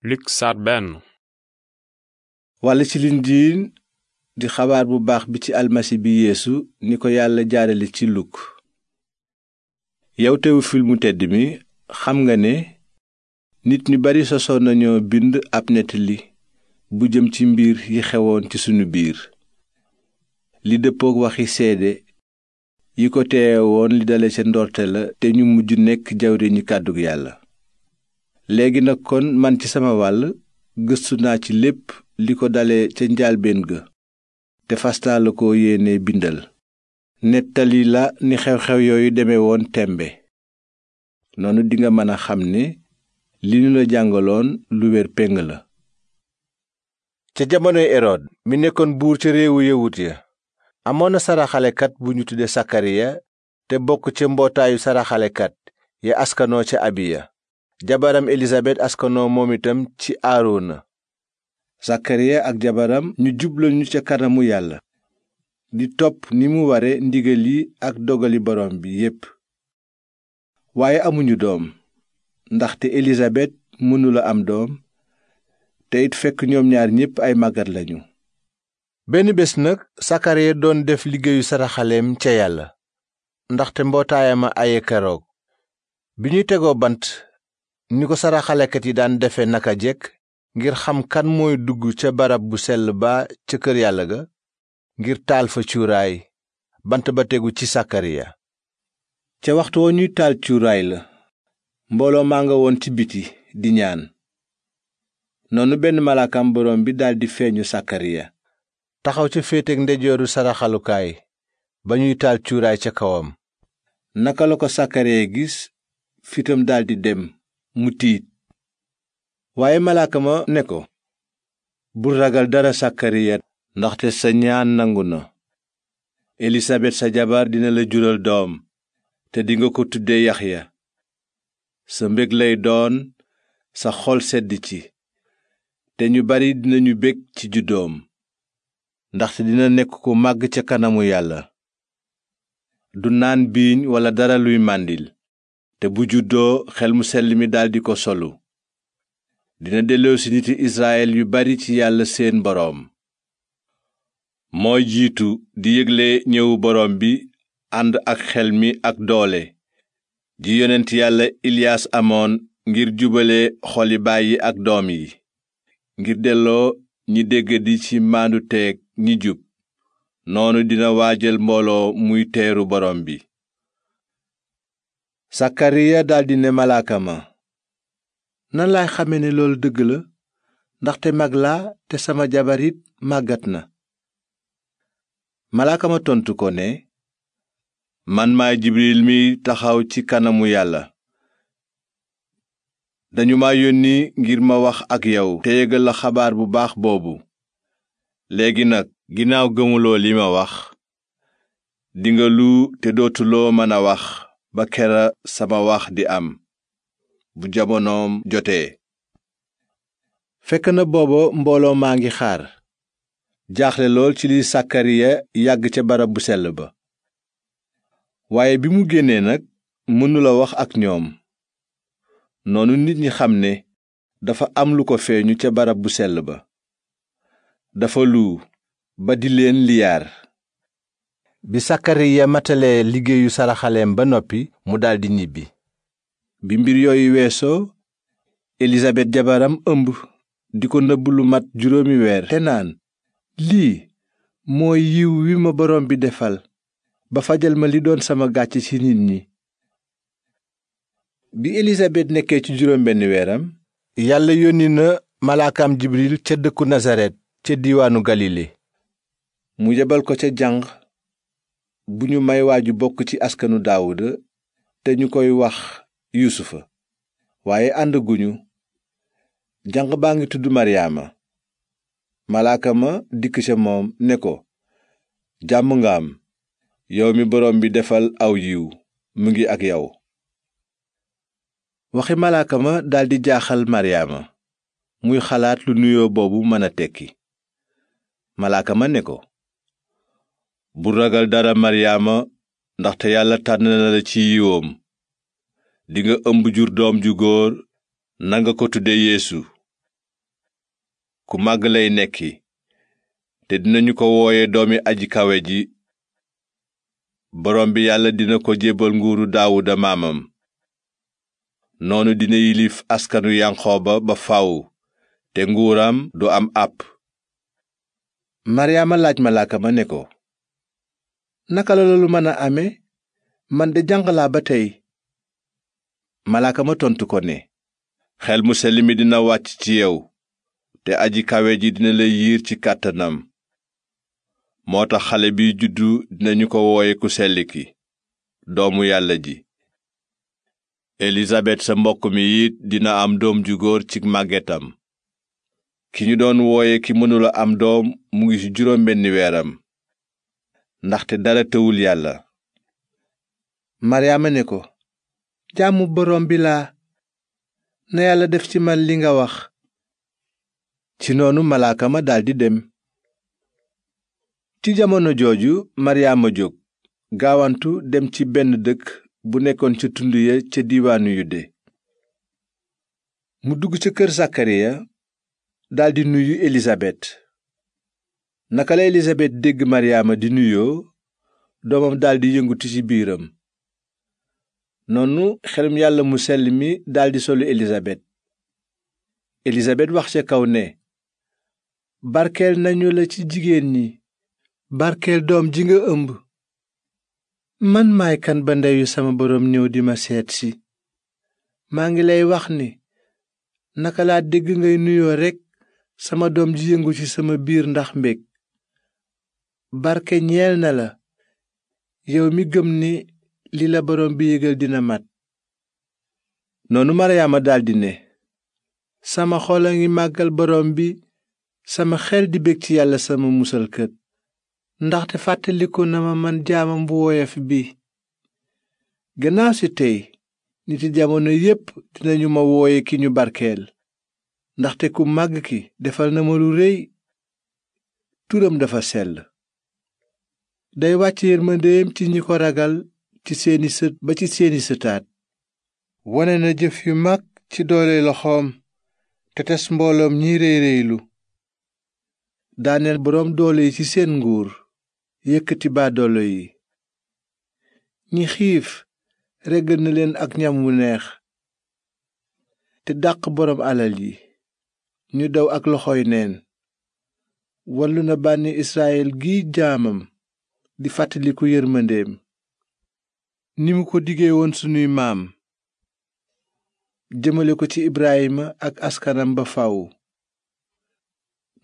Luk saar benn. walla ci lindiin di xabaar bu baax bi ci almasi bi yéesu ni ko yàlla jaarale ci luk yow tewufil filmu tedd mi xam nga ne nit ñu bari sosoon nañu bind ab nettali bu jëm ci mbir yi xewoon ci sunu biir li dëppook waxi seede yi ko teewoon li dale ca ndoorte la te ñu mujj nekk jawriñu kàddug yàlla léegi nag kon man ci sama wàll gëstu naa ci lépp li ko dale ca njaalbeen ga te fas la ko yéene bindal nettali la ni xew-xew yooyu deme woon tembe noonu dinga mën a xam ne li ñu la jàngaloon lu wér péng la ca jamonoy erod mi nekkoon buur ca réewu yawut ya amoon na saraxalekat bu ñu tuddee sakariya te bokk ca mbootaayu saraxalekat ya askanoo ca abiya jabaram elisabet askanoo moom itam ci aarona sakariya ak jabaram ñu jublañu ca kanamu yàlla di topp ni mu ware ndigal yi ak dogali borom bi yépp waaye amuñu doom ndaxte elisabet mënula am doom te it fekk ñoom ñaar ñépp ay màggat lañu benn bés nag sakariya doon def liggéeyu saraxaleem ca yàlla ndaxte mbootaayama aye keroog bi ñuy tegoo bant ni ko saraxaleket yi daan defe naka jekk ngir xam kan mooy dugg ca barab bu sell ba ca kër yàlla ga ngir taal fa cuuraay bant ba tegu ci sakariya ca waxtu wa ñuy taal cuuraay la mbooloo maa nga woon ci biti di ñaan noonu benn malaakam borom bi daldi feeñu sakariya taxaw ca féeteeg ndejooru saraxalukaay ba ñuy taal cuuraay ca kawam naka la ko sakariya gis fitam daldi dem mu waaye malaaka ma ne ko bul ragal dara sakariya ndaxte sa ñaan nangu na elisabet sa jabar dina la jural doom te dinga ko tudde yaxya sa mbég lay doon sa xol sedd ci te ñu bari dinañu bég ci juddoom ndaxte dina nekk ko màgg ca kanamu yàlla du naan biiñ walla dara luy màndil te bu juddoo xel mu sell mi daldi ko solu dina delloo ci niti israel yu bari ci yàlla seen boroom mooy jiitu di yëgle ñëwu boroom bi ànd ak xel mi ak doole di yonent yàlla iliyaas amoon ngir jubale xoli baay yi ak doom yi ngir delloo ñi déggadi ci maandu teeg ñi jub noonu dina waa waajal mbooloo muy teeru boroom bi sakariya daldi ne malaaka ma nan laay xame ne loolu dëgg la ndaxte mag la te sama jabar it màggat na malaaka ma tontu ko ne man maay jibril mi taxaw ci kanamu yàlla dañu ma yónni ngir ma wax ak yow te yégal la xabaar bu baax boobu léegi nag ginnaaw gëmuloo li ma wax dinga lu te dootuloo mën a wax ba sama wax di am bu jamonoom jotee fekk na booba mbooloo maa ngi xaar jaaxle lool ci li sàkkariya yàgg ca barab bu sell ba waaye bi mu génnee nag mënula wax ak ñoom noonu nit ñi xam ne dafa am lu ko feeñu ca barab bu sell ba dafa lu ba di leen liyaar bi sakariya matale liggéeyu saraxaleem ba noppi mu daldi ñibbi bi mbir yooyu weesoo elisabet jabaram ëmb di ko nëbb lu mat juróomi weer te naan lii mooy yiw wi ma borom bi defal ba fajal ma li doon sama gàcc ci nit ñi bi elisabet nekkee ci juróom benn weeram yàlla yónni na malaakam jibril ca dëkku nasaret ca diiwaanu galile mu yebal ko ca jàng bu ñu may waa ju bokk ci askanu daawuda te ñu koy wax yuusufa waaye ànd guñu janq baa ngi tudd maryaama malaaka ma dikk ca moom ne ko jàmm nga am yow mi boroom bi defal aw yiw mu ngi ak yow waxi malaaka ma daldi jaaxal maryaama muy xalaat lu nuyoo boobu mën a tekki malaaka ma ne ko bu ragal dara maryaama ndaxte yàlla tànn na la ci yiwoom dinga ëmb jur doom ju góor nanga ko tudde yeesu ku màgg lay nekki te dinañu ko wooye doomi aji kawe ji borom bi yàlla dina ko jébbal nguuru daawuda maamam noonu dina yilif askanu yanqooba ba faw te nguuram du am àpp maryaama laaj malaaka ma ne ko naka la loolu mën a ame man de jànq laa ba tey malaaka ma tontu ko ne xel mu selli mi dina wàcc ci yow te aji kawe ji dina la yiir ci kàttanam moo tax xale bi juddu dinañu ko wooye ku sell doomu yàlla ji elisabet sa mbokk mi it dina am doom ju góor ci màggetam ki ñu doon wooye ki mënula am doom mu ngi ci juróom benni weeram ndaxte dara yàlla maryaama ne ko jaamu borom bi laa na yàlla def ci man li nga wax ci noonu malaaka ma daldi dem ci jamono jooju maryaama jóg gaawantu dem ci benn dëkk bu nekkoon ca tund ya ca diiwaanu de mu dugg ca kër sakariya daldi nuyu elisabet naka la elisabet dégg maryaama di nuyoo doomam daldi yëngutu ci biiram noonu xelum yàlla mu sell mi daldi solu elisabet elisabet wax ca kaw ne barkeel nañu la ci jigéen ñi barkeel doom ji nga ëmb man maay kan ba ndeyu sama boroom ñëw di ma seet si maa ngi lay wax ni naka laa dégg ngay nuyoo rekk sama doom ji yëngu ci sama biir ndax mbég barke ñeel na la yow mi gëm ni lii la borom bi yégal dina mat noonu maryaama daldi ne sama xol a ngi màggal borom bi sama xel di bég ci yàlla sama musalkat ndaxte fàttaliku na ma man jaamam bu woyof bi gannaaw si tey niti jamono yépp dinañu ma wooye ki ñu barkeel ndaxte ku màgg ki defal na ma lu réy turam dafa sell day wàcce yërmandeem ci ñi ko ragal ci seeni ba ci seeni sëtaat wone na jëf yu mag ci doole loxoom te tes mbooloom ñi réy réylu daaneel boroom doole yi ci seen nguur yëkkati baadoolo yi ñi xiif reggal na leen ak ñam wu neex te dàq boroom alal yi ñu daw ak loxoy neen wallu na bànni Israyil gi jaamam di fàttaliku yërmandeem ni mu ko diggee woon sunuy maam jëmale ko ci Ibrahima ak askanam ba faw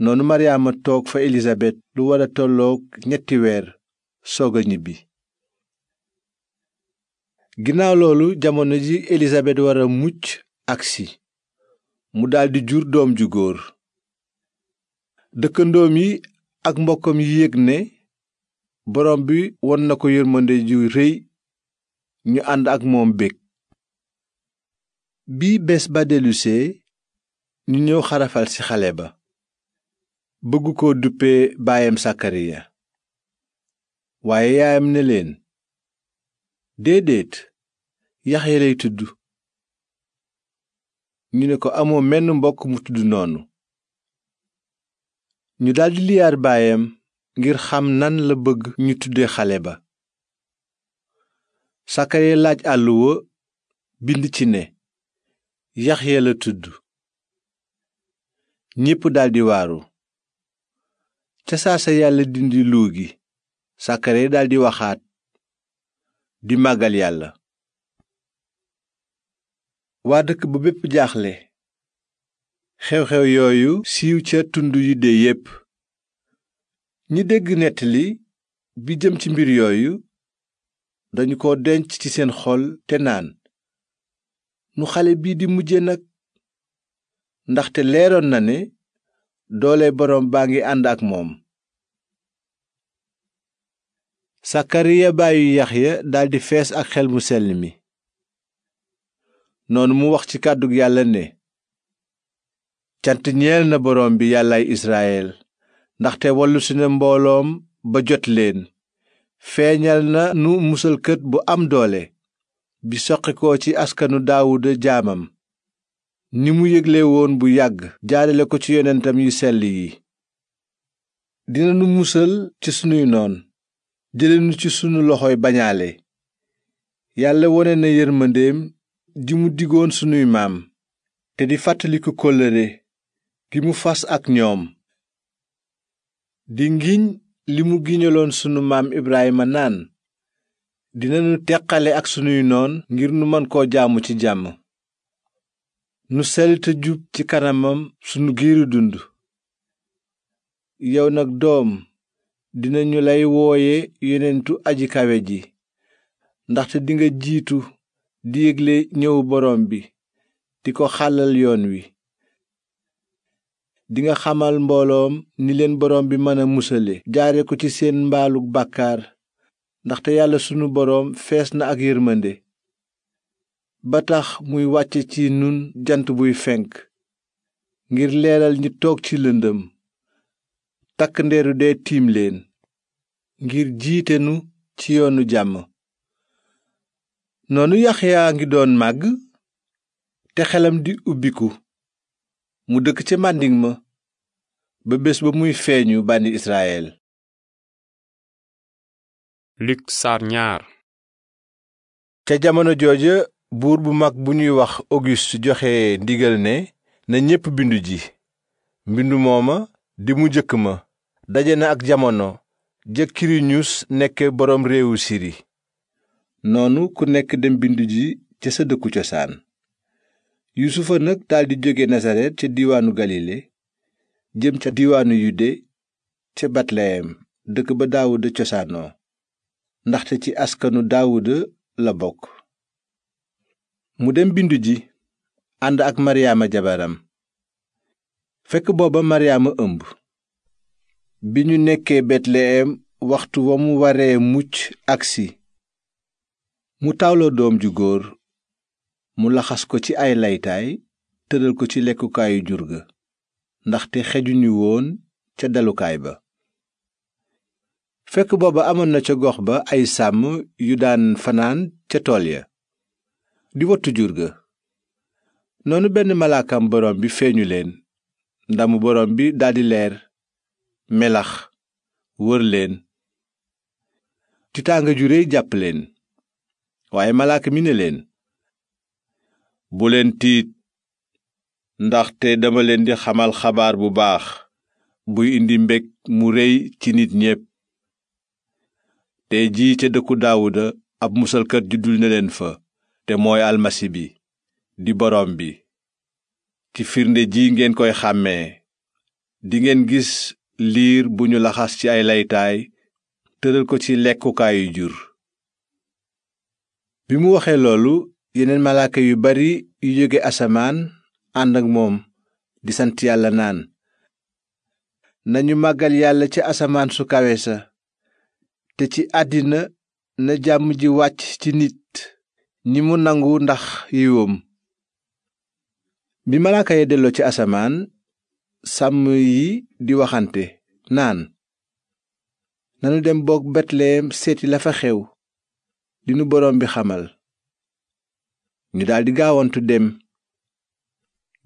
noonu Maryaama toog fa Elisabet lu wara tollook ñetti weer soog a ñibbi ginnaaw loolu jamono ji Elisabet wara mucc agsi mu daldi jur doom ju góor dëkkandoom yi ak mbokkam yi yëg ne borom bi won na ko yërmande ju rëy ñu ànd ak moom bég bi bés ba dellusee ñu ñëw xarafal ci xale ba bëggu ko duppe baayam sakariya waaye yaayam ne leen déedéet yaxya lay tudd ñu ne ko amoo menn mbokk mu tudd noonu ñu daldi liyaar baayam ngir xam nan la bëgg ñu tudde xale ba sakaya laaj àlluwa bind ci ne la tudd ñépp daldi waaru ca saa sa yàlla dindi luu gi sakare daldi waxaat di màggal yàlla waa dëkk ba bépp jaaxle xew-xew yooyu siiw ca tund yu de yépp ñi dégg nettali bi jëm ci mbir yooyu dañu ko denc ci seen xol te naan nu xale bii di mujje nag ndaxte leeroon na ne doole boroom baa ngi ànd ak moom sakariya baayu yaxya daldi fees ak xel mu selli mi noonu mu wax ci kàddug yàlla ne cant ñeel na boroom bi yàllaay israyel ndaxte wallusi na mbooloom ba jot leen feeñal na nu musalkët bu am doole bi soqikoo ci askanu daawuda jaamam ni mu yégle woon bu yàgg jaarale ko ci yonentam yu sell yi dina nu musal ci sunuy noon jële nu ci sunu loxoy bañaale yàlla wone na yërmandeem ji mu digoon sunuy maam te di fàttaliku kóllëre gi mu fas ak ñoom di ngiñ li mu giñaloon sunu maam Ibrahima naan dinanu teqale ak sunuy noon ngir nu man koo jaamu ci jàmm nu sell te jub ci kanamam sunu giiru dund yow nag doom dinañu lay wooye yonentu aji kawe ji ndaxte dinga jiitu di yégle ñëwu boroom bi di ko xàllal yoon wi dinga xamal mbooloom ni leen borom bi mën a musale jaare ko ci seen mbaalu bàkkaar ndaxte yàlla sunu boroom fees na ak yërmande ba tax muy wàcce ci nun jant buy fenk ngir leeral ñi toog ci lëndëm takk ndeeru dee tiim leen ngir jiitenu ci yoonu jàmm noonu yaa ngi doon màgg te xelam di ubbiku mu dëkk ca màndiŋ ma ba bés ba muy feeñu bànni Israyel Luk ca jamono jooja buur bu mag bu ñuy wax Auguste joxe ndigal ne na ñépp bindu ji mbindu mooma di mu jëkk ma daje na ak jamono jëkk Kiriniyus nekke boroom réewu Siri noonu ku nekk dem bindu ca sa dëkku cosaan yuusufa nag daldi jóge nasaret ca diwaanu galile jëm ca diiwaanu yude ca betleyem dëkk ba daawuda cosaanoo ndaxte ci askanu daawuda la bokk mu dem bindu ji ànd ak maryaama jabaram fekk booba maryaama ëmb bi ñu nekkee betleyem waxtu wa mu waree mucc agsi mu tawloo doom ju góor mu laxas ko ci ay laytaay tëral ko ci lekkukaayu jur ga ndaxte xejuñu woon ca dalukaay ba fekk booba amoon na ca gox ba ay sàmm yu daan fanaan ca tool ya di wattu jur ga noonu benn malaakam borom bi feeñu leen ndamu borom bi daldi leer melax wërleen leen tiitaanga ju jàpp leen waaye malaaka mi ne leen buleen leen tiit ndaxte dama leen di xamal xabaar bu baax buy indi mbég mu réy ci nit ñépp te jii ca dëkku daawuda ab musalkat juddul na leen fa te mooy almasi bi di boroom bi ci firnde ji ngeen koy xàmmee dingeen gis liir bu ñu laxas ci ay laytaay tëral ko ci lekkukaayu jur bi mu waxee loolu yeneen malaaka yu bari yu jóge asamaan ànd ak moom di sant yàlla naan nañu màggal yàlla ca asamaan su kawe te ci àddina na jàmm ji wàcc ci nit ñi mu nangu ndax yiwoom bi malaaka ya delloo ci asamaan sàmm yi di waxante naan nanu dem boog betlehem seeti la fa xew dinu borom bi xamal ñu daldi gaawantu dem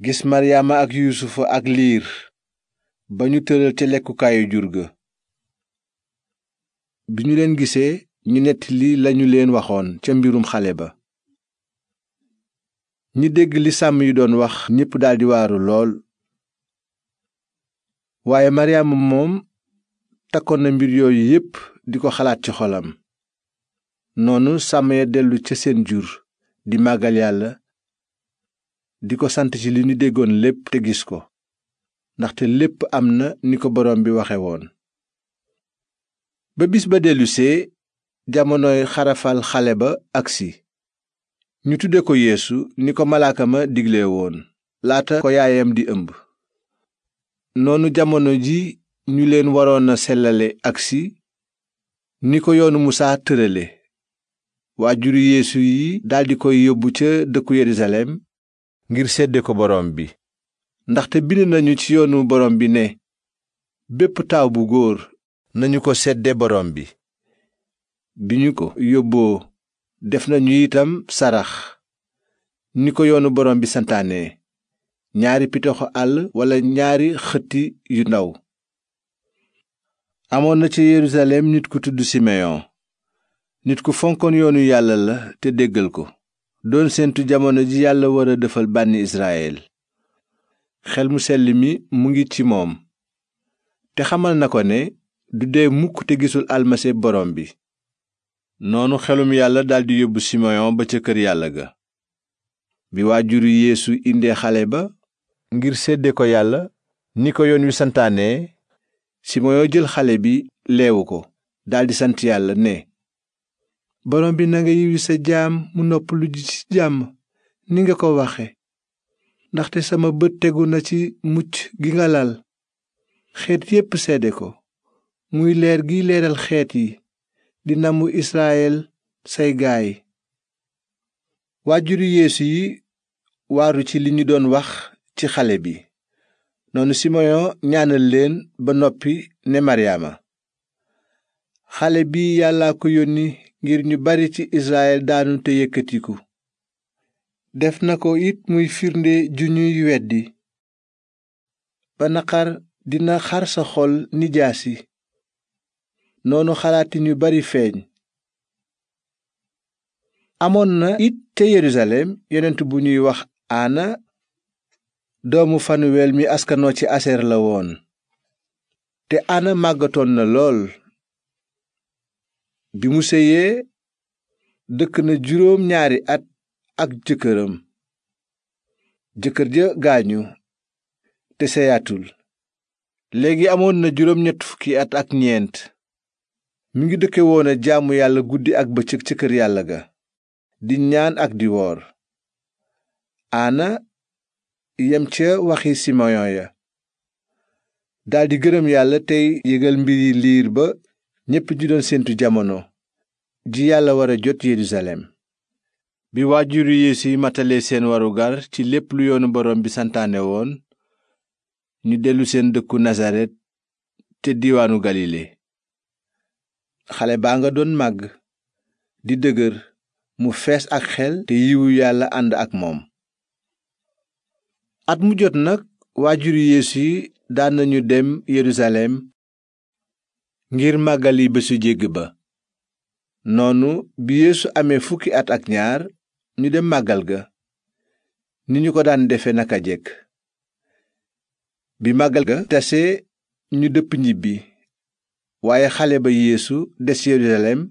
gis maryaama ak yuusufa ak liir ba ñu tëral ca lekkukaayu jur ga bi ñu leen gisee ñu nettali lañu leen waxoon ca mbirum xale ba ñi dégg li sàmm yi doon wax ñépp daldi waaru lool waaye maryaama moom takkoon na mbir yooyu yépp di ko xalaat ci xolam noonu sàmm ya dellu ca seen jur di màggal yàlla di ko sant ci li ñu déggoon lépp te gis ko ndaxte lépp am na ni ko borom bi waxe woon ba bis ba dellusee jamonoy xarafal xale ba agsi ñu tudde ko yéesu ni ko malaaka ma digle woon laata ko yaayam di ëmb noonu jamono ji ñu leen waroon a sellale agsi ni ko yoonu musaa tërale waajuru yéesu yi daldi koy yóbbu ca dëkku yerusalem ngir sedde ko borom bi ndaxte bind nañu ci yoonu borom bi ne bépp taaw bu góor nañu ko sedde borom bi bi ñu ko yóbboo def nañu itam sarax ni ko yoonu borom bi santaane ñaari pitoxo àll walla ñaari xëtti yu ndaw amoon na ca nit ku tudd simeyon nit ku fonkoon yoonu yàlla la te déggal ko doon sentu jamono ji yàlla war a defal bànni israyil xel mu sell mi mu ngi ci moom te xamal na ko ne du dee mukk te gisul almase borom bi noonu xelum yàlla daldi yóbbu simeyon ba ca kër yàlla ga bi waajuru yéesu indee xale ba ngir sédde ko yàlla ni ko yoon wi santaane simeyon jël xale bi leewu ko daldi sant yàlla ne borom bi nanga yiwi sa jaam mu noppalu ji ci jàmm ni nga ko waxe ndaxte sama bët tegu na ci mucc gi nga lal xeet yépp seede ko muy leer gi leeral xeet yi di namu Israyel say gaay waajuru Yeesu yi waaru ci li ñu doon wax ci xale bi noonu Simoyon ñaanal leen ba noppi ne Maryaama xale bi yàllaa ko yónni ngir ñu bari ci Israyel daanu te yëkkatiku def na ko it muy firnde ju ñuy weddi ba naqar dina xar sa xol ni jaasi noonu xalaatin ñu bari feeñ amoon na it te Yerusalem yonent bu ñuy wax ana doomu fanuwel mi askanoo ci aseer la woon te ana màggatoon na lool bi mu séyee dëkk na juróom ñaari at ak jëkkëram jëkkër ja gaañu te seyatul léegi amoon na juróom ñett fukki at ak ñeent mu ngi dëkke woon a jaamu yàlla guddi ak bëccëg ca kër yàlla ga di ñaan ak di woor aana yem ca waxi simoyon ya daldi gërëm yàlla tey yëgal mbiri liir ba ñépp di doon séentu jamono ji yàlla war a jot yerusalem bi waajuru yeesu yi matalee seen warugar ci lépp lu yoonu borom bi santaane woon ñu dellu seen dëkku nasaret te diiwaanu galile xale baa nga doon màgg di dëgër mu fees ak xel te yiwu yàlla ànd ak moom at mu jot nag waajuru yeesu yi daan nañu dem yerusalem ngir màggali bésu ba noonu bi yeesu amee fukki at ak ñaar ñu dem màggal ga ni ñu ko daan defe naka jekk bi màggal ga tase ñu dëpp ñibbi waaye xale ba yéesu des yerusalem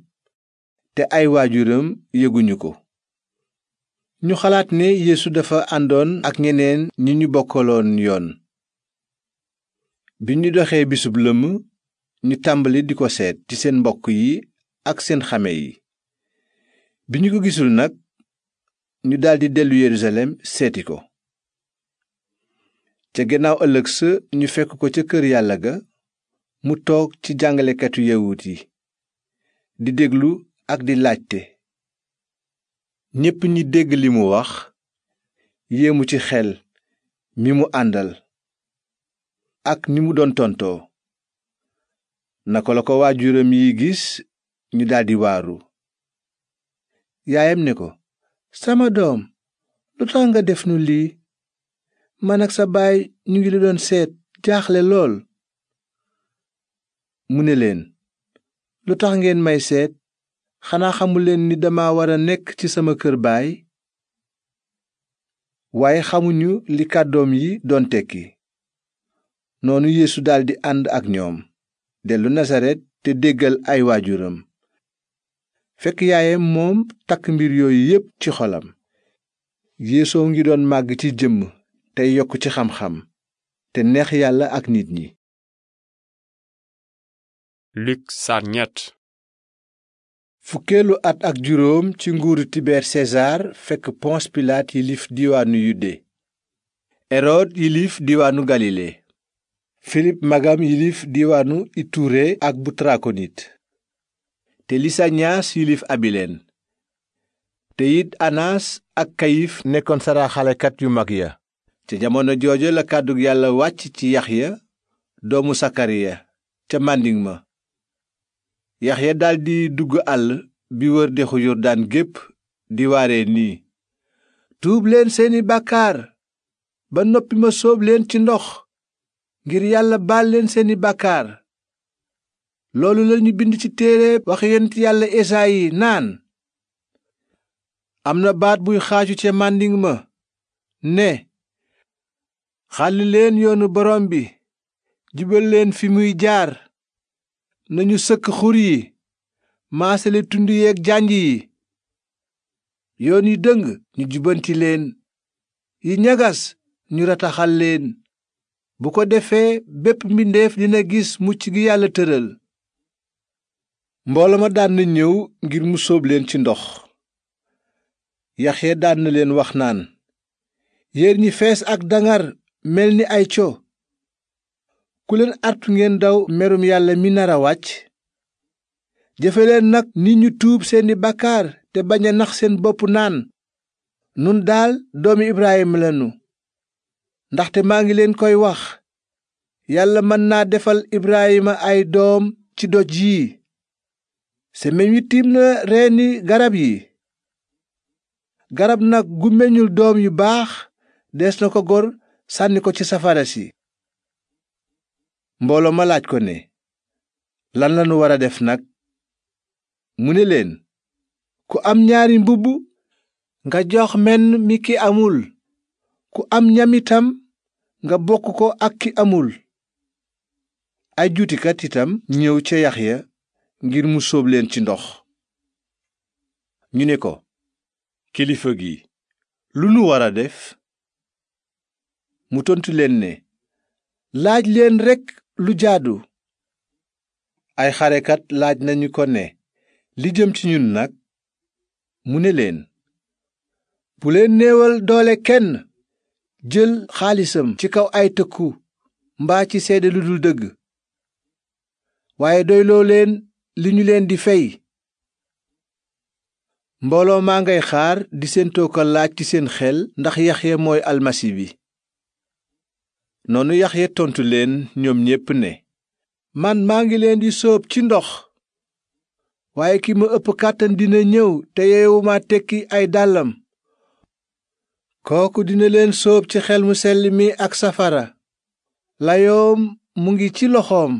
te ay waajuram yëguñu ko ñu xalaat ne yeesu dafa àndoon ak ñeneen ñi ñu bokkaloon yoon bi ñu doxee bisub lëmm ñu tàmbali di ko seet ci seen mbokk yi ak seen xame yi bi ñu ko gisul nag ñu daldi dellu yerusalem seeti ko ca gannaaw ëllëg sa ñu fekk ko ca kër yàlla ga mu toog ci jàngalekatu yawut yi di déglu ak di laajte ñépp ñi dégg li mu wax yéemu ci xel mi mu àndal ak ni mu doon tontoo naka la ko waa waajuram yi gis ñu daldi waaru yaayam ni ko sama doom lu tax nga def nu lii man ak sa baay ñu ngi la doon seet jaaxle lool mu ne leen lu tax ngeen may seet xanaa xamu leen ni dama war a nekk ci sama kër baay waaye xamuñu li kàddoom yi doon tekki noonu yéesu daldi ànd ak ñoom dellu nasaret te déggal ay waajuram fekk yaayam moom takk mbir yooyu yépp ci xolam yéesoo ngi doon màgg ci jëmm tey yokk ci xam-xam te neex yàlla ak nit ñi ñett fukkeelu at juróom ci nguuru tibeer sesaar fekk pons pilaat yilif yilif diiwaanu galile filip magam yilif diwaanu iture ak bu tarakonit te lisañaas yilif abilen te it anaas ak kayif nekkoon saraxalekat yu mag ya ca jamono jooja la kàddug yàlla wàcc ci yax ya doomu sakariya ca màndiŋ ma ya daldi dugg àll bi wër dexu yordaan gépp di waare nii tuub leen seeni bàkkaar ba noppi ma soob leen ci ndox ngir yàlla baal leen seeni bàkkaar loolu lañu bind ci téere wax yonent yàlla esaayi naan am na baat buy xaaju ca màndiŋ ma ne xàlli yoonu borom bi jibal leen fi muy jaar nañu sëkk xur yi maasale tund yeeg janj yi yoon yi dëng ñu jubanti leen yi ñagas ñu rataxal leen bu ko defee bépp mbindeef dina gis mucc gi yàlla tëral mbooloo ma daan na ñëw ngir mu sóob leen ci ndox yaxya daan na leen wax naan yéen ñi fees ak dangar mel ni ay co ku leen artu ngeen daw merum yàlla mi nar a wàcc jëfe leen nag ni ñu tuub seeni bakkaar te bañ a nax seen bopp naan nun daal doomi ibrahima lanu ndaxte maa ngi leen koy wax yàlla mën naa defal Ibrahima ay doom ci doj yii semeñ wi tiim na reeni garab yi garab nag gu meñul doom yu baax des na ko gor sànni ko ci safara si mbooloo ma laaj ko ne lan lanu war a def nag mu ni leen ku am ñaari mbubb nga jox menn mi ki amul ku am ñam itam nga bokk ko ak ki amul ay juutikat itam ñëw ca ya ngir mu sóob leen ci ndox ñu ne ko kilifa gi lu nu war a def mu tontu leen ne laaj leen rekk lu jaadu ay xarekat laaj nañu ko ne li jëm ci ñun nag mu ne leen bu leen néewal doole kenn jël xaalisam ci kaw ay tëkku mbaa ci seede lu dul dëgg waaye doyloo leen li ñu leen di fey mbooloo maa ngiy xaar di seen tooka ci seen xel ndax yaxya mooy almasi bi noonu yax yaxya tontu leen ñoom ñépp ne man maa ngi leen di soob ci ndox waaye kii ma ëpp kàttan dina ñëw te yeewuma tekki ay dàllam kooku dina leen soob ci xel mu sell mi ak safara layoom mu ngi ci loxoom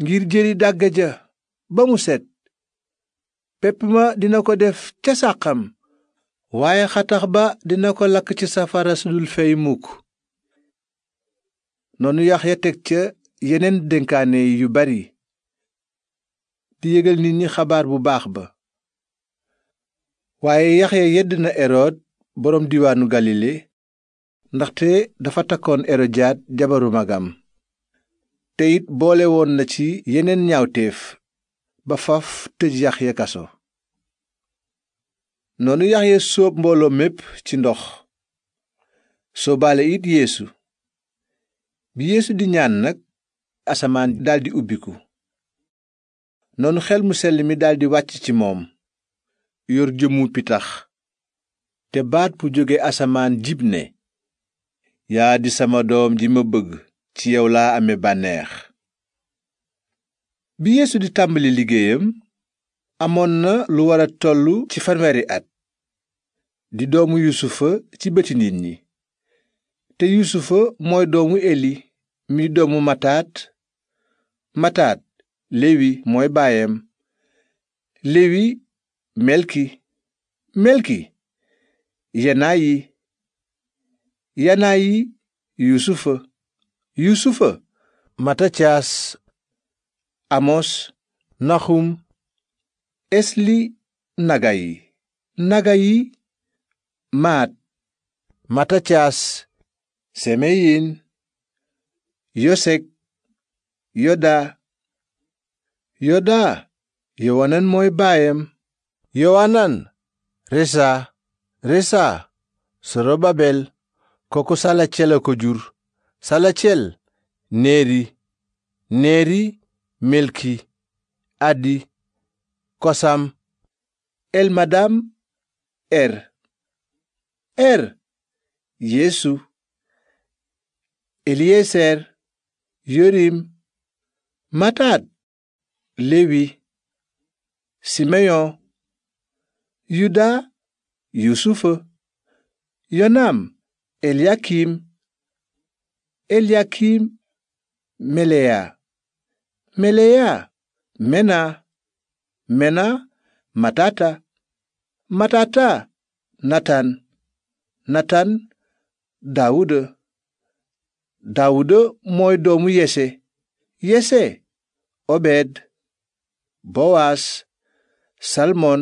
ngir jëri dàgg ja ba mu set pepp ma dina ko def ca sàqam waaye xatax ba dina ko lakk ci safara su dul fey mukk noonu Yaxya teg ca yeneen dénkaane yu bari di yégal nit ñi xabaar bu baax ba waaye Yaxya yedd na Erod boroom diwaanu galile ndaxte dafa takkoon erodiyaad jabaru magam te boole woon na ci yeneen ñaawteef ba faf noonu yaxya mbooloo mépp ci ndox soobaale it yeesu bi yeesu di ñaan nag asamaan daldi ubbiku noonu xel mu sell mi daldi wàcc ci moom yor jëmmu pitax te baat bu jóge asamaan jibné ne yaa di sama doom ji ma bëgg ci yow laa ame bànneex bi yeesu di tàmbali liggéeyam amoon na lu war a tollu ci fanweeri at di doomu yusufa ci bëti nit ñi te yusufa mooy doomu eli mi doomu mataat mataat lewi mooy baayam lewi melki melki yanayi yanayi yusufa yusufa matatyas amos nahum esli nagayi nagayi maat matatyas semeyin yosek yoda yoda yowanan mooy baayam yowanan resa resa sorobabel kooku salacel a ko jur salacel neeri neeri melki addi kosam elmadam er er yeesu eliyeser yorim mataat lewi simeyon yuda yusufa yonam eliakim eliakim meleya meleya mena mena matata matata natan natan daawuda daawuda mooy doomu yese yese obed bowaas salmon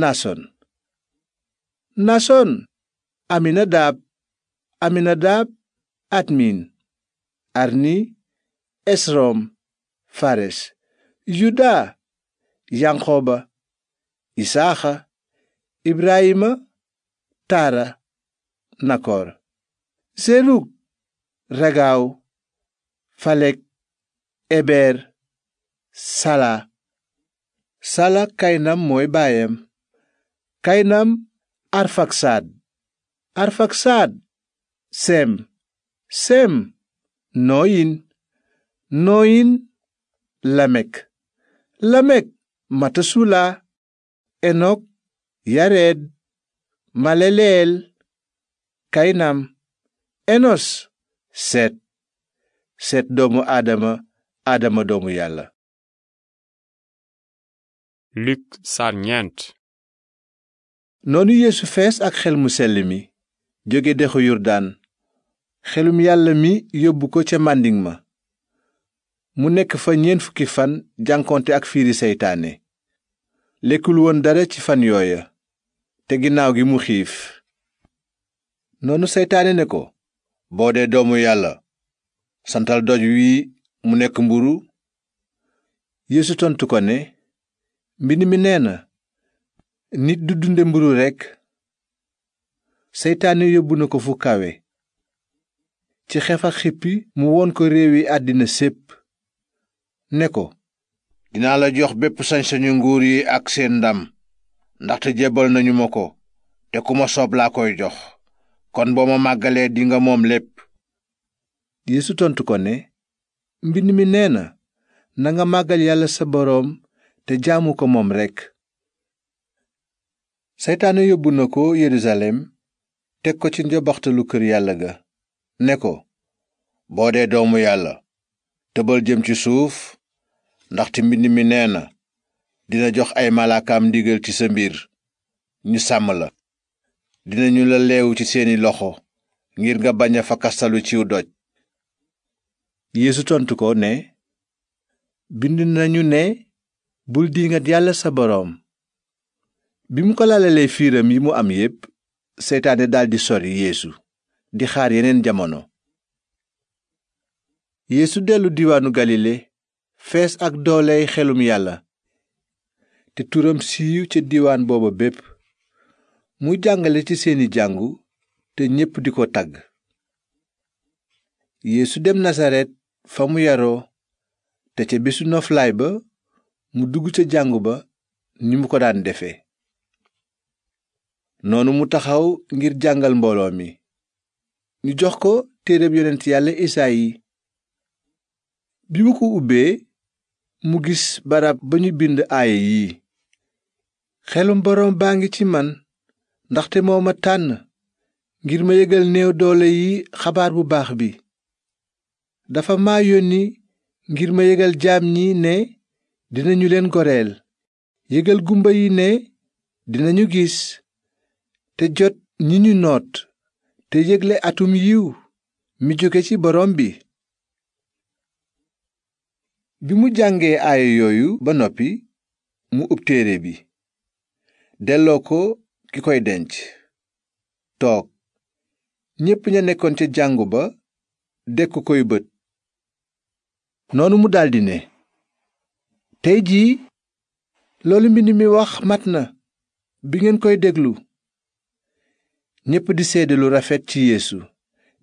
nason nason aminadab aminadab admin arni esrom fares yuda yankoba isaaxa ibrahima taara nakoor serug ragaaw falek eber sala sala kaynam mooy baayam kaynam arfaksad arfaksad sem sem nooyin nooyin lamek lamek matasula enok yared maleleel kaynam enos set set doomu aadama aadama doomu yàlla noonu yéesu fees ak xel mu sell mi jóge dexu yurdaan xelum yàlla mi yóbbu ko ca màndin ma mu nekk fa ñeent fukki fan jànkonte ak fiiri seytaane lekkul woon dara ci fan yooya te ginnaaw gi mu xiif noonu seytaane ni ko boo dee doomu yàlla santal doj wi mu nekk mburu yéesu tontu ko ne mbind mi nee na nit du dunde mburu rekk seytaane yóbbu na ko fu kawe ci xef xippi mu won ko réew yi àddina sépp ne ko dinaa la jox bépp sañ-sañu nguur yi ak seen ndam ndaxte jébbal nañu ma ko te ku ma soob laa koy jox kon boo ma màggalee dinga moom lépp yéesu tontu ko ne mbind mi nee na nanga màggal yàlla sa boroom te jaamu ko moom rekk seytaane yóbbu na ko yerusalem teg ko ci njobaxtalu kër yàlla ga ne ko boo dee doomu yàlla tëbal jëm ci suuf ndaxte mbind mi nee na dina jox ay malaakaam ndigal ci sa mbir ñu sàmm la dinañu la leewu ci seeni loxo ngir nga bañ a fakastalu ciw doj yéesu tontu ko ne bind nañu ne bul diingat yàlla sa boroom bi mu ko lalalee fiiram yi mu am yépp seytaane daldi sori yéesu di xaar yeneen jamono yéesu dellu diiwaanu galile fees ak dooley xelum yàlla te turam siiw ca diiwaan booba bépp muy jàngale ci seeni jàngu te ñépp di ko tagg yéesu dem nasaret fa mu yaroo te ca bisu noflaay ba mu dugg ca jàngu ba ni mu ko daan defe noonu mu taxaw ngir jàngal mbooloo mi ñu jox ko téereb yonent yàlla Esayi bi mu ko ubbee mu gis barab ba ñu bind aaya yi xelum boroom baa ngi ci man ndaxte moo ma tànn ngir ma yëgal néew doole yi xabaar bu baax bi dafa maa yónni ngir ma yëgal jaam ñi ne dinañu leen goreel yëgal gumba yi ne dinañu gis te jot ñi ñu noot te yëgle atum yiw mi jóge ci borom bi bi mu jàngee aaya yooyu ba noppi mu ub téere bi delloo ko ki koy denc toog ñépp ña nekkoon ca jàngu ba dekk koy bët noonu mu daldi ne tey jii loolu mbind mi wax mat na bi ngeen koy déglu ñépp di seede lu rafet ci yeesu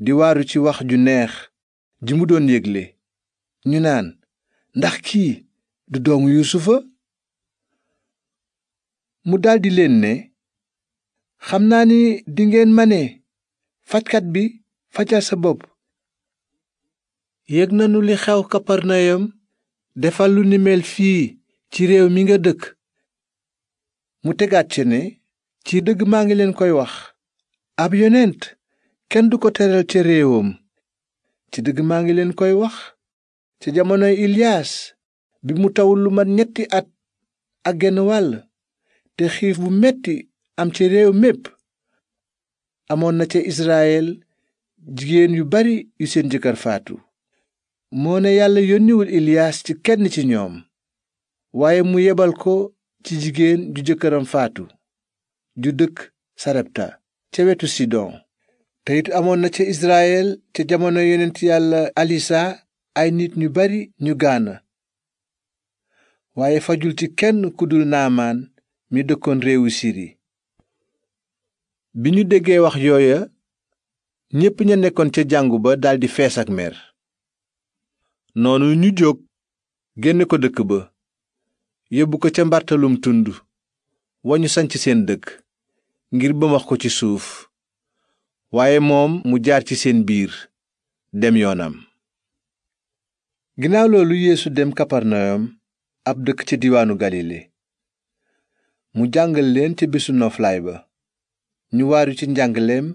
di waaru ci wax ju neex ji mu doon yégle ñu naan ndax kii du doomu yuusufa mu daldi leen ne xam naa ni dingeen ma ne fajkat bi fajal sa bopp yëg nanu li xew kaparnayom defal lu ni mel fii ci réew mi nga dëkk mu tegaat ci ne ci dëgg maa ngi leen koy wax ab yonent kenn du ko teral ca réewam ci dëgg maa ngi leen koy wax ca jamonoy Iliyaas bi mu tawul lu mat ñetti at ak genn wàll te xiif bu metti am ci réew mépp amoon na ca Israyel jigéen yu bari yu seen jëkkër faatu moo ne yàlla yónniwul Iliyaas ci kenn ci ñoom waaye mu yebal ko ci jigéen ju jëkkëram faatu ju dëkk Sarepta ca wetu sidon te amoon na ca israyel ca jamono yonent yàlla alisa ay nit ñu bari ñu gaana waaye fajul ci kenn ku dul naamaan mi dëkkoon réewu siri bi ñu déggee wax yooya ñépp ña nekkoon ca jàngu ba daldi fees ak mer noonu ñu jóg génne ko dëkk ba yóbbu ko ca mbartalum tund wañu sanc seen dëkk ngir bëmax ko ci suuf waaye moom mu jaar ci seen biir dem yoonam ginnaaw loolu yéesu dem kaparnayom ab dëkk ci diwaanu galile mu jàngal leen ca bésu noflaay ba ñu waaru ci njàngaleem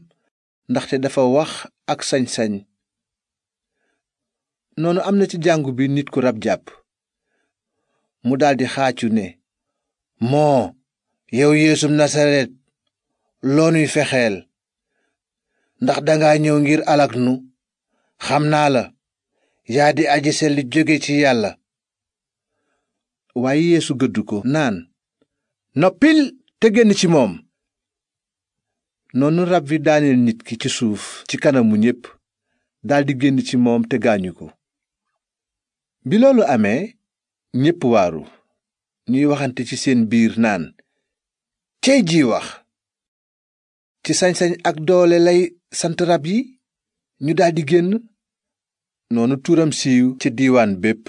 ndaxte dafa wax ak sañsañ noonu am na ci jàngu bi nit ku rab jàpp mu daldi xaacu ne moo yow yeesum nasaret loonuy fexeel ndax danga ñëw ngir alak nu xam naa la yaa di aji sell li jóge ci yàlla waaye yeesu gëdd ko naan noppil te génn ci moom noonu rab wi daaneel nit ki ci suuf ci kanamu ñépp daldi génn ci moom te gaañu ko bi loolu amee ñépp waaru ñuy waxante ci seen biir naan cey ji wax ci sañ ak doole lay sant rab yi ñu daldi génn noonu turam siiw ci diiwaan bépp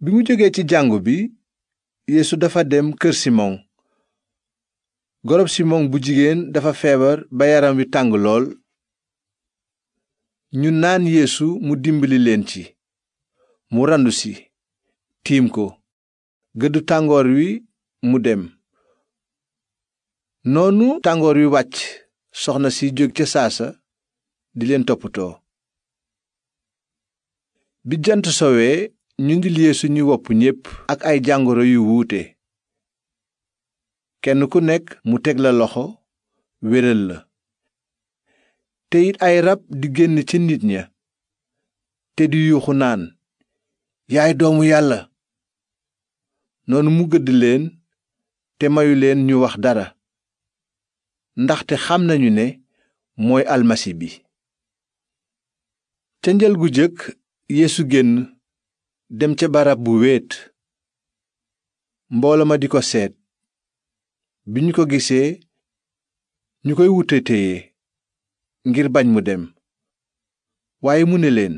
bi mu jógee ci jàngu bi yéesu dafa dem kër simon gorob simon bu jigéen dafa feebar ba yaram wi tàng lool ñu naan yéesu mu dimbali leen ci mu randu si tiim ko gëddu tàngoor wi mu dem noonu tàngoor wi wàcc soxna si jóg ca saasa di leen toppatoo bi jant sowee ñu ngi liye suñu wopp ñépp ak ay jàngoro yu wuute kenn ku nekk mu teg la loxo wéral la te it ay rab di génn ci nit ña te di yuuxu naan yaay doomu yàlla noonu mu gëdd leen te mayu leen ñu wax dara ndaxte xam nañu ne mooy almasi bi ca njël gu jëkk yéesu génn dem ca barab bu wéet mboolo ma di ko seet bi ñu ko gisee ñu koy wute téye ngir bañ mu dem waaye mu ne leen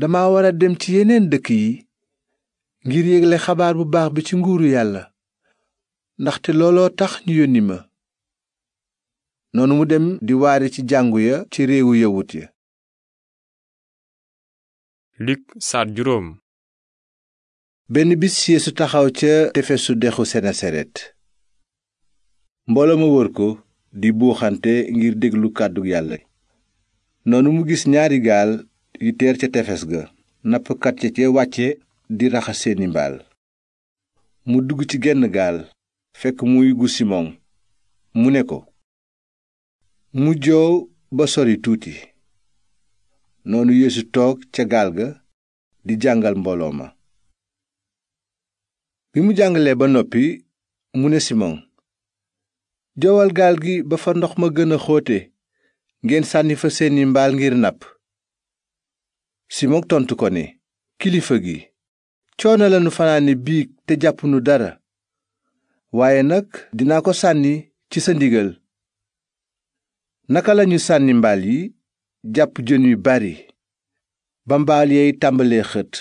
dama war a dem ci yeneen dëkk yi ngir yégle xabaar bu baax bi ci nguuru yàlla ndaxte looloo tax ñu yónni ma noonu dem di waare ci jàngu ya ci réewu yawut ya Luk juróom benn bis Yeesu taxaw ca tefesu dexu Senesaret mbooloo ma wër ko di buuxante ngir déglu kàddu yàlla noonu mu gis ñaari gaal yu teer ca tefes ga nappkat ya ca wàcce di raxas seeni mbaal mu dugg ci genn gaal fekk muy gu Simon mu ne ko mu joow ba sori tuuti noonu yeesu toog ca gaal ga di jàngal mbooloo ma bi mu jàngalee ba noppi mu ne simon joowal gaal gi ba fa ndox ma gën a xóote ngeen sànni fa seeni mbaal ngir nàpp simon tontu ko ne kilifa gi coono lanu fanaane biig te jàppunu dara waaye nag dinaa ko sànni ci sa ndigal naka lañu sànni mbaal yi jàpp jën yu bari ba mbaal yey tàmbalee xët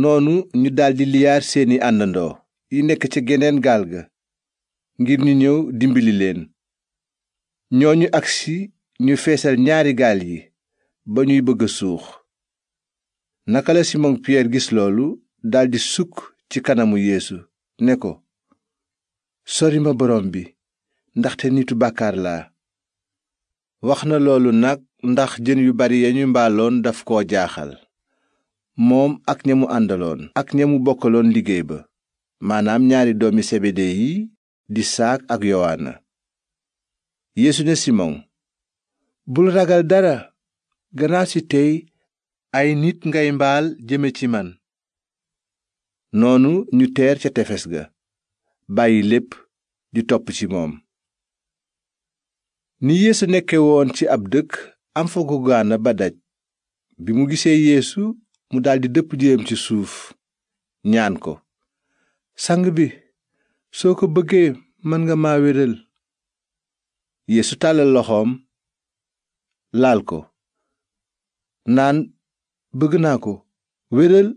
noonu ñu daldi liyaar seeni àndandoo yi nekk ca geneen gaal ga ngir ñu ñëw dimbali leen ñooñu agsi ñu feesal ñaari gaal yi ba ñuy bëgg a suux naka la Simon Pierre gis loolu daldi sukk ci kanamu yéesu ne ko sori ma borom bi ndaxte nitu bàkkaar laa wax na loolu nag ndax jën yu bari ya ñu mbaaloon daf koo jaaxal moom ak ña mu àndaloon ak ña mu bokkaloon liggéey ba maanaam ñaari doomi sebede yi di saak ak yowaana yeesu ne simon bul ragal dara gannaaw si tey ay nit ngay mbaal jëme ci man noonu ñu teer ca tefes ga bàyyi lépp di topp ci moom ni yéesu nekke woon ci ab dëkk am fa ku gaana ba daj bi mu gisee yéesu mu daldi dëpp jéem ci suuf ñaan ko sang bi soo ko bëggee mën nga ma wéral yeesu tàllal loxoom laal ko naan bëgg naa ko wéral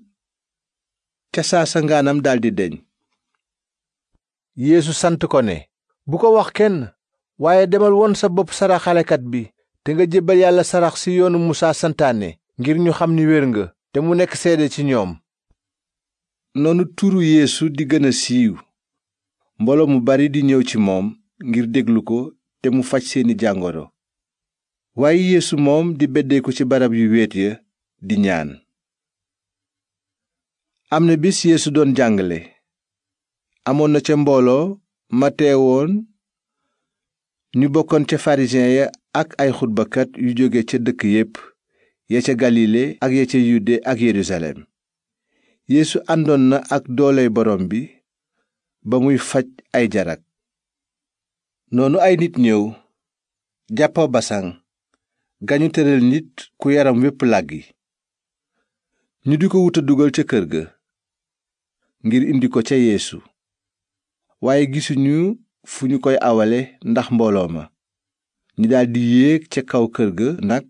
ca saa sa ngaanam daldi deñ yéesu sant ko ne bu ko wax kenn waaye demal won sa bopp saraxalekat bi te nga jébbal yàlla sarax si yoonu musaa santaane ngir ñu xam ni wér nga te mu nekk seede ci ñoom noonu turu yéesu di gëna a siiw mbooloo mu bari di ñëw ci moom ngir déglu ko te mu faj seeni jàngoro waaye yeesu moom di beddeeku ci barab yu wéet ya di ñaan am na bis yeesu doon jàngale amoon na ca mbooloo ma ñu bokkoon ca farisiyen ya ak ay xutbakat yu jóge ca dëkk yépp ya ca galile ak ya ca yude ak yerusalem yéesu àndoon na ak dooley borom bi ba muy faj ay jarag noonu ay nit ñëw jàppa basan gañu tëral nit ku yaram wépp làggi ñu di ko wuta dugal ca kër ga ngir indi ko ca yéesu waaye gisuñu fu ñu koy awale ndax mbooloo ma ñi daldi yéeg ca kaw kër ga nag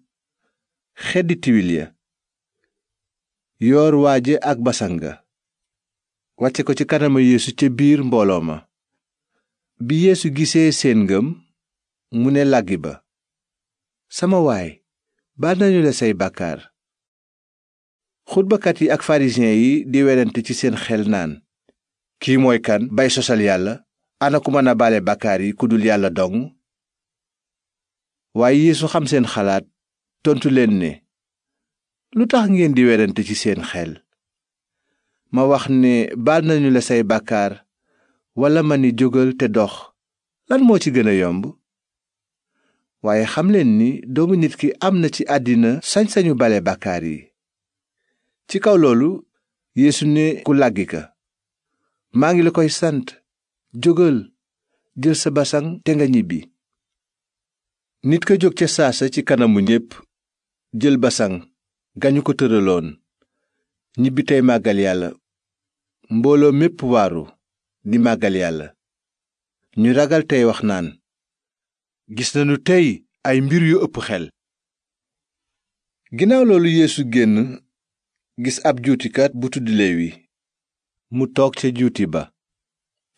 xeddi tiwil ya yoor waaje ak basan ga wàcce ko ci kanama yeesu ca biir mbooloo ma bi yéesu gisee seen ngëm mu ne làggi ba sama waay baal nañu la say bàkkaar xutbakat yi ak farisiyen yi di werante ci seen xel naan kii mooy kan bay sosal yàlla ana ku mën a baale bàkkaar yi ku dul yàlla dong waaye yeesu xam seen xalaat tontu leen ne lu tax ngeen di werante ci seen xel ma wax ne baal nañu la say bàkkaar walla ma ni jógal te dox lan moo ci gën a yomb waaye xam leen ni doomu nit ki am na ci àddina sañ-sañu bale bàkkaar yi ci kaw loolu yéesu ne ku làggi ka maa ngi la koy sant jógal jël sa basaŋ te nga ñibbi nit ka jóg ca saasa ci kanamu ñépp jël basaŋ gañu ko tëraloon ñibbi tey màggal yàlla mbooloo mépp waaru di màggal yàlla ñu ragal tey wax naan gis nañu tey ay mbir yu ëpp xel ginnaaw loolu yeesu génn gis ab juutikat bu tudd lewi mu toog ca juuti ba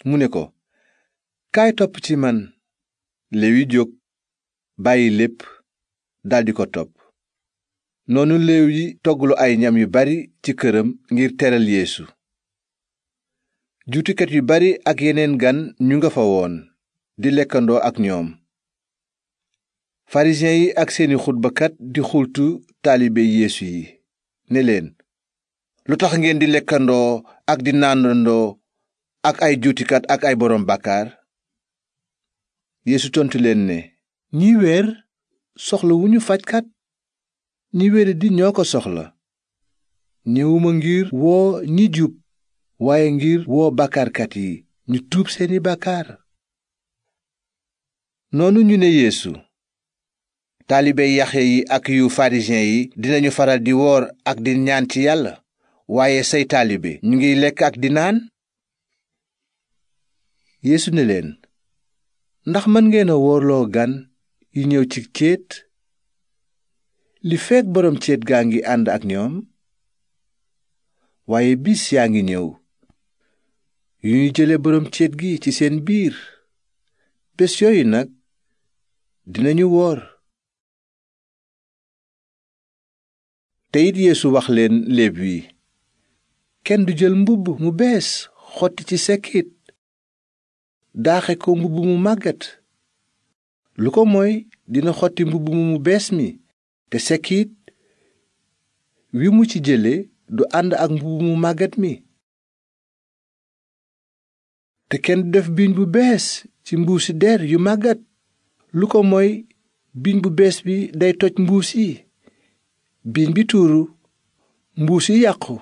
mu ne ko kaay topp ci man léewi jóg bàyyi lépp daldi ko topp noonu léew yi togglu ay ñam yu bari ci këram ngir teral yéesu juutikat yu bari ak yeneen gan ñu nga fa woon di lekkandoo ak ñoom farisiyen yi ak seeni xutbakat di xultu taalibe yéesu yi ni leen lu tax ngeen di lekkandoo ak di naandandoo ak ay juutikat ak ay boroom bàkkaar yeesu tontu ne ñi wér soxla wu ñu fajkat ñi wéradi ñoo ko soxla ñëwuma ngir woo ñi jub waaye ngir woo bàkkaarkat yi ñu tuub seeni bàkkaar noonu ñu ne yéesu taalibe yaxe yi ak yu farisiyen yi dinañu faral di woor ak di ñaan ci yàlla waaye say taalibe ñu ngiy lekk ak di naan yeesu ne leen ndax mën ngeena a woorloo gan yu ñëw ci céet li feek boroom céet gaa ngi ànd ak ñoom waaye bis yaa ngi ñëw yu ñu jële borom céet gi ci seen biir bés yooyu nag dinañu woor te yeesu wax leen léeb wi kenn du jël mbubb mu bees xotti ci sekit daaxe ko mbubb mu màggat lu ko mooy dina xotti mbubb mu bees mi te sekkiit wi mu ci jële du ànd ak mbubb mu màggat mi te kenn def biiñ bu bees ci mbuusi der yu màggat lu ko moy biiñ bu bees bi day toj mbuus yi biiñ bi tuuru mbuus yi yàqu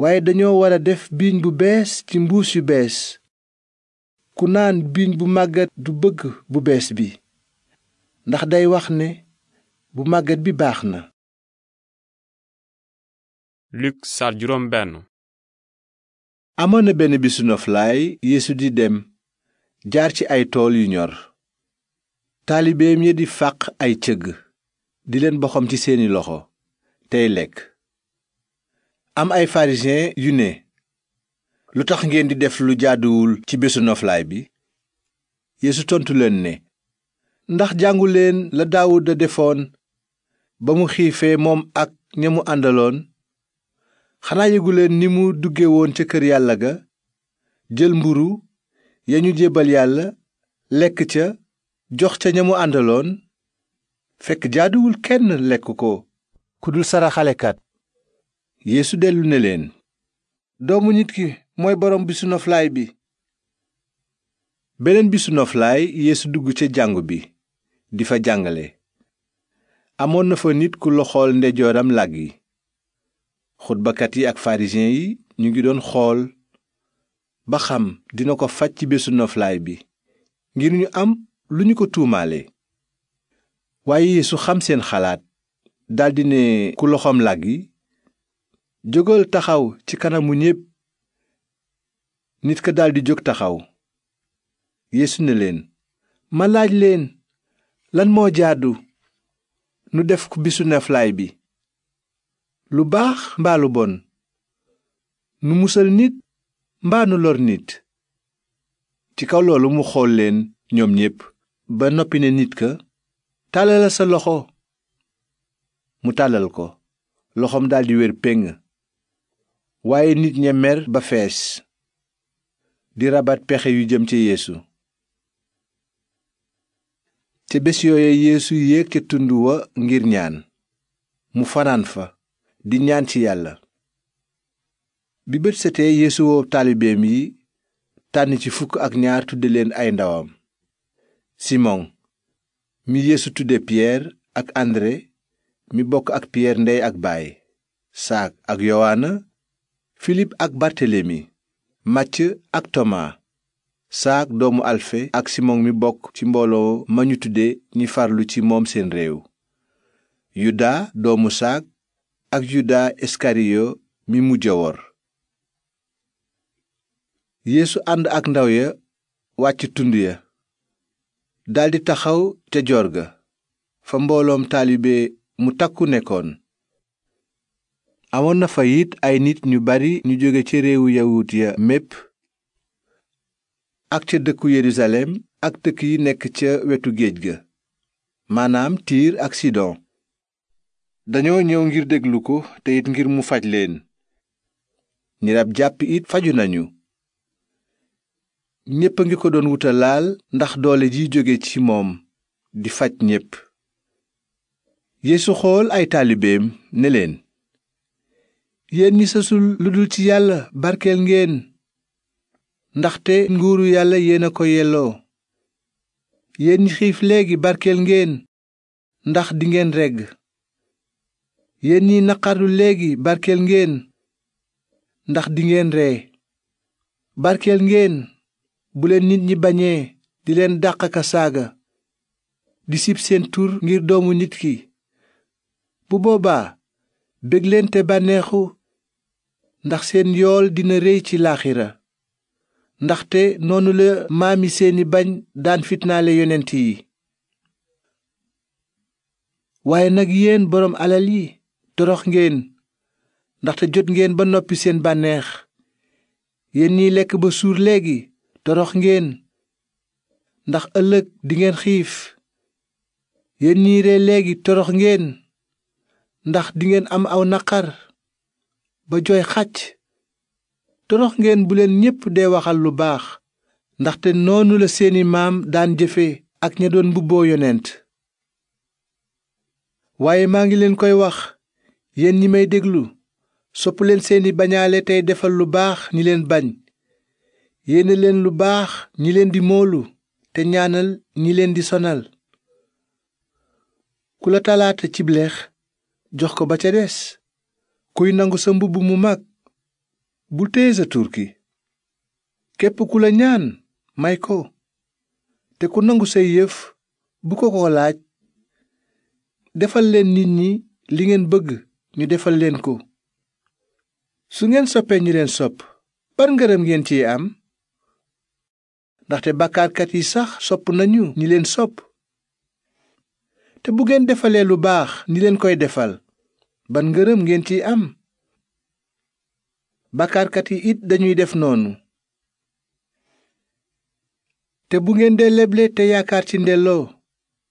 waaye dañoo wara def biiñ bu bees ci mbuus yu bees ku naan biiñ bu màggat du bëgg bu bees bi ndax day wax ne bu màggat bi baax na Luk sar juróom amoon na benn bisu noflaay yéesu di dem jaar ci ay tool yu ñor taalibeem ya di fàq ay cëgg di leen boxam ci seeni loxo tey lekk am ay pharisien yu ne lu tax ngeen di def lu jaaduwul ci bésu noflaay bi yéesu tontu leen ne ndax jànguleen la daawuda defoon ba mu xiifee moom ak ña mu àndaloon xanaa yëguleen ni mu dugge woon ca kër yàlla ga jël mburu ya ñu jébbal yàlla lekk ca jox ca ña mu àndaloon fekk jaaduwul kenn lekk ko ku dul saraxalekat yeesu dellu ne leen doomu nit ki mooy borom bisu noflaay bi beneen bisu noflaay yéesu dugg ca jàngu bi di fa jàngale amoon na fa nit ku loxool ndejooram làgg yi xutbakat yi ak farisiyen yi ñu ngi doon xool ba xam dina ko faj ci bésu noflaay bi ngir ñu am lu ñu ko tuumaale waaye yeesu xam seen xalaat daldi ne ku loxoom làgg yi jógal taxaw ci kanamu ñépp nit ka daldi jóg taxaw yeesu ne leen ma laaj leen lan moo jaadu nu def ko bisu naflaay bi lu baax mbaa lu bon nu musal nit mbaa nu lor nit ci kaw loolu mu xool leen ñoom ñépp ba noppi ne nit ka tàllala sa loxo mu tàllal ko loxoom daldi wér péng waaye nit ña ba fees di rabat pexe yu jëm ci yeesu te bés yooya yeesu yéeg ca tund wa ngir ñaan mu fanaan fa di ñaan ci yàlla bi bët setee yeesu woo taalibeem yi tànn ci fukk ak ñaar tudde leen ay ndawam simon mi yeesu tudde pierre ak andré mi bokk ak pierre ndey ak baay saak ak yowaana filip ak bartelemi màcc ak tomaa saak doomu alfe ak simon mi bokk ci mbooloo ma ñu tudde ñi farlu ci moom seen réew yuda doomu saak ak yuda iskariyo mi mu wor yéesu ànd ak ndaw ya wàcc tund ya daldi taxaw ca joor ga fa mbooloom taalibe mu takku nekkoon amoon na fa it ay nit ñu bari ñu jóge ci réewu yawut ya mépp ak ca dëkku yerusalem ak dëkk yi nekk ca wetu géej ga maanaam tiir ak sidon dañoo ñëw ngir déglu ko te it ngir mu faj leen ñi rab jàpp it faju nañu ñépp a ngi ko doon wuta laal ndax doole ji jóge ci moom di faj ñépp yéesu xool ay taalibeem ne leen yéen ñi sësul lu dul ci yàlla barkeel ngeen ndaxte nguuru yàlla yéen a ko yelloo yéen ñi xiif léegi barkeel ngeen ndax dingeen regg yéen ñi naqarlu léegi barkeel ngeen ndax dingeen ree barkeel ngeen buleen nit ñi bañee di leen dàq ka saaga di sib seen tur ngir doomu nit ki bu boobaa bég te bànneexu ndax seen yool dina réy ci laaxira ndaxte noonu la maam yi seeni bañ daan fitnaale yonent yi waaye nag yéen boroom alal yi torox ngeen ndaxte jot ngeen ba noppi seen bànneex yéen ñiy lekk ba suur léegi torox ngeen ndax ëllëg dingeen xiif yéen ñiy ree léegi torox ngeen ndax dingeen am aw naqar ba jooy xàcc torox ngeen bu leen ñépp dee waxal lu baax ndaxte noonu la seeni maam daan jëfe ak ña doon mbubboo yonent waaye maa ngi leen koy wax yéen ñi may déglu sopp leen seeni bañaale tey defal lu baax ñi leen bañ yéene leen lu baax ñi leen di moolu te ñaanal ñi leen di sonal ku la talaata cibleex jox ko ba ca des kuy nangu sa mbubb mu mag bul téye sa turki képp ku la ñaan may ko te ku nangu say yëf bu ko ko laaj defal leen nit ñi li ngeen bëgg ñu defal leen ko su ngeen soppee ñi leen sopp ban ngërëm ngeen ci am ndaxte bàkkaarkat yi sax sopp nañu ñi leen sopp te bu ngeen defalee lu baax ñi leen koy defal ban ngërëm ngeen ciy am bàkkaarkat yi it dañuy def noonu te bu ngeen dee leble te yaakaar ci ndelloo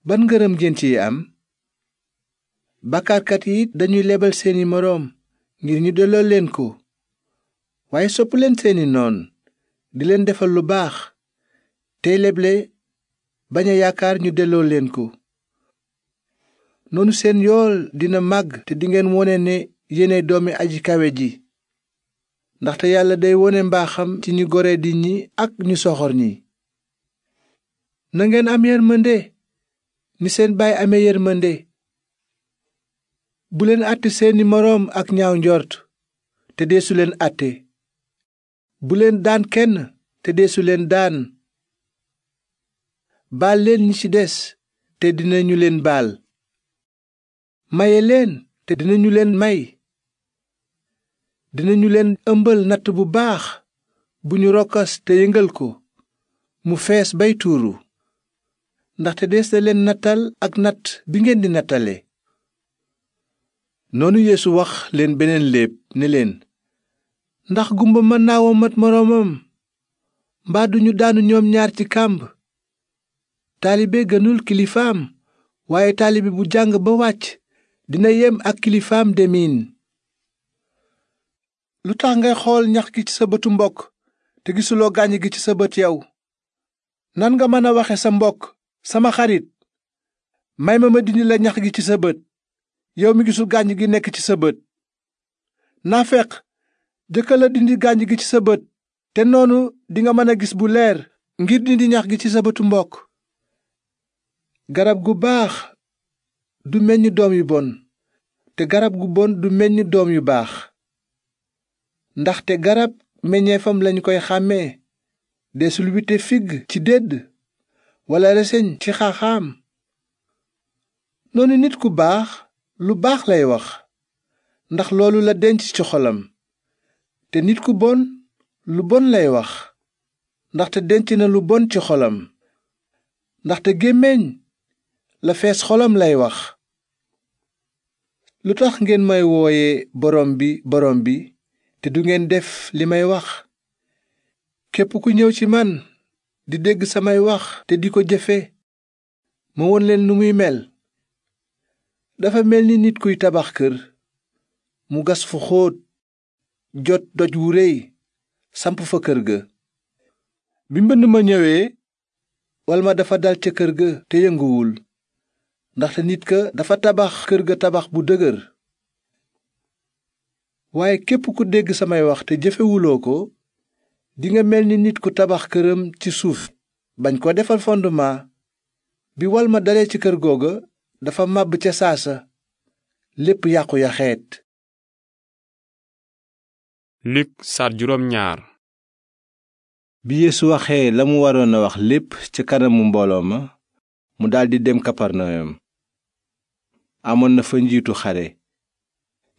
ban ngërëm ngeen ciy am bàkkaarkat yi it dañuy lebal seeni moroom ngir ñu delloo leen ko waaye sopp leen seeni noon di leen defal lu baax tey leble bañ a yaakaar ñu delloo leen ko noonu seen yool dina màgg te dingeen wone ne yéene doomi aji kawe ji ndaxte yàlla day wone mbaaxam ci ñu gore di ñi ak ñu soxor ñi na ngeen am yërmande ni seen baay ame amee yërmande bu leen àtte seeni moroom ak ñaaw njort te deesu leen àtte buleen daan kenn te deesu leen daan baal leen ñi ci des te dinañu leen baal maye leen te dinañu leen may dinañu leen ëmbal natt bu baax bu ñu rokkas te yëngal ko mu fees bay tuuru ndaxte dees na leen nattal ak natt bi ngeen di nattale noonu Yeesu wax leen beneen léeb ne leen ndax gumba mën naa womat moroomam mbaa duñu daanu ñoom ñaar ci kàmb taalibe gënul kilifaam waaye taalibe bu jàng ba wàcc dina yem ak kilifaam demin lu tax ngay xool ñax gi ci sa bëtu mbokk te gisuloo gaañ gi ci sa bët yow nan nga mën a waxe sa mbokk sama xarit may ma ma dindi la ñax gi ci sa bët yow mi gisu gaañ gi nekk ci sa bët naafeq jëkka la dindi gaañ gi ci sa bët te noonu dinga mën a gis bu leer ngir dindi ñax gi ci sa bëtu mbokk garab gu baax du meññ doom yu bon te garab gu bon du meññ doom yu baax ndaxte garab meññeefam lañu koy xàmmee desul wite figg ci dédd walla reseñ ci xaaxaam noonu nit ku baax lu baax lay wax ndax loolu la denc ci xolam te nit ku bon lu bon lay wax ndaxte denc na lu bon ci xolam ndaxte gémmiñ la fees xolam lay wax lu tax ngeen may wooye borom bi borom bi te du ngeen def li may wax képp ku ñëw ci man di dégg samay wax te di ko jëfe ma won leen nu muy mel dafa mel ni nit kuy tabax kër mu gas fu xóot jot doj wu rëy samp fa kër ga bi mbënn ma ñëwee wal ma dafa dal ca kër ga te yënguwul ndaxte nit ka dafa tabax kër ga tabax bu dëgër waaye képp ku dégg samay wax te jëfewuloo ko dinga mel ni nit ku tabax këram ci suuf bañ ko defal fondement bi wal ma dalee ci kër googa dafa màbb ca saasa lépp yàqu ya xeet Luk sar juróom ñaar waxee la mu waroon a wax lépp ca kanamu mbooloo ma mu daldi dem Kaparnayom amoon na fa njiitu xare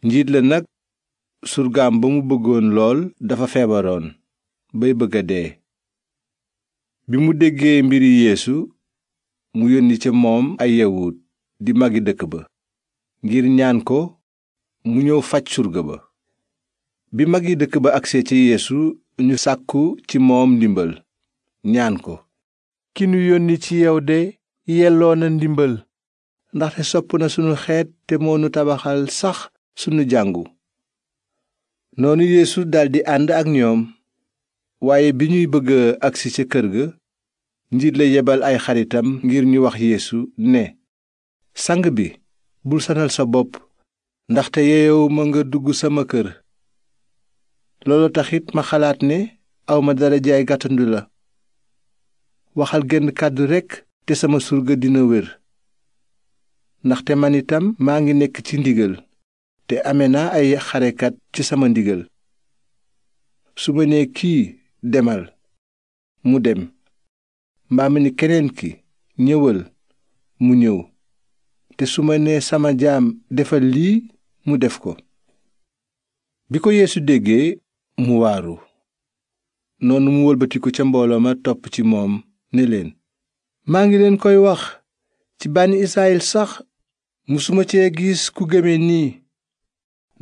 njiit la nag surgaam ba mu bëggoon lool dafa feebaroon bay bëgg a dee bi mu déggee mbiri yéesu mu yónni ca moom ay yawut di magi dëkk ba ngir ñaan ko mu ñëw faj surga ba bi magi dëkk ba agsee ci yeesu ñu sàkku ci moom ndimbal ñaan ko ki nu yónni ci yow de yelloo na ndimbal ndaxte sopp na sunu xeet te moonu tabaxal sax sunu jàngu noonu yéesu daldi ànd ak ñoom waaye bi ñuy bëgg agsi ca kër ga njiit la yebal ay xaritam ngir ñu wax yéesu ne sang bi bul sanal sa bopp ndaxte yeyow nga dugg sama kër loolu taxit ma xalaat ne awma dara jaay gàttandu la waxal genn kàddu rekk te sama surga dina wér ndaxte man itam maa ngi nekk ci ndigal te ame naa ay xarekat ci sama ndigal su ma nee kii demal mu dem mbaam ma ni keneen ki ñëwal mu ñëw te su ma nee sama jaam defal lii mu def ko bi ko yéesu déggee mu waaru noonu mu wëlbatiku ca mbooloo ma topp ci moom ne leen maa ngi leen koy wax ci bànni israyil sax musuma cee gis ku gëme nii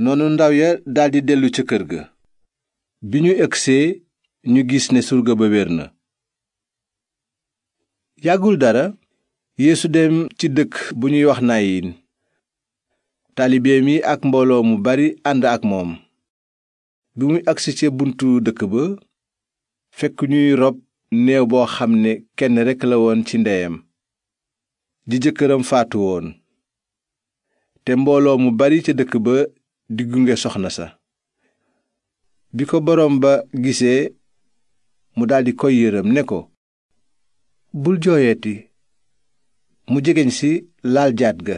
noonu ndaw ya daldi dellu ca kër ga bi ñu egsee ñu gis ne surga ba wér na yàggul dara yéesu dem ci dëkk bu ñuy wax nayin taalibeem yi ak mbooloo mu bari ànd ak moom bi muy agsi ca buntu dëkk ba fekk ñuy rob néew boo xam ne kenn rekk la woon ci ndeyam di jëkkëram faatu woon te mbooloo mu bari ca dëkk ba di gunge soxna sa bi ko boroom ba gisee mu daldi koy yërëm ne ko bul jooyeeti mu jegeñ si laal jaat ga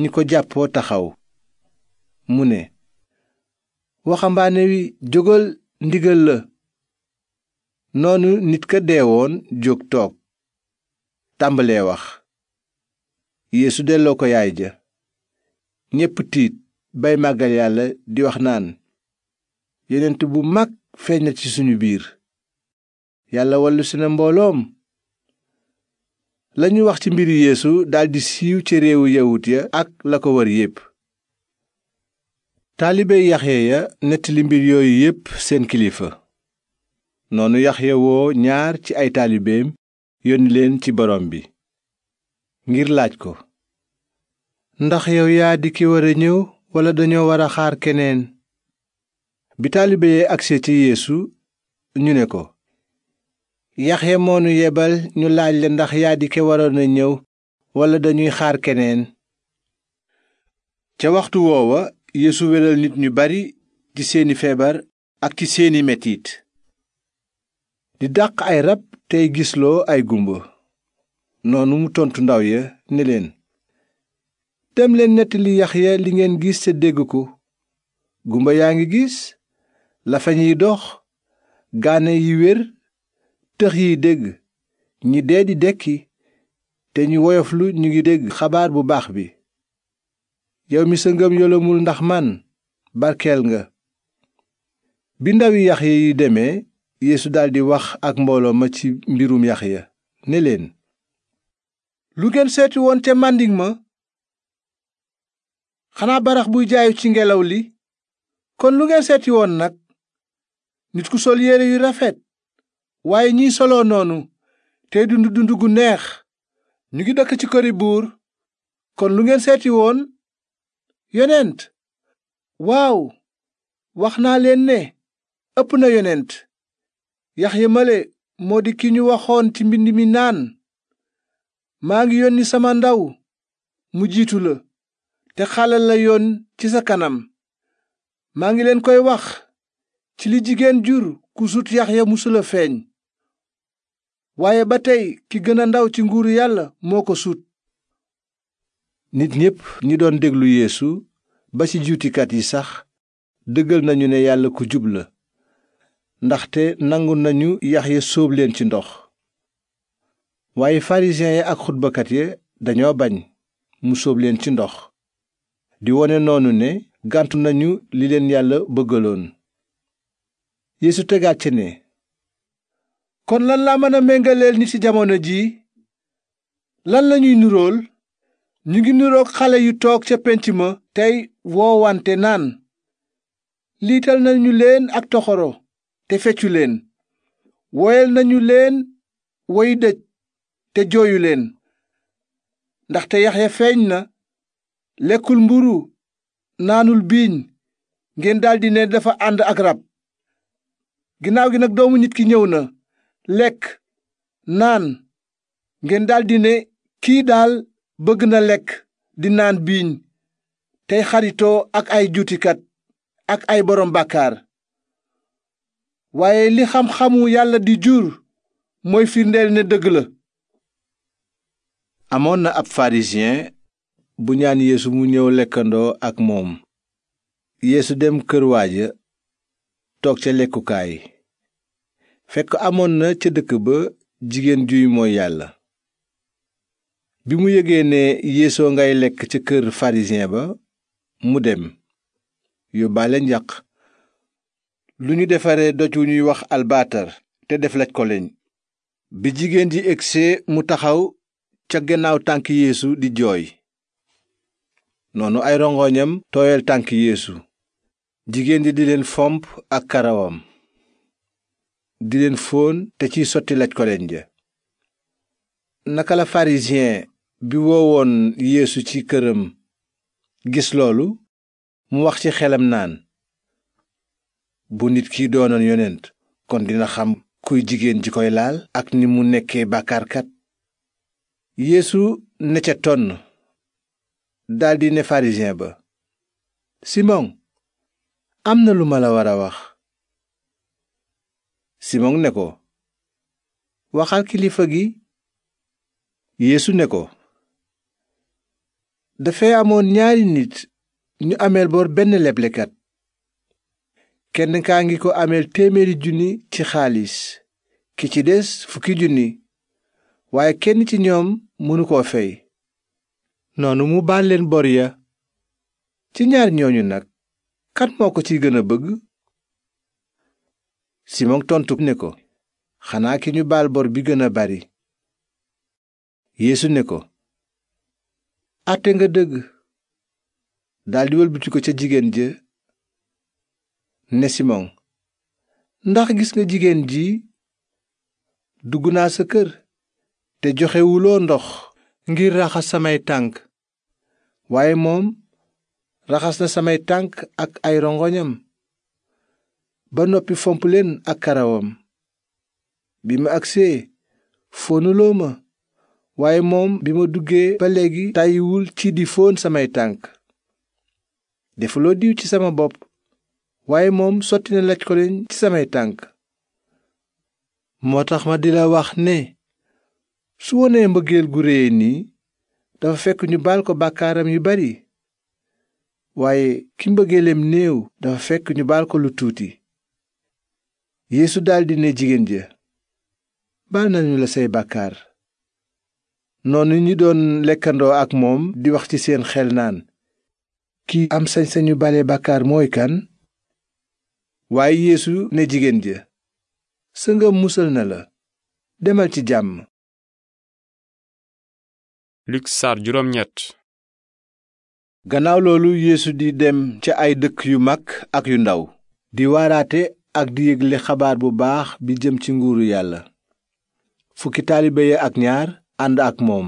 ñi ko jàppoo taxaw mu ne waxambaane wi jógal ndigal la noonu nit ka deewoon jóg toog tàmbalee wax yéesu delloo ko yaay ja ñépp tiit bay màggal yàlla di wax naan yonent bu mag feeñ na ci sunu biir yàlla wallu si na mbooloom lañu wax ci mbir yéesu daldi siiw ci réewu yawut ya ak la ko war yépp taalibe yaxe ya nettali mbir yooyu yépp seen kilifa noonu yaxya woo ñaar ci ay taalibeem yónni leen ci boroom bi ngir laaj ko ndax yow yaa di ki war ñëw wala dañoo war a xaar keneen bi taalibe agse ci yeesu ñu ne ko yaxya moonu yebal ñu laaj la ndax yaa di ki waroon a ñëw wala dañuy xaar keneen ca waxtu woowa yeesu wéral nit ñu bari ci seeni feebar ak ci seeni metit di dàq ay rab tey gisloo ay gumba noonu mu tontu ndaw ya ne leen dem leen nettali Yaxya li ngeen gis te dégg ko gumba yaa ngi gis lafañ yi dox gaane yi wér tëx yi dégg ñi dee di dekki te ñu woyoflu ñu ngi dégg xabaar bu baax bi yow mi sa ngëm yolomul ndax man barkeel nga bi ndawi yax yi demee yéesu daldi wax ak mbooloo ma ci mbirum Yaxya ne leen xanaa barax buy jaayu ci ngelaw li kon lu ngeen seeti woon nag nit ku sol yére yu rafet waaye ñiy soloo noonu tey dund dund gu neex ñu ngi dëkk ci këri buur kon lu ngeen seeti woon yonent waaw wax naa leen ne ëpp na yonent yax male moo di ki ñu waxoon ci mbind mi naan maa ngi yónni sama ndaw mu jiitu la te xalal la yoon ci sa kanam maa ngi leen koy wax ci li jigéen jur ku sut Yaxya musula feeñ waaye ba tey ki gën a ndaw ci nguuru yàlla moo ko sut nit ñépp ñi doon déglu yéesu ba ci juutikat yi sax dëggal nañu ne yàlla ku jub la ndaxte nangu nañu Yaxya sóob leen ci ndox waaye farisiyen ya ak xutbakat ya dañoo bañ mu sóob leen ci ndox di wone noonu ne gàntu nañu li leen yàlla bëggaloon yéesu tegaat ci ne kon lan la mën a méngaleel ni ci jamono ji lan lañuy nurool ñu ngi nuroog xale yu toog ca pénc ma tey woowante naan liital nañu leen ak toxoro te feccu leen woyal nañu leen woy dëj te jooyu leen yax ya feeñ na lekkul mburu naanul biiñ ngeen daldi ne dafa ànd ak rab ginnaaw gi nag doomu nit ki ñëw na lekk naan ngeen daldi ne kii daal bëgg na lekk di naan biiñ tey xaritoo ak ay juutikat ak ay borom bàkkaar waaye li xam-xamu yàlla di jur mooy firndeel ne dëgg la amoon na ab pharisien bu ñaan yéesu mu ñëw lekkandoo ak moom yéesu dem kër waaja toog ca lekkukaay fekk amoon na ca dëkk ba jigéen juy mooy yàlla bi mu yëgee ne yéesoo ngay lekk ca kër pharisien ba mu dem yóbbaale njaq lu ñu defaree doj wu ñuy wax albaatar te def laj ko leen bi jigéen ji egsee mu taxaw ca gannaaw tànk yéesu di jooy noonu ay rongoñam tooyal tànk yéesu jigéen di di leen fomp ak karawam di leen fóon te ciy sotti laj koleñ ja naka la pharisien bi woo woon yéesu ci këram gis loolu mu wax ci xelam naan bu nit ki doonoon yonent kon dina xam kuy jigéen ji koy laal ak ni mu nekkee bàkkaarkat yéesu ne ca tonn daldi ne ba simon am na lu ma la war a wax simon ne ko waxal kilifa gi yéesu ne ko dafay amoon ñaari nit ñu ameel bor benn leblekat kenn kaa ngi ko ameel téeméeri junni ci xaalis ki ci des fukki junni waaye kenn ci ñoom mënu koo fey noonu mu baal leen bor ya ci ñaar ñooñu nag kan moo ko ci gën a bëgg simon tontu ne ko xanaa ki ñu baal bor bi gën a bari yéesu ne ko àtte nga dëgg daldi wëlbati ko ca jigéen ja ne simon ndax gis nga jigéen ji dugg naa sa kër te joxewuloo ndox ngir raxas samay tànk waaye moom raxas na samay tànk ak ay rongoñam ba noppi fomp leen ak karawam bi ma agsee foonuloo ma waaye moom bi ma duggee ba léegi tàyyiwul ci di foon samay tànk defuloo diw ci sama bopp waaye moom sotti na laj ko leen ci samay tànk moo tax ma di la wax ne su wonee mbëggeel gu réye nii dafa fekk ñu baal ko bàkkaaram yu bari waaye ki mbëggeeleem néew dafa fekk ñu baal ko lu tuuti yéesu daldi ne jigéen ja baal nañu la say bàkkaar noonu ñu doon lekkandoo ak moom di wax ci seen xel naan ki am sañ-sañu bale bàkkaar mooy kan waaye yéesu ne jigéen ja sa musal na la demal ci jàmm Luk saar gannaaw loolu yéesu di dem ca ay dëkk yu mag ak yu ndaw di waaraate ak di yégle xabaar bu baax bi jëm ci nguuru yàlla fukki taalibe ya ak ñaar ànd ak moom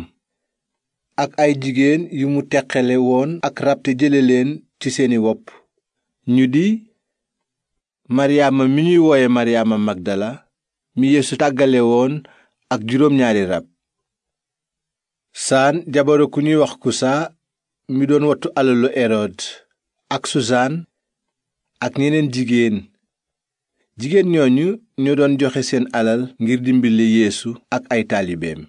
ak ay jigéen yu mu teqale woon ak rab te jële leen ci seeni wopp ñu di maryaama mi ñuy wooye maryaama magdala mi yeesu tàggale woon ak juróom ñaari rab saan jabaru ku ñuy wax kusa mi doon wattu alalu erod ak susaan ak ñeneen jigéen jigéen ñooñu ñoo doon joxe seen alal ngir dimbali yéesu ak ay taalibeem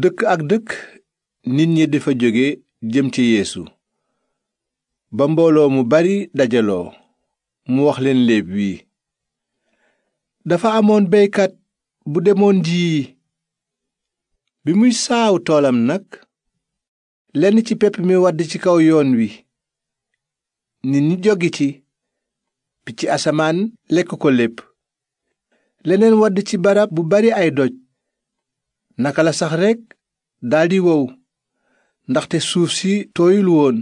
dëkk ak dëkk nit ñi dafa jóge jëm ci yéesu ba mbooloo mu bari dajaloo mu wax leen léeb wi dafa amoon beykat bu demoon ji bi muy saaw toolam nag lenn ci pepp mi wadd ci kaw yoon wi nit ñi joggi ci picc asamaan lekk ko lépp leneen wadd ci barab bu bari ay doj naka la sax rekk daldi wow ndaxte suuf si tooyul woon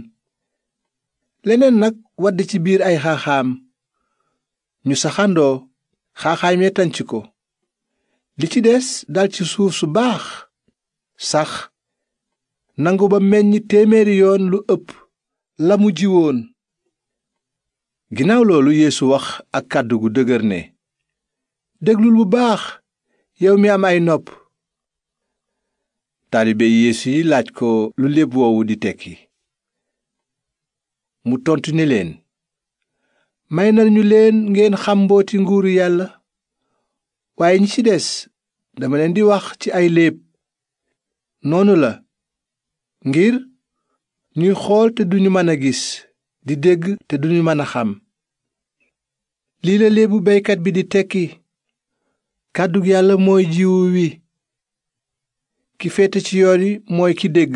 leneen nag wadd ci biir ay xaaxaam ñu saxandoo xaaxaam ya tànc ko li ci des dal ci suuf su baax sax nangu ba meññ téeméeri yoon lu ëpp la mu ji woon ginnaaw loolu yéesu wax ak kàddu gu dëgër ne déglul bu baax yow mi am ay nopp taalibe yéesu yi laaj ko lu léeb woowu di tekki mu tontu ni leen may nañu leen ngeen xam mbooti nguuru yàlla waaye ñi ci des dama leen di wax ci ay léeb noonu la ngir ñuy xool te duñu mën a gis di dégg te duñu mën a xam lii la léebu baykat bi di tekki kàddug yàlla mooy jiwu wi ki féete ci yoon yi mooy ki dégg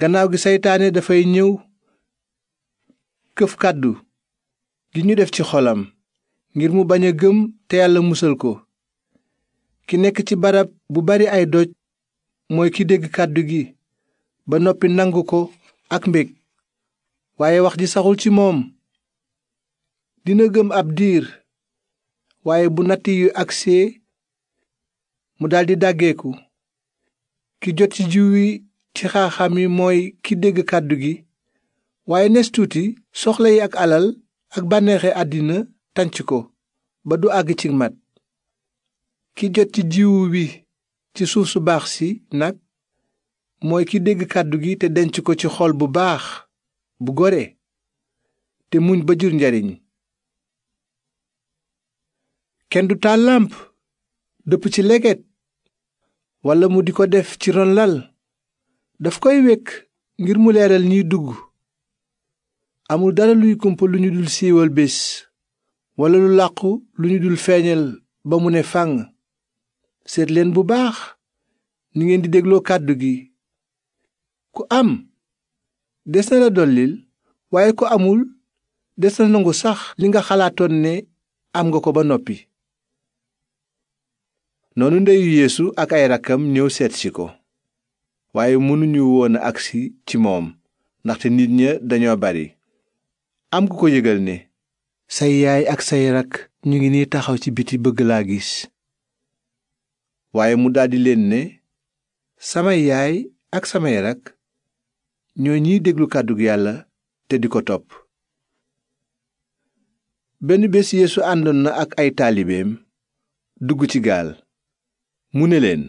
gannaaw gi seytaane dafay ñëw këf kàddu gi ñu def ci xolam ngir mu bañ a gëm te yàlla musal ko ki nekk ci barab bu bari ay doj mooy ki dégg kàddu gi ba noppi nangu ko ak mbég waaye wax ji saxul ci moom dina gëm ab diir waaye bu natt yu agsee mu daldi dàggeeku ki jot ci jiw wi ci xaaxam yi mooy ki dégg kàddu gi waaye nes tuuti soxla yi ak alal ak bànneexe àddina tànc ko ba du àgg ci mat ki jot ci jiwu wi ci suuf su baax si nag mooy ki dégg kàddu gi te denc ko ci xool bu baax bu gore te muñ ba jur njariñ kenn du tàllamp làmp dëpp ci leget walla mu di ko def ci ron lal daf koy wekk ngir mu leeral ñiy dugg amul dara luy kumpa lu ñu dul siiwal bés walla lu làqu lu ñu dul feeñal ba mu ne fànn seet leen bu baax ni ngeen di dégloo kàddu gi ku am des na la dollil waaye ko amul des na nangu sax li nga xalaatoon ne am nga ko ba noppi noonu ndeyu yéesu ak ay rakkam ñëw seet ko waaye mënuñu woon agsi ci moom ndaxte nit ña dañoo bari am ku ko yëgal ne say yaay ak say rakk ñu ngi nii taxaw ci biti bëgg laa gis waaye mu daldi leen ne samay yaay ak samay rak ñoo ñiy déglu kàddu yàlla te di ko topp benn bés yeesu ànd na ak ay taalibeem dugg ci gaal mu ne leen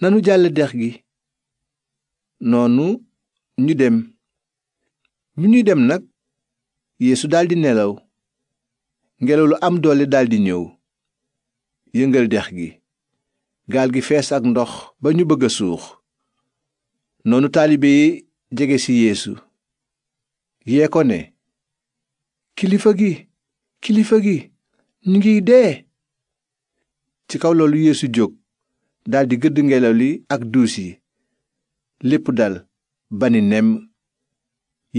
nanu jàll dex gi noonu ñu dem mu ñuy dem nag yéesu daldi nelaw ngelaw lu am doole daldi ñëw yëngal dex gi gaal gi fees ak ndox ba ñu bëgg suux noonu taalibe yi jege ci yéesu yee ko ne kilifa gi kilifa gi ñu ngi dee ci kaw loolu yéesu jóg daldi gëdd ngelaw li ak duus yi lépp dal bani nem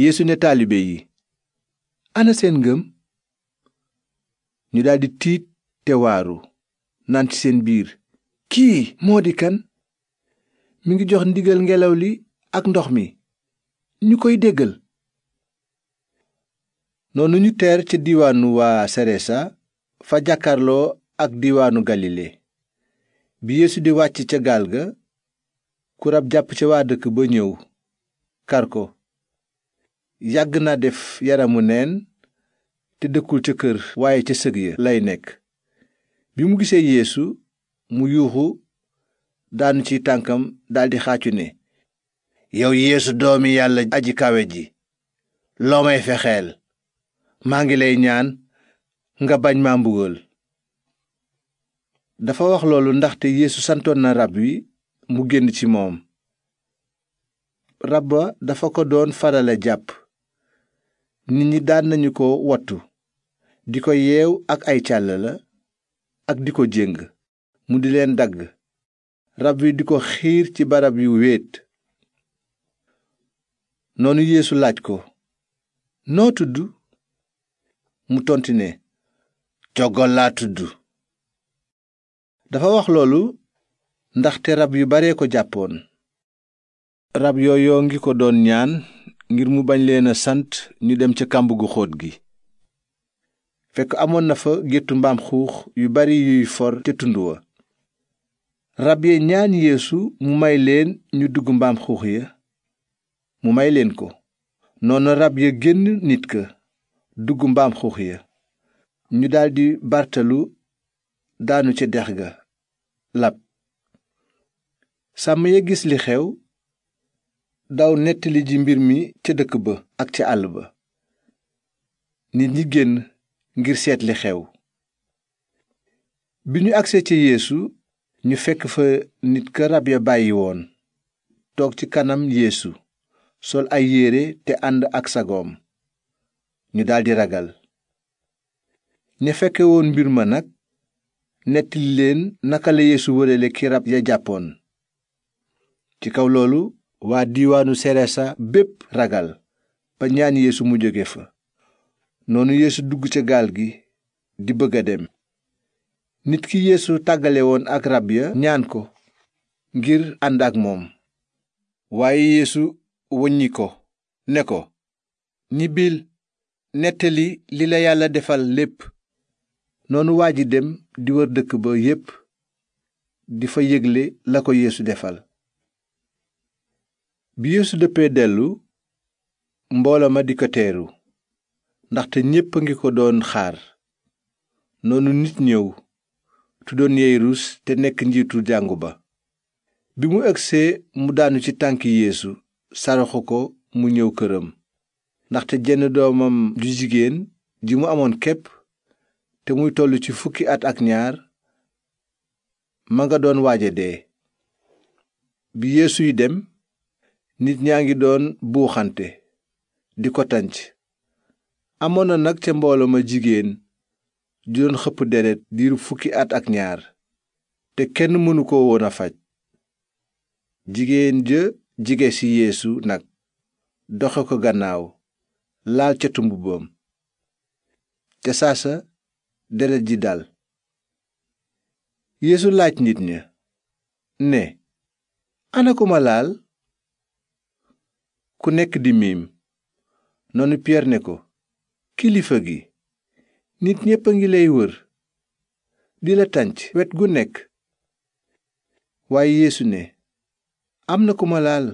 yéesu ne taalibe yi ana seen ngëm ñu daldi tiit te waaru naan ci seen biir kii moo di kan mu ngi jox ndigal ngelaw li ak ndox mi ñu koy déggal noonu ñu teer ca diwaanu waa seresa fa jàkkarloo ak diwaanu galile bi yeesu di wàcc ca gaal ga ku rab jàpp ca waa dëkk ba ñëw kar ko yàgg na def yaramu neen te dëkkul ca kër waaye ca sëg ya lay nekk bi mu gisee yéesu mu yuuxu daanu ci tànkam daldi xaacu ne yow yéesu doomi yàlla aji kawe ji loo may fexeel maa ngi lay ñaan nga bañ ma mbugal dafa wax loolu ndaxte yeesu santoon na rab wi mu génn ci moom rab wa dafa ko doon farale jàpp nit ñi daan nañu ko wattu di ko yeew ak ay càll la ak di ko jéng mu di leen dagg rab wi di ko xiir ci barab yu wéet noonu yéesu laaj ko noo tudd mu tontu ne coggol laa tudd dafa wax loolu ndaxte rab yu baree ko jàppoon rab yoo yoo ngi ko doon ñaan ngir mu bañ leen a sant ñu dem ca kàmb gu xóot gi fekk amoon na fa géttu mbaam xuux yu bari yuy for ca tund wa rab ya ñaan yeesu mu may leen ñu dugg mbaam xuux ya mu may leen ko noonu rab ya génn nit ka dugg mbaam xuux ya ñu daldi bartalu daanu ca dex ga lab sàmm ya gis li xew daw nettali ji mbir mi ca dëkk ba ak ca àll ba nit ñi génn ngir seetli li xew bi ñu agsee ca yeesu ñu fekk fa nit ka rab ya bàyyi woon toog ci kanam yéesu sol ay yére te ànd ak sagoom ñu daldi ragal ña fekke woon mbir ma nag nettali leen naka la yeesu wërale ki rab ya jàppoon ci kaw loolu waa diiwaanu seresa bépp ragal ba ñaan yeesu mu jóge fa noonu yéesu dugg ca gaal gi di bëgg a dem nit ki yéesu tàggale woon ak rab ya ñaan ko ngir ànd ak moom waaye yeesu woññi ko ne ko ñibbil nettali li la yàlla defal lépp noonu waa ji dem di wër dëkk ba yépp di fa yégle la ko yéesu defal bi yeesu dëppee dellu mbooloo ma di ko teeru ndaxte ñépp a ngi ko doon xaar noonu nit ñëw doon yayrus te nekk njiitu jàngu ba bi mu egsee mu daanu ci tànki yéesu saraxu ko mu ñëw këram ndaxte jenn doomam ju jigéen ji mu amoon képp te muy toll ci fukki at ak ñaar ma nga doon waaja dee bi yeesuy dem nit ñaa ngi doon buuxante di ko tànc amoon na nag ca mbooloo ma jigéen di doon xëpp deret diiru fukki at ak ñaar te kenn mënu ko woon a faj jigéen ja jige ci yeesu nag doxe ko gannaaw laal catu mbubbam te sa deret ji dal yéesu laaj nit ña ne ana laal ku nekk di miim noonu piyeer ne ko kilifa gi nit ñépp a ngi lay wër di la tànc wet gu nekk waaye yeesu ne am na ku ma laal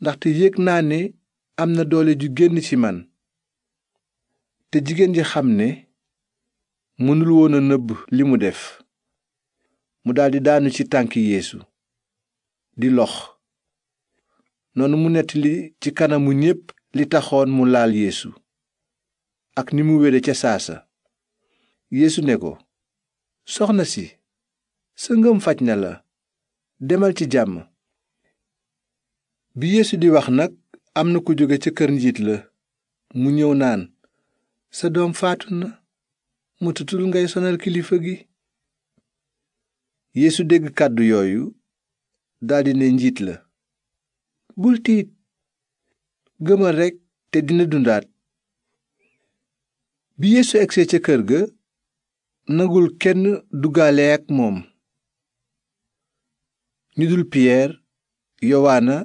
ndaxte yëg naa ne am na doole ju génn ci man te jigéen ji xam ne mënul woon a nëbb li mu def mu daldi daanu ci tànki yéesu di lox noonu mu nettali ci kanamu ñépp li taxoon mu laal yéesu ak ni mu wére ca saasa yéesu ne ko soxna si sa ngëm faj na la demal ci jàmm bi yeesu di wax nag am na ku jóge ca kër njiit la mu ñëw naan sa doom faatu na matatul ngay sonal kilifa gi yéesu dégg kàddu yooyu daldi ne njiit la bul tiit gëmal rekk te dina dundaat bi yeesu ca kër ga nagul kenn duggaale moom ñu dul piyeer yowaana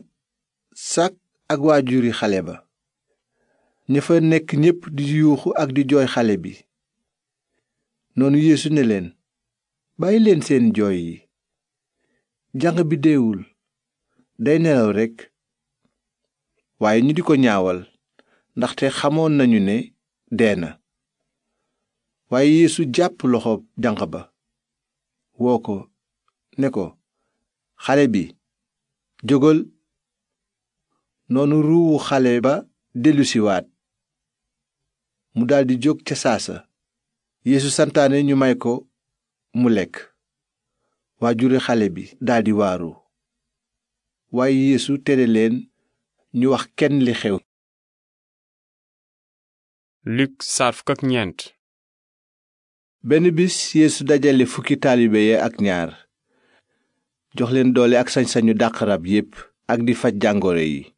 sak ak waajuri xale ba ña fa nekk ñépp di yuuxu ak di jooy xale bi noonu yeesu ne leen bàyyi leen seen jooy yi janq bi deewul day nelaw rekk waaye ñu di ko ñaawal ndaxte xamoon nañu ne dee na waaye yeesu jàpp loxo janq ba woo ko ne ko xale bi jógal noonu ruuwu xale ba dellusiwaat mu daldi jóg ca saasa yeesu santaane ñu may ko mu lekk waa waajuri xale bi daldi waaru waaye yeesu tere leen ñu wax kenn li xew Luk saar benn bis yeesu dajale fukki taalibe ya ak ñaar jox leen doole ak sañ-sañu dàq rab yépp ak di faj jàngoro yi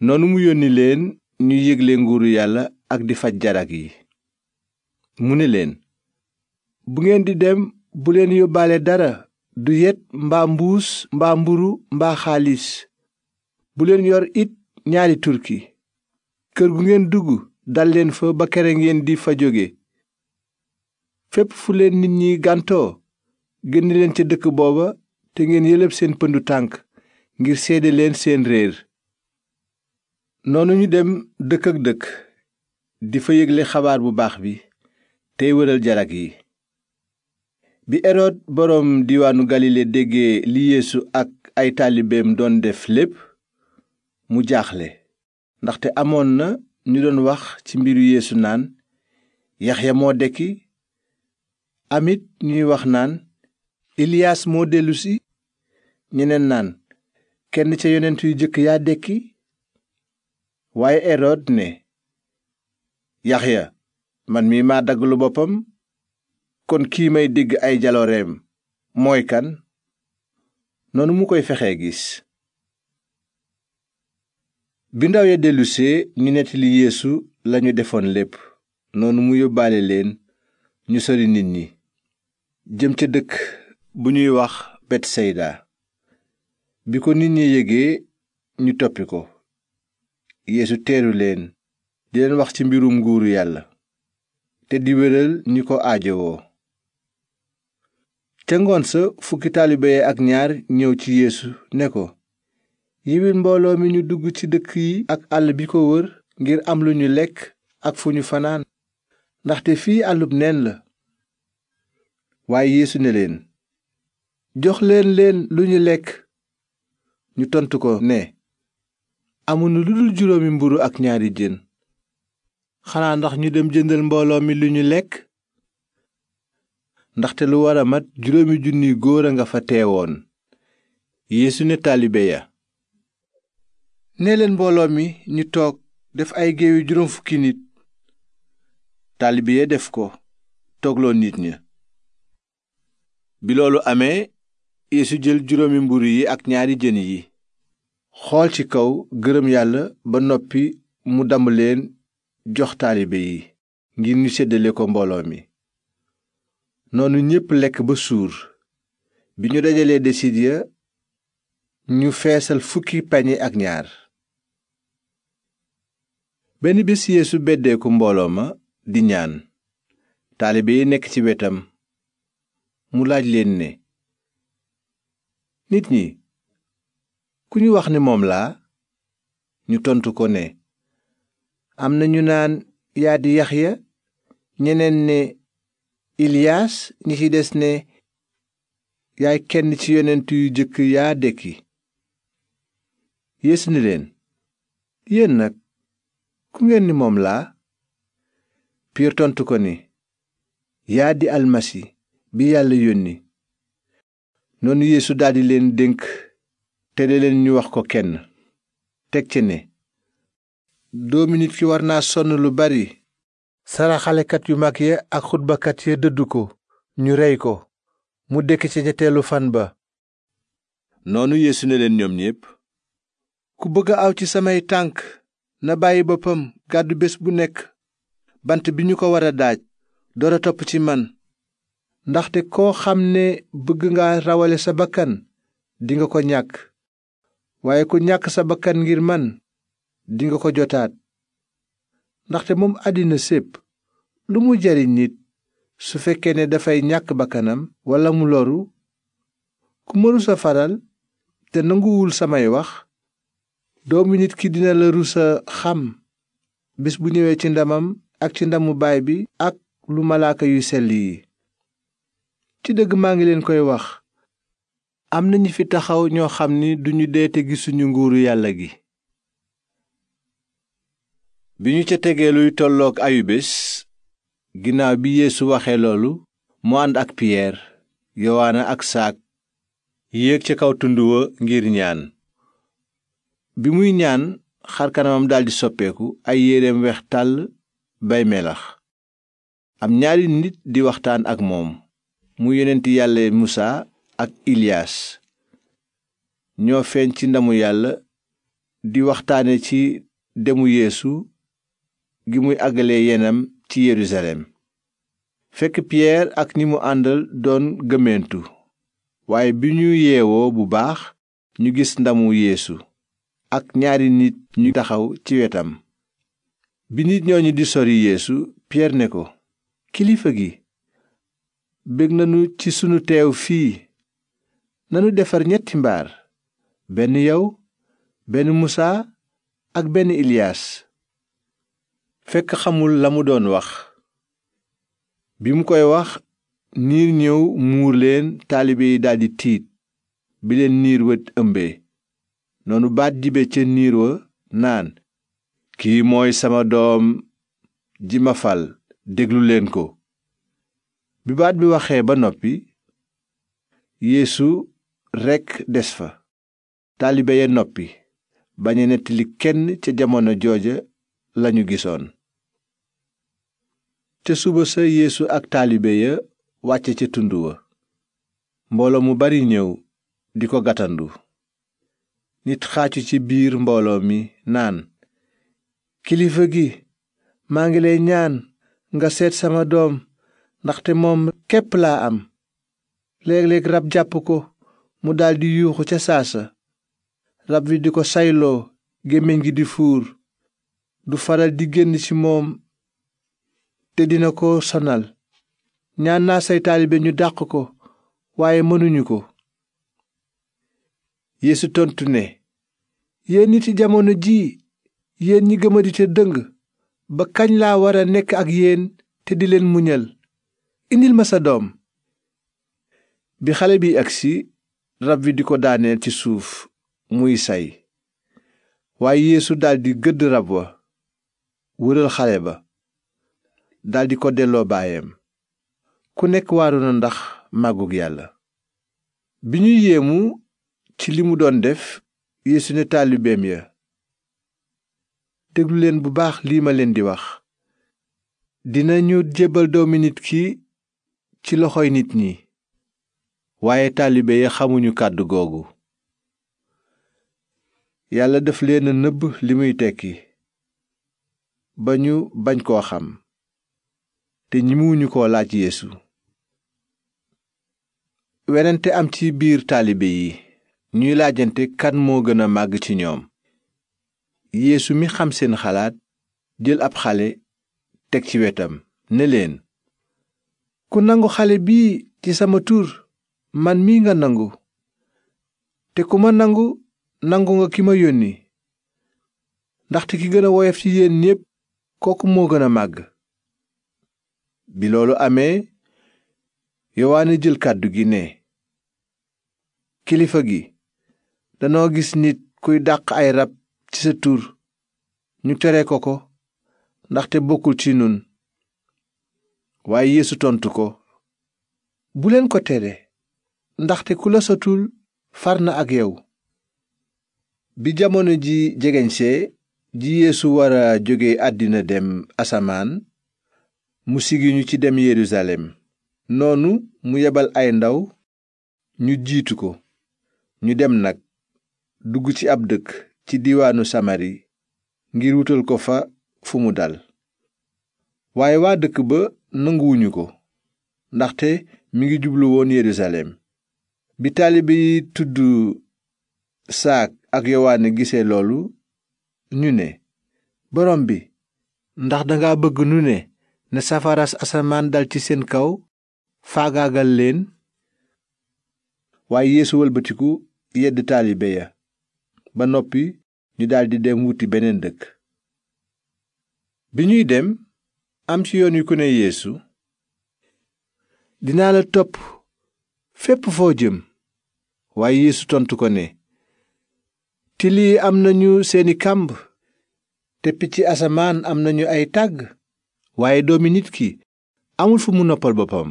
noonu mu yónni leen ñu yégle nguuru yàlla ak di faj jarag yi mu ne leen bu ngeen di dem bu leen yóbbaale dara du yet mbaa mbuus mbaa mburu mbaa xaalis bu leen yor it ñaari turki kër gu ngeen dugg dal leen fa ba kere ngeen di fa jóge fépp fu leen nit ñi gàntoo génn leen ca dëkk booba te ngeen yëlëb seen pëndu tànk ngir seede leen seen réer noonu ñu dem dëkk ak dëkk di fa yégle xabaar bu baax bi tey wëral jarag yi bi erod boroom diwaanu galile déggee li yéesu ak ay taalibeem doon def lépp mu jaaxle ndaxte amoon na ñu doon wax ci mbiru yéesu naan yax yaxya moo dekki amit ñuy wax naan iliyaas moo dellusi ñeneen naan kenn ca yonent yu jëkk yaa dekki waaye erod ne yaxya man mii maa dagglu boppam kon kii may dégg ay jaloreem mooy kan noonu mu koy fexee gis bi ndaw dellusee ñu nettali yeesu lañu defoon lépp noonu mu yóbbaale leen ñu sori nit ñi jëm ca dëkk bu ñuy wax betsayda bi ko nit ñi yëgee ñu toppi ko yeesu teeru leen di leen wax ci mbirum nguuru yàlla te di wéral ñi ko aajowoo ca ngoon sa fukki taalibe ak ñaar ñëw ci yéesu ne ko yiwil mbooloo mi ñu dugg ci dëkk yi ak àll bi ko wër ngir am lu ñu lekk ak fu ñu fanaan ndaxte fii àllub neen la waaye yeesu ne leen jox leen leen lu ñu lekk ñu tontu ko ne amuñu lu dul juróomi mburu ak ñaari jën xanaa ndax ñu dem jëndal mbooloo mi lu ñu lekk ndaxte lu wara mat juróomi junniy góor a nga fa teewoon yeesu ne taalibe ya nee leen mbooloo mi ñu toog def ay géewi juróom fukki nit taalibe ya def ko toogloo nit ña bi loolu amee yeesu jël juróomi mburu yi ak ñaari jën yi xool ci kaw gërëm yàlla ba noppi mu damm leen jox taalibe yi ngir ñu seddale ko mbooloo mi noonu ñépp lekk ba suur bi ñu dajalee desit ya ñu feesal fukki pañe ak ñaar benn bés yeesu mbooloo ma di ñaan taalibe yi nekk ci wetam mu laaj leen ne nit ñi ku ñu wax ni moom laa ñu tontu ko ne am na ñu naan yaa di yaxya ñeneen ne iliyaas ñi ci des ne yaay kenn ci yonent yu jëkk yaa dekki yeesu ni leen yéen nag ku ngeen ni moom laa piyeer tontu ko ni yaa di almasi bi yàlla yónni noonu yéesu daldi leen dénk tere leen ñu wax ko kenn teg ci ne doomi nit ki war naa sonn lu bari saraxalekat yu mag ya ak xutbakat ya dëdd ko ñu rey ko mu dekk ci ñetteelu fan ba noonu yéesu ne leen ñoom ñépp ku bëgg aw ci samay tànk na bàyyi boppam gàddu bés bu nekk bant bi ñu ko war a daaj door topp ci man ndaxte koo xam ne bëgg nga rawale sa bakkan dinga ko ñàkk waaye ku ñàkk sa bakkan ngir man dinga ko jotaat ndaxte moom àddina sépp lu mu jariñ nit su fekkee ne dafay ñàkk bakkanam walla mu loru ku mënu sa faral te nanguwul samay wax doomi nit ki dina la rus a xam bés bu ñëwee ci ndamam ak ci ndamu baay bi ak lu malaaka yu sell yi ci dëgg maa ngi leen koy wax am na ñi fi taxaw ñoo xam ni duñu dee te gisuñu nguuru yàlla gi bi ñu ca tegee luy tolloog bés ginnaaw bi yéesu waxee loolu mu ànd ak piyeer yowaana ak saak yéeg ca kaw tund wa ngir ñaan bi muy ñaan xar kanamam daldi soppeeku ay yéreem weex tàll bay melax am ñaari nit di waxtaan ak moom mu yonenti yàlla musa ak iliyaas ñoo feeñ ci ndamu yàlla di waxtaane ci demu yéesu gi muy àggale yenam ci yerusalem fekk piyeer ak ni mu àndal doon gëmmentu waaye bi ñu yeewoo bu baax ñu gis ndamu yéesu ak ñaari nit ñu taxaw ci wetam bi nit ñooñu di sori yeesu piyeer ne ko kilifa gi bég nanu ci sunu teew fii nanu defar ñetti mbaar benn yow benn musaa ak benn iliyaas fekk xamul la mu doon wax bi mu koy wax niir ñëw muur leen taalibe yi daldi tiit bi leen niir wa ëmbe noonu baat jibe ca niir wa naan kii mooy sama doom ji ma déglu leen ko bibaat bi waxee ba noppi yéesu rekk des fa taalibe ya noppi bañ a nettali kenn ca jamono jooja lañu gisoon ca suba sa yéesu ak taalibe ya wàcce ca tund wa mbooloo mu bari ñëw di ko gàttandu nit xaacu ci biir mbooloo mi naan kilifa gi maa ngi lay ñaan nga seet sama doom ndaxte moom képp laa am léeg-léeg rab jàpp ko mu daldi yuuxu ca saasa rab wi di ko sayloo gémmiñ gi di fuur du faral di génn ci moom te dina ko sonal ñaan naa say taalibe ñu dàq ko waaye mënuñu ko Yeesu tontu ne yéen nit yi jamono ji yéen ñi gëmadi te dëng ba kañ laa wara nekk ak yéen te di leen muñal indil ma sa doom bi xale bi agsi rab wi di ko daaneel ci suuf muy say waaye yéesu daldi gëdd rab wa wëral xale ba daldi ko delloo baayam ku nekk waaru na ndax màggug yàlla bi ñuy yéemu ci li mu doon def yeesu ne taalibeem ya déglu leen bu baax lii ma leen di wax dinañu jébbal doomi ki ci loxoy nit ñi waaye taalibe ya xamuñu kàddu googu yàlla daf leen nëbb li muy tekki ba ñu bañ koo xam te ñimuwuñu koo laaj yeesu werante am ci biir taalibe yi ñuy laajante kan moo gën a màgg ci ñoom yéesu mi xam seen xalaat jël ab xale teg ci wetam ne leen ku nangu xale bii ci sama tur man mii nga nangu te ku ma nangu nangu nga ki ma yónni ndaxte ki gën a woyof ci yéen ñépp kooku moo gën a màgg bi loolu amee yowaane jël kàddu gi ne kilifa gi danoo gis nit kuy dàq ay rab ci sa tur ñu tere ko ko ndaxte bokkul ci nun waaye yeesu tontu ko buleen leen ko tere ndaxte ku la sotul far na ak yow bi jamono ji jegeñsee ji yéesu war a jóge àddina dem asamaan mu sigiñu ci dem yerusalem noonu mu yebal ay ndaw ñu jiitu ko ñu dem nag dugg ci ab dëkk ci diiwaanu samari ngir wutal ko fa fu mu dal waaye waa dëkk ba nanguwuñu ko ndaxte mi ngi jublu woon Yerusalem bi taalibe yi tudd saak ak yowaane gisee loolu ñu ne borom bi ndax danga bëgg nu ne ne safaras asamaan dal ci seen kaw faagaagal leen waaye yéesu walbatiku yedd taalibe ya ba noppi ñu daldi dem wuti beneen dëkk dem am ci yoon wi ku ne yeesu dinaa la topp fépp foo jëm waaye yeesu tontu ko ne till yi am nañu seeni kàmb te picc asamaan am nañu ay tàgg waaye doomi nit ki amul fu mu noppal boppam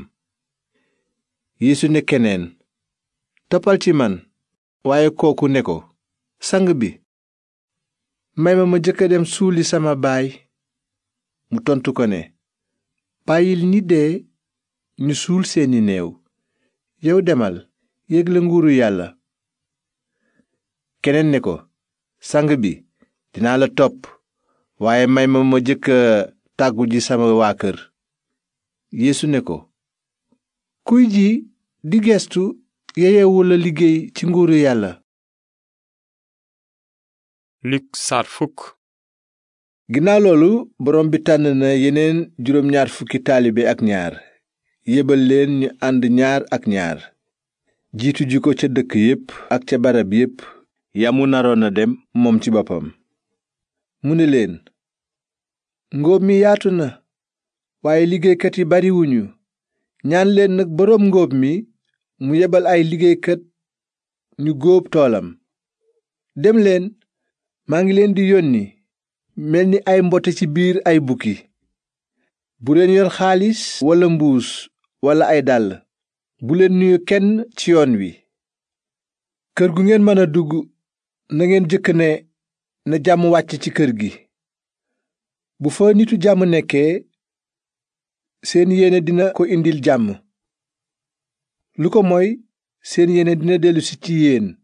yeesu ne keneen toppal ci man waaye kooku ne ko sang bi may ma ma jëkk dem suuli sama baay mu tontu ko ne bàyyil ni dee ñu suul seeni néew yow demal yégle nguuru yàlla keneen ne ko sang bi dinaa la topp waaye may ma ma jëkk tàggu ji sama waa kër yeesu ne ko kuy ji di gestu yeyewu la liggéey ci nguuru yàlla luk ginnaaw loolu borom bi tànn na yeneen juróom ñaar fukki taalibe ak ñaar yebal leen ñu ànd ñaar ak ñaar jiitu ji ko ca dëkk yépp ak ca barab yépp yamu naroon a dem moom ci boppam mu ni leen ngóob mi yaatu na waaye liggéeykat yi bariwuñu ñaan leen nag boroom ngóob mi mu yebal ay liggéeykat ñu góob toolam dem leen maa ngi leen di yónni mel ni ay mbote ci biir ay bukki bu leen yor xaalis walla mbuus walla ay dàll bu leen nuyu kenn ci yoon wi kër gu ngeen mën a dugg na ngeen jëkk ne na jàmm wàcc ci kër gi bu fa nitu jàmm nekkee seen yéene dina ko indil jàmm lu ko moy seen yéene dina dellusi ci yéen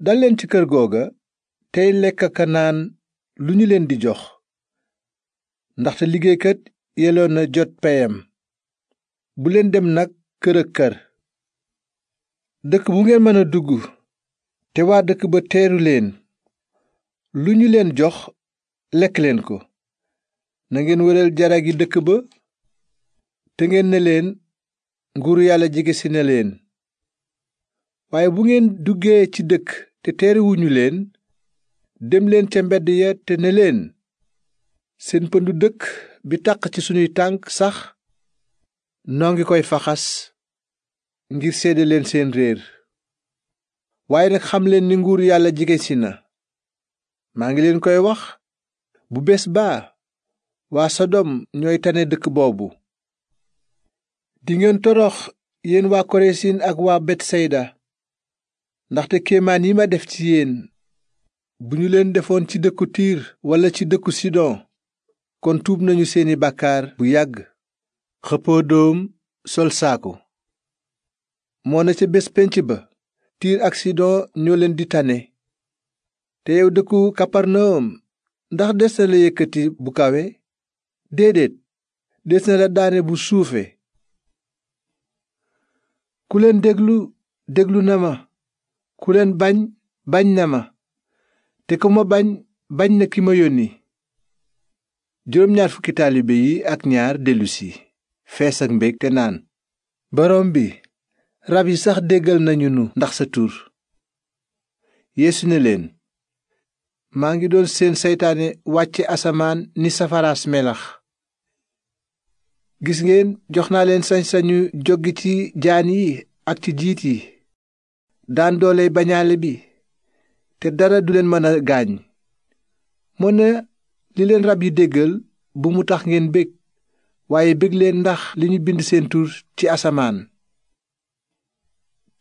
dal ci kër googa tey lekk ka naan lu ñu leen di jox ndaxte liggéeykat yelloo na jot peyam bu leen dem nag kër ak kër dëkk bu ngeen mën a dugg te waa dëkk ba teeru leen lu ñu leen jox lekk leen ko nangeen ngeen wéral jaragi dëkk ba te ngeen ne leen nguuru yàlla jege si ne leen waaye bu ngeen duggee ci dëkk te teeruwuñu leen dem leen ca mbedd ya te ne leen seen pëndu dëkk bi taq ci sunuy tànk sax noo ngi koy faxas ngir seede leen seen réer waaye nag xam leen ni nguur yàlla jege si na maa ngi leen koy wax bu bés baa waa Sodom ñooy tane dëkk boobu dingeen torox yéen waa Koresin ak waa Betsayda ndaxte kéemaan yi ma def ci yéen bu ñu leen defoon ci dëkku tiir walla ci dëkku sidon kon tuub nañu seeni bàkkaar bu yàgg xëppoo doom sol saako moo na ca bés pénc ba tiir ak sidon ñoo leen di tane te yow dëkku kaparnawum ndax des na la yëkkati bu kawe déedéet des na la daane bu suufe ku leen déglu déglu na ma ku leen bañ bañ na ma te ku ma bañ bañ na ki ma yónni juróom ñaar fukki taalibe yi ak ñaar dellusi fees ak mbég te naan boroom bi rab yi sax déggal nañu nu ndax sa tur yeesu ne leen maa ngi doon seen seytaane wàcce asamaan ni safaraas melax gis ngeen jox naa leen sañ-sañu jóg ci jaan yi ak ci jiit yi daan doole bañaale bi te dara du leen mën a gaañ moo ne li leen rab yi déggal bu mu tax ngeen bég waaye bég leen ndax li ñu bind seen tur ci asamaan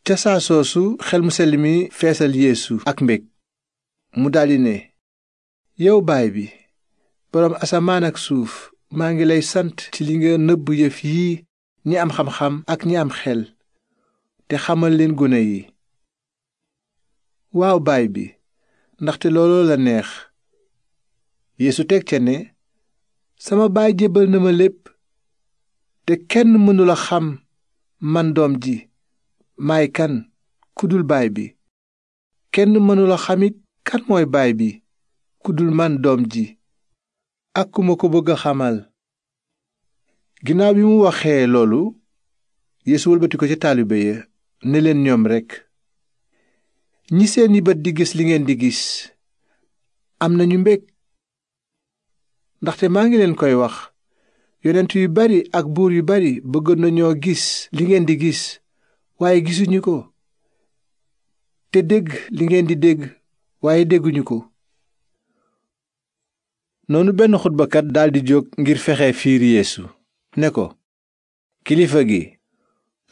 ca saa soosu xel mu sell mi feesal yeesu ak mbég mu daldi ne yow baay bi boroom asamaan ak suuf maa ngi lay sant ci li nga nëbb yëf yii ñi am xam-xam ak ñi am xel te xamal leen gone yi waaw baay bi ndaxte looloo la neex yéesu teg ca ne sama baay jébbal na ma lépp te kenn mënula xam man doom ji may kan ku dul baay bi kenn mënula xamit kan mooy baay bi ku dul man doom ji ak ku ma ko bëgg a xamal ginnaaw bi mu waxee loolu yéesu wëlbati ko ca taalibe ya ne leen ñoom rekk ñi seeni bët di gis li ngeen di gis am nañu mbég ndaxte maa ngi leen koy wax yonent yu bari ak buur yu bari bëggoon nañoo gis li ngeen di gis waaye gisuñu ko te dégg li ngeen di dégg waaye dégguñu ko noonu benn xutbakat daldi jóg ngir fexe fiir yeesu ne ko kilifa gi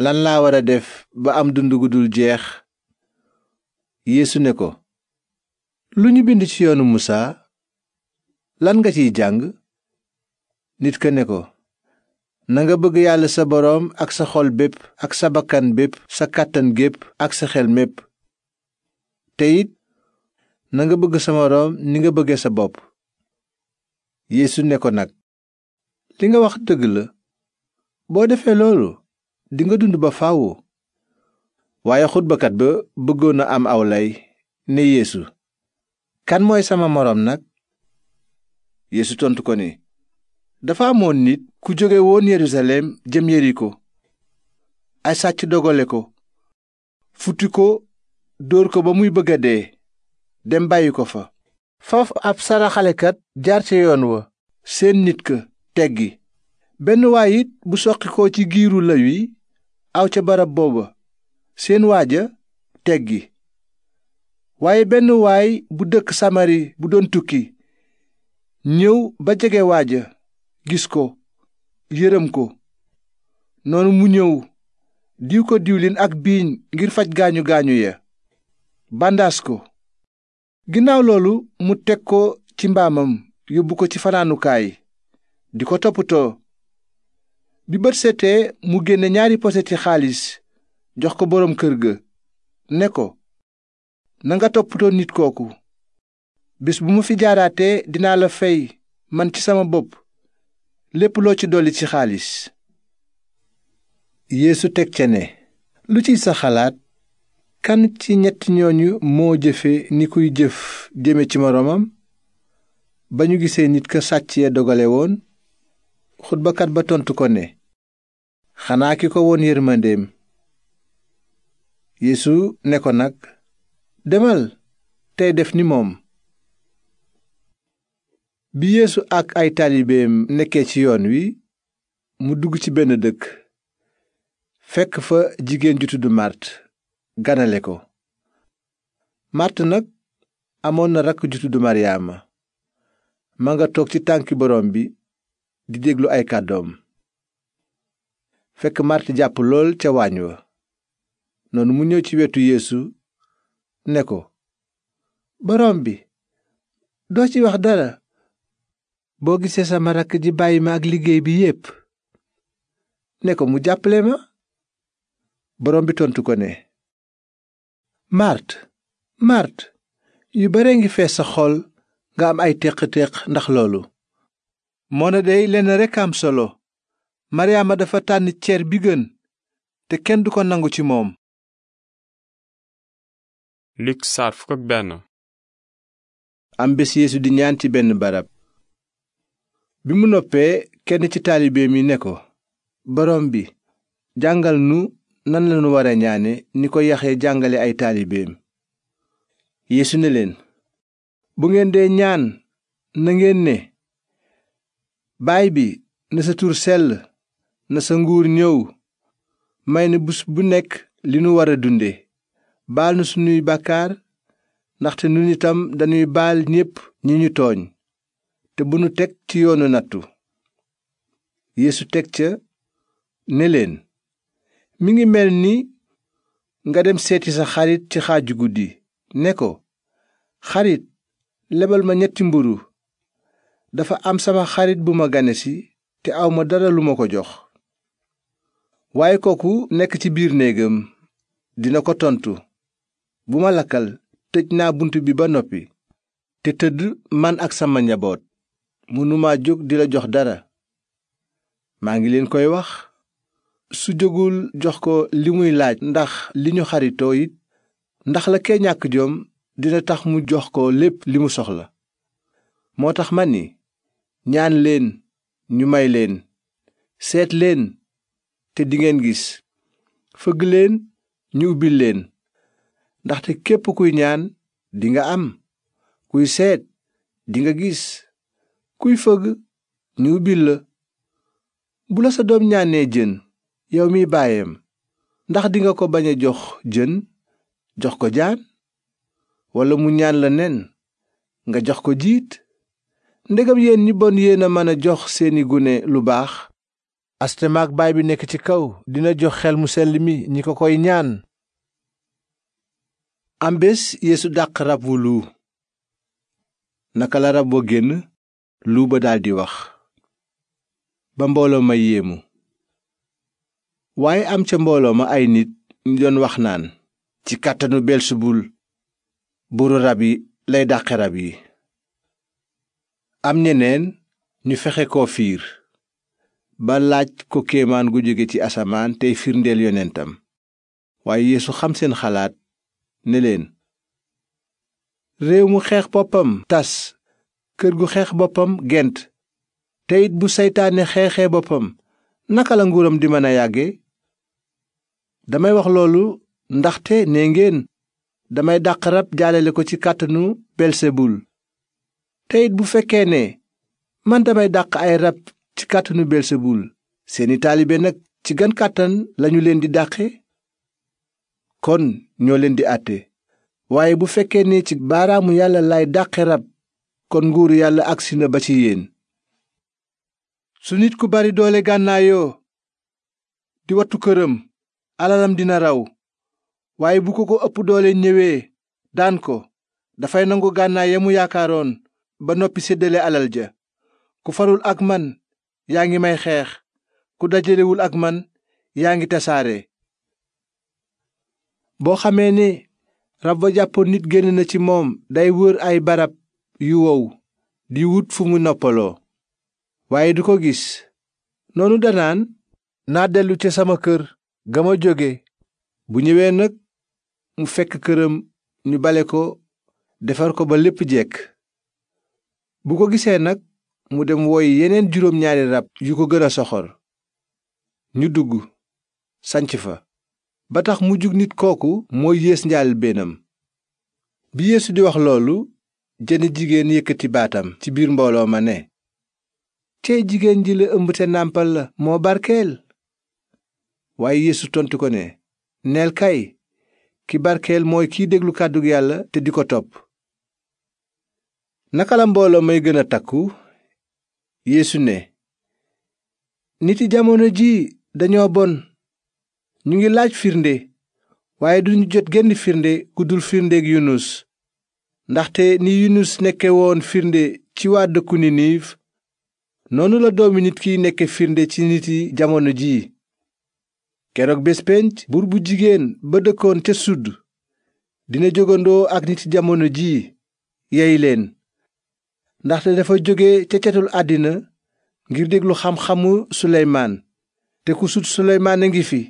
lan laa war a def ba am dund gu jeex yeesu ne ko lu ñu bind ci yoonu musaa lan nga ciy jàng nit ka ne ko nanga bëgg yàlla sa boroom ak sa xol bépp ak sa bakkan bépp sa kàttan gépp ak sa xel mépp te it nanga bëgg sa moroom ni nga bëgge sa bopp yéesu ne ko nag li nga wax dëgg la boo defee loolu dinga dund ba faaw. waaye xutbakat ba bëggoon na am aw lay ne yeesu kan mooy sama moroom nag yeesu tontu ko ni dafa amoon nit ku jóge woon yerusalem jëm yeriko ay sàcc dogale ko futti ko dóor ko ba muy bëgg dee dem bàyyi ko fa foofu ab saraxalekat jaar ca yoon wa seen nit ka teggi benn waay it bu soqikoo ci giiru la wi aw ca barab booba seen waaja teggi waaye benn waay bu dëkk samari bu doon tukki ñëw ba jege waaja gis ko yërëm ko noonu mu ñëw diw ko diwlin ak biiñ ngir faj gaañu gaañu ya bandaas ko ginnaaw loolu mu teg ko ci mbaamam yóbbu ko ci fanaanukaay di ko toppatoo bi bët setee mu génne ñaari poseti xaalis jox ko boroom kër ga ne ko nanga toppatoo nit kooku bés bu ma fi jaaraatee dinaa la fay man ci sama bopp lépp loo ci dolli ci xaalis yéesu teg ca ne lu ciy sa xalaat kan ci ñett ñooñu moo jëfe ni kuy jëf jéme ci moroomam ba ñu gisee nit ka sàcc ya dogale woon xutbakat ba tontu ko ne xanaa ki ko woon yërmandeem yeesu ne ko nag demal tey def ni moom bi yéesu ak ay taalibeem nekkee ci yoon wi mu dugg ci benn dëkk fekk fa jigéen ju tudd màrt ganale ko màrt nag amoon na rakk ju tudd maryaama ma nga toog ci tànki boroom bi di déglu ay kàddoom fekk màrt jàpp lool ca waañ wa noonu mu ñëw ci wetu yéesu ne ko borom bi doo ci wax dara boo gisee sama rakk ji bàyyi ma ak liggéey bi yépp ne ko mu jàppale ma borom bi tontu ko ne màrt màrt yu bare ngi fees sa xol nga am ay téq-téq ndax loolu moo moona dey lenn rekk am solo maryaama dafa tànn ceer bi gën te kenn du ko nangu ci moom Luk saar fukk am bés yeesu di ñaan ci benn barab. bi mu noppee kenn ci taalibeem yi né ko. borom bi jàngal nu nan lanu war a ñaane ni ko yaxee jàngale ay taalibeem. yeesu ne leen. bu ngeen dee ñaan na ngeen ne. baay bi na sa tur sell na sa nguur ñëw. may na bus bu nekk li nu war a dunde baal nu sunuy bàkkaar ndaxte nun itam dañuy baal ñépp ñi ñu tooñ te bu nu teg ci yoonu nattu yéesu teg ca ne leen mi ngi mel ni nga dem seeti sa xarit ci xaaju guddi ne ko xarit lebal ma ñetti mburu dafa am sama xarit bu ma ganesi te awma dara lu ma ko jox waaye kooku nekk ci biir néegam dina ko tontu bu ma lakkal tëj naa bunt bi ba noppi te tëdd man ak sama njaboot mënuma jóg di la jox dara maa ngi leen koy wax su jógul jox ko li muy laaj ndax li ñu xaritoo it ndax la kee ñàkk jom dina tax mu jox ko lépp li mu soxla moo tax man ni ñaan leen ñu may leen seet leen te dingeen gis fëgg leen ñu ubbil leen ndaxte képp kuy ñaan dinga am kuy seet dinga gis kuy fëgg ñu ubbil la bu la sa doom ñaanee jën yow mi baayam ndax dinga ko bañ a jox jën jox ko jaan walla mu ñaan la nen nga jox ko jiit ndegam yéen ñi bon yéen a mën a jox seeni gune lu baax astemaak baay bi nekk ci kaw dina jox xel mu sell mi ñi ko koy ñaan am bés yeesu dàq rab wu luu naka la rab wa génn luu ba daldi wax ba mbooloo ma yéemu waaye am ca mbooloo ma ay nit ñu doon wax naan ci kàttanu belsebul buuru rab yi lay dàqe rab yi am ñeneen ñu fexe koo fiir ba laaj ko kéemaan gu jóge ci asamaan tey firndeel yonentam waaye yeesu xam seen xalaat ne leen réew mu xeex boppam tas kër gu xeex boppam gent te bu seytaane xeexee boppam naka la nguuram di mën a yàgge damay wax loolu ndaxte nee ngeen damay dàq rab jaalale ko ci kàttanu belsebul te bu fekkee ne man damay dàq ay rab ci kàttanu belsebul seeni taalibe nag ci gan kàttan lañu leen di dàqe kon ñoo leen di àtte waaye bu fekkee ne baaraamu yàlla laay dàqe rab kon nguuru yàlla agsi na ba ci yéen su nit ku bari doole gànnaayoo di wattu këram alalam dina raw waaye bu ko ko ëpp doole ñëwee daan ko dafay nangu gànnaay ya mu yaakaaroon ba noppi séddale alal ja ku farul ak man yaa ngi may xeex ku dajalewul ak man yaa ngi tasaare boo xamee ne rab wa jàppoon nit génn na ci moom day wër ay barab yu wow di wut fu mu noppaloo waaye du ko gis noonu danaan naa dellu ca sama kër ga ma jóge bu ñëwee nag mu fekk këram ñu bale ko defar ko ba lépp jekk bu ko gisee nag mu dem woy yeneen juróom ñaari rab yu ko gën a soxor ñu dugg sanc fa ba tax mu jug nit kooku mooy yées njaalbeenam bi yéesu di wax loolu jenn jigéen yëkkati baatam ci biir mbooloo ma ne cey jigéen ji la ëmb te nàmpal la moo barkeel waaye yeesu tontu ko ne neel kay ki barkeel mooy kiy déglu kàddu yàlla te di ko topp naka la mbooloo may gën a takku yéesu ne niti jamono ji dañoo bon ñu ngi laaj firnde waaye duñu jot genn firnde guddul firndeeg Yunus ndaxte ni Yunus nekke woon firnde ci waa dëkku Niniiv noonu la doomi nit kiy nekke firnde ci nit yi jamono jii keroog bés penc buur bu jigéen ba dëkkoon ca sud dina jógandoo ak nit jamono jii yey leen ndaxte dafa jóge ca cetul àddina ngir déglu xam-xamu suleymaan te ku sut suleymaan a ngi fi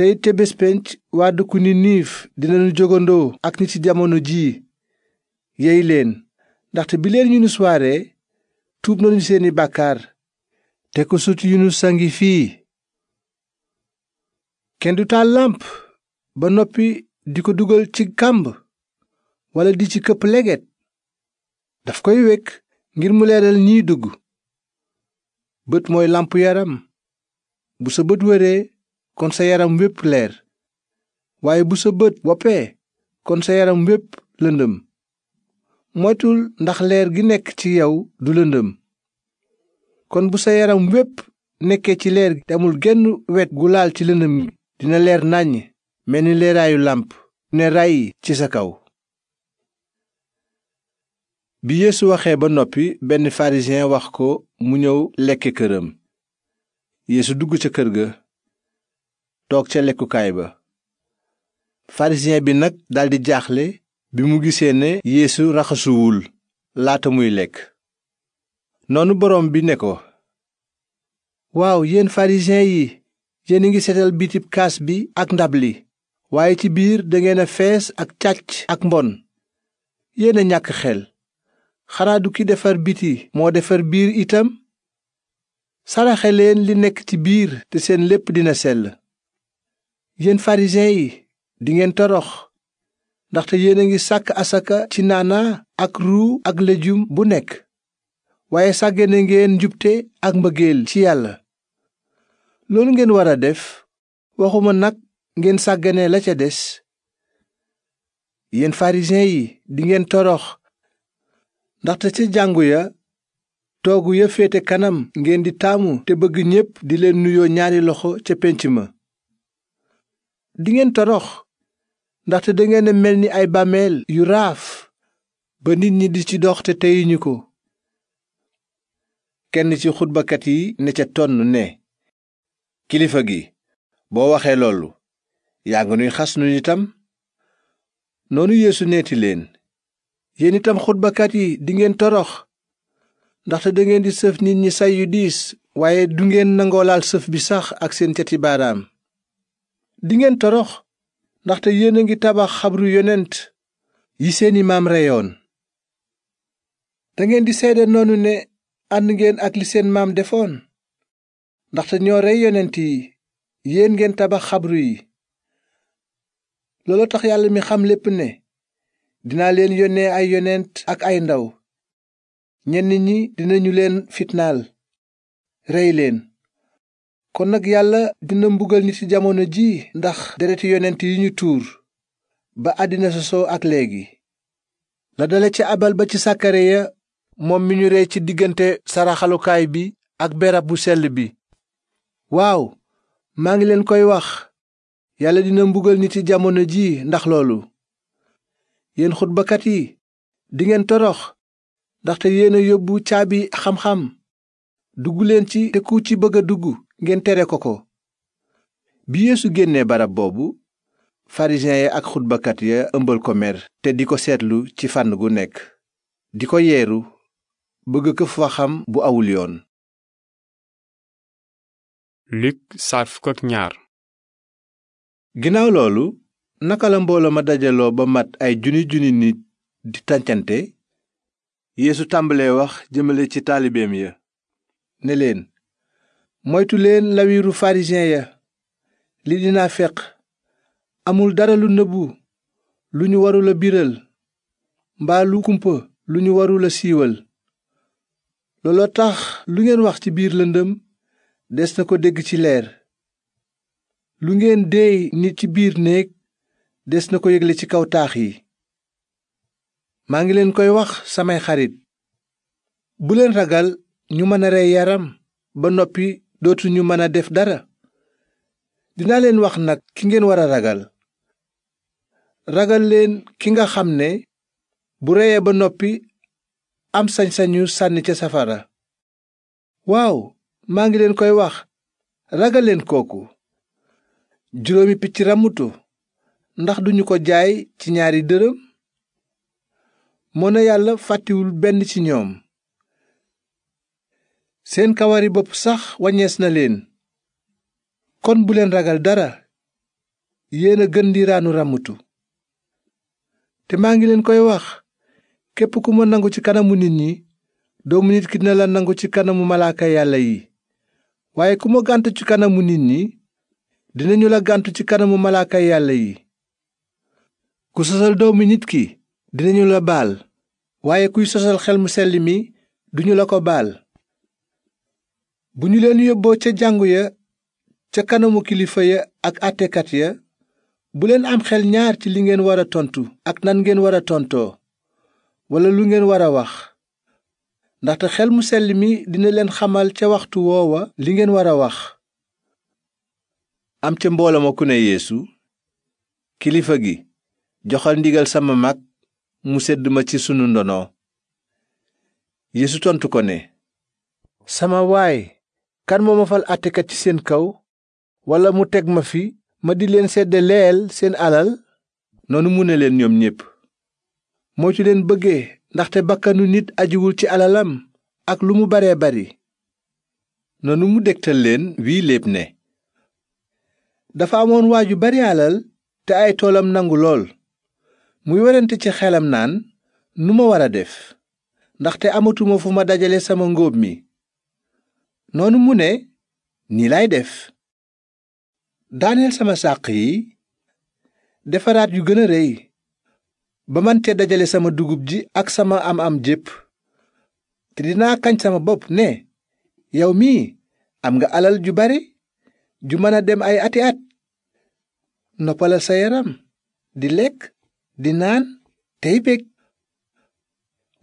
tey te bés penc waa dëkku Niniif dinañu jógandoo ak nit ci jamono jii yey leen ndaxte bileen leen Yunus waaree tuub nañu seeni bàkkaar te ko sut Yunus sa ngi fii kenn du taal làmp ba noppi di ko dugal ci kàmb walla di ci këpp leget daf koy wekk ngir mu leeral ñiy dugg bët mooy làmp yaram bu sa bët wëree kon sa yaram wépp leer waaye bu sa bët woppee kon sa yaram wépp lëndëm moytul ndax leer gi nekk ci yow du lëndëm kon bu sa yaram wépp nekkee ci leer gi te genn wet gu laal ci lëndëm dina leer nàññ mel ni leeraayu làmp ne ràyyi ci sa kaw bi yeesu waxee ba noppi benn pharisien wax ko mu ñëw lekke këram yeesu dugg ca kër ga toog ca lekkukaay ba pharisien bi nag daldi jaaxle bi mu gisee ne yéesu raxasuwul laata muy lekk noonu boroom bi ne ko waaw yéen pharisien yi yéen i ngi setal bitib kaas bi ak ndab li waaye ci biir dangeen a fees ak càcc ak mbon yéen a ñàkk xel xanaa ki defar biti moo defar biir itam saraxeleen li nekk ci biir te seen lépp dina sell yéen farisiyen yi dingeen torox ndaxte yéen a ngi sàkk asaka ci naana ak ruu ak lejum bu nekk waaye sàggane ngeen njubte ak mbëggeel ci yàlla loolu ngeen war a def waxuma nag ngeen sàggane la ca des yéen farisiyen yi dingeen torox ndaxte ca jàngu ya toogu ya féete kanam ngeen di taamu te bëgg ñépp di leen nuyoo ñaari loxo ca pénc ma dingeen torox ndaxte dangeen a mel ni ay bàmmeel yu raaf ba nit ñi di ci dox te teyuñu ko kenn ci xutbakat yi ne ca tonn ne kilifa gi boo waxee loolu yaa nga nuy xas nun itam noonu yéesu neeti leen yéen itam xutbakat yi dingeen torox ndaxte dangeen di sëf nit ñi say yu diis waaye du ngeen nangoo laal sëf bi sax ak seen cati baaraam dingeen torox ndaxte yéen a ngi tabax xabru yonent yi seeni maam reyoon dangeen di seede noonu ne ànd ngeen ak li seen maam defoon ndaxte ñoo rey yonent yi yéen ngeen tabax xabru yi loolu tax yàlla mi xam lépp ne dinaa leen yónnee ay yonent ak ay ndaw ñenn ñi dinañu leen fitnaal rey leen kon nag yàlla dina mbugal nit ci jamono ji ndax dereti yonent yi ñu tuur ba àddina sosoo ak léegi la dale ci abal ba ci sakariya moom mi ñu rey ci diggante saraxalukaay bi ak berab bu sell bi waaw maa ngi leen koy wax yàlla dina mbugal nit ci jamono ji ndax loolu yéen xutbakat yi dingeen torox ndaxte yéen a yóbbu caabi xam-xam dugg leen ci te ku ci bëgg a dugg ngeen tere ko ko bi yeesu génnee barab boobu farisiyen ya ak xutbakat ya ëmbal ko mer te di ko seetlu ci fànn gu nekk di ko yeeru bëgg këf waxam bu awul yoon Luk saar ñaar ginnaaw loolu naka la mbooloo ma dajaloo ba mat ay junni junni nit di tàncante yéesu tàmbalee wax jëmale ci taalibeem ya ne leen moytu leen lawiru pharisien ya li dinaa feq amul dara lu nëbbu lu ñu warula biral mbaa lu kumpa lu ñu warula siiwal looloo tax lu ngeen wax ci biir lëndëm des na ko dégg ci leer lu ngeen déey nit ci biir néeg des na ko yégle ci kaw taax yi maa ngi leen koy wax samay xarit bu leen ragal ñu mën a rey yaram ba noppi dootuñu mën a def dara dinaa leen wax nag ki ngeen war a ragal ragal leen ki nga xam ne bu reyee ba noppi am sañ-sañu sànni ca safara waaw maa ngi leen koy wax ragal leen kooku juróomi picc ramutu ndax duñu ko jaay ci ñaari dërëm moo na yàlla fàttewul benn ci ñoom seen kawari bopp sax waññees na leen kon bu leen ragal dara yéen a gën di raanu ràmmatu te maa ngi leen koy wax képp ku ma nangu ci kanamu nit ñi doomu nit ki dina la nangu ci kanamu malaaka yàlla yi waaye ku ma gàntu ci kanamu nit ñi dinañu la gàntu ci kanamu malaaka yàlla yi ku sosal doomu nit ki dinañu la baal waaye kuy sosal xel mu sell mi duñu la ko baal bu ñu leen yóbboo ca jàngu ya ca kanamu kilifa ya ak àttekat ya bu leen am xel ñaar ci li ngeen war a tontu ak nan ngeen war a tontoo walla lu ngeen war a wax ndaxte xel mu sell mi dina leen xamal ca waxtu woowa li ngeen war a wax am ca mboolama ku ne yéesu kilifa gi joxal ndigal sama mag mu sedd ma ci sunu ndono yeesu tontu ko ne sama waay kan moo ma fal àttekat ci seen kaw walla mu teg ma fi ma di leen sedd leel seen alal noonu mu ne leen ñoom ñépp ci leen bëggee ndaxte bakkanu nit ajuwul ci alalam ak lu mu baree bari noonu mu dégtal leen wii léeb ne dafa amoon waa ju bari alal te ay toolam nangu lool muy werante ci xelam naan nu ma war a def ndaxte amatuma fu ma dajale sama ngóob mi noonu mu ne nii laay def daaneel sama sàq yi defaraat yu gën a rëy ba man te dajale sama dugub ji ak sama am am jépp te dinaa kañ sama bopp ne yow mii am nga alal ju bare ju mën a dem ay ati at noppalal sa yaram di lekk di naan tey bég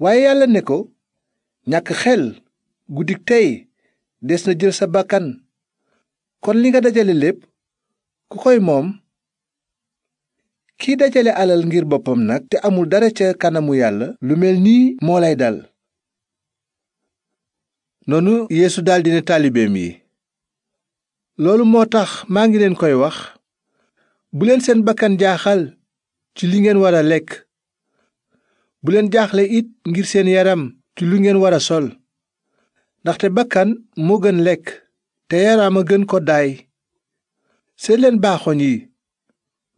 waaye yàlla ne ko ñàkk xel guddik tey des na jël sa bakkan kon li nga dajale lépp ku koy moom kiy dajale alal ngir boppam nag te amul dara ca kanamu yàlla lu mel nii moo lay dal noonu yéesu daldi ne taalibeem yi loolu moo tax maa ngi leen koy wax bu leen seen bakkan jaaxal ci li ngeen war a lekk bu leen jaaxle it ngir seen yaram ci lu ngeen war a sol ndaxte bakkan moo gën lekk te yaram a gën ko daay seet leen baaxoñ yi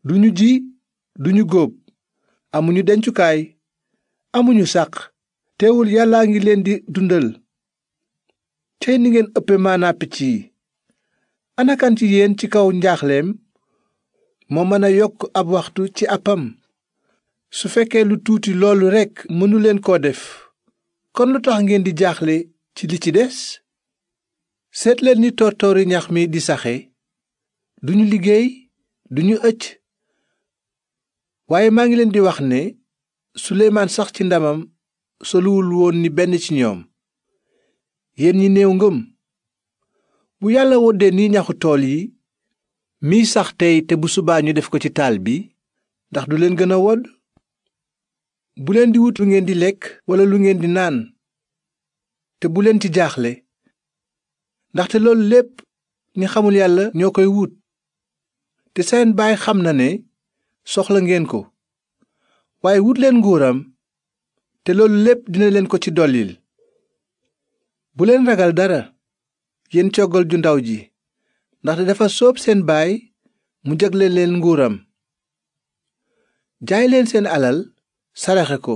duñu ji duñu góob amuñu dencukaay amuñu sàq teewul yàllaa ngi leen di dundal tey ni ngeen ëppe maanaa picc yi anakan ci yéen ci kaw njaaxleem moo mën a yokk ab waxtu ci appam su fekkee lu tuuti loolu rekk mënuleen koo def kon lu tax ngeen di jaaxle ci li ci des seetleen ni toortoori ñax mi di saxe duñu liggéey duñu ëcc waaye maa ngi leen di wax ne suleymaan sax ci ndamam soluwul woon ni benn ci ñoom yéen ñi néew ngëm bu yàlla woddee ni ñaxu tool yi miy sax tey te busubaa ñu def ko ci taal bi ndax du leen gën a wodd bu leen di wut lu ngeen di lekk walla lu ngeen di naan te bu leen ci jaaxle ndaxte loolu lépp ñi xamul yàlla ñoo koy wut te seen baay xam na ne soxla ngeen ko waaye wut leen nguuram te loolu lépp dina leen ko ci dollil bu leen ragal dara yéen coggal ju ndaw ji ndaxte dafa soob seen baay mu jëgle leen nguuram jaay leen seen alal saraxe ko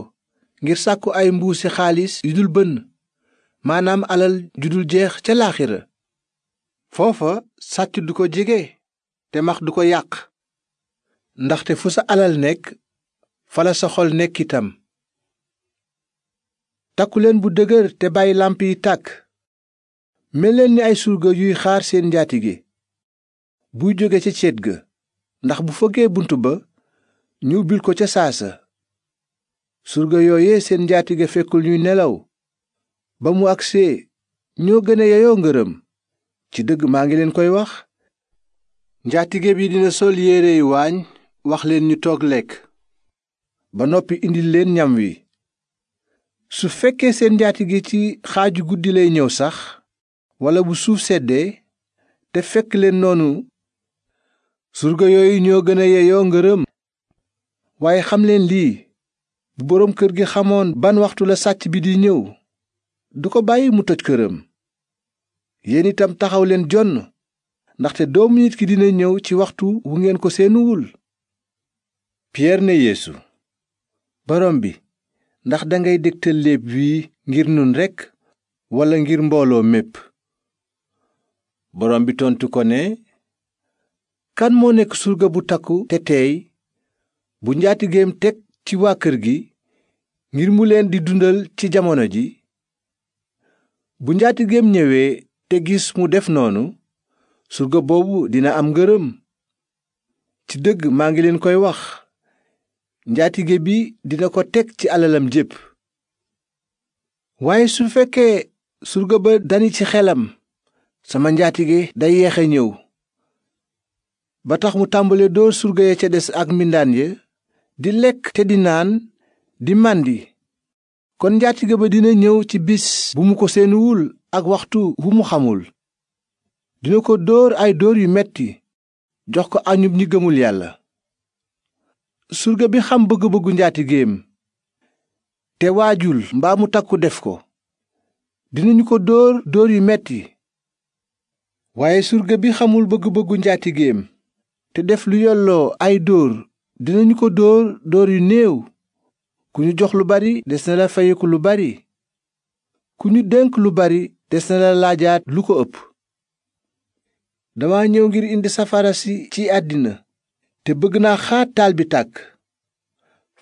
ngir sàkku ay mbuusi xaalis yu dul bënn maanaam alal ju dul jeex ca laaxira foofa sàcc du ko jege te max du ko yàq ndaxte fu sa alal nekk fala sa xol nekk itam takkuleen bu dëgër te bàyyi làmp yi tàkk mel leen ni ay surga yuy xaar seen njaatige buy jóge ca ceet ga ndax bu fëggee bunt ba ñu ubbil ko ca saa sa surga yooye seen njaatige fekkul ñuy nelaw ba mu agsee ñoo gën a yeyoo ngërëm ci dëgg maa ngi leen koy wax njaatige bi dina sol yérey waañ wax leen ñu toog lekk ba noppi indi leen ñam wi su fekkee seen njaatige ci xaaju guddi lay ñëw sax walla bu suuf seddee te fekk leen noonu surga yooyu ñoo gën a yeyoo ngërëm waaye xam leen lii bu boroom kër gi xamoon ban waxtu la sàcc bi di ñëw du ko bàyyi mu toj këram yéen itam taxaw leen jonn ndaxte doomu nit ki dina ñëw ci waxtu wu ngeen ko seenuwul piyeer ne yéesu borom bi ndax dangay dégtal léeb wii ngir nun rekk walla ngir mbooloo mépp borom bi tontu ko ne kan moo nekk surga bu takku te teey bu njaatigeem teg ci waa kër gi ngir mu leen di dundal ci jamono ji bu njaatigeem ñëwee te gis mu def noonu surga boobu dina am ngërëm ci dëgg maa ngi leen koy wax njaatige bi dina ko teg ci alalam jépp waaye su fekkee surga ba dani ci xelam sama njaatige day yeex a ñëw ba tax mu tàmbale doo surga ya ca des ak mbindaan ya di lekk te di naan di màndi kon njaatige ba dina ñëw ci bis bu mu ko seenuwul ak waxtu wu mu xamul dina ko dóor ay dóor yu metti jox ko añub ñi gëmul yàlla surga bi xam bëgg-bëggu njaatigeem te waajul mbaa mu takku def ko dinañu ko dóor dóor yu metti waaye surga bi xamul bëgg-bëggu géem te def lu yolloo ay dóor dinañu ko dóor dóor yu néew ku ñu jox lu bari des na la fayeku lu bari ku ñu dénk lu bari des na la laajaat lu ko ëpp dama ñëw ngir indi safara si ci àddina te bëgg naa xaar taal bi tàkk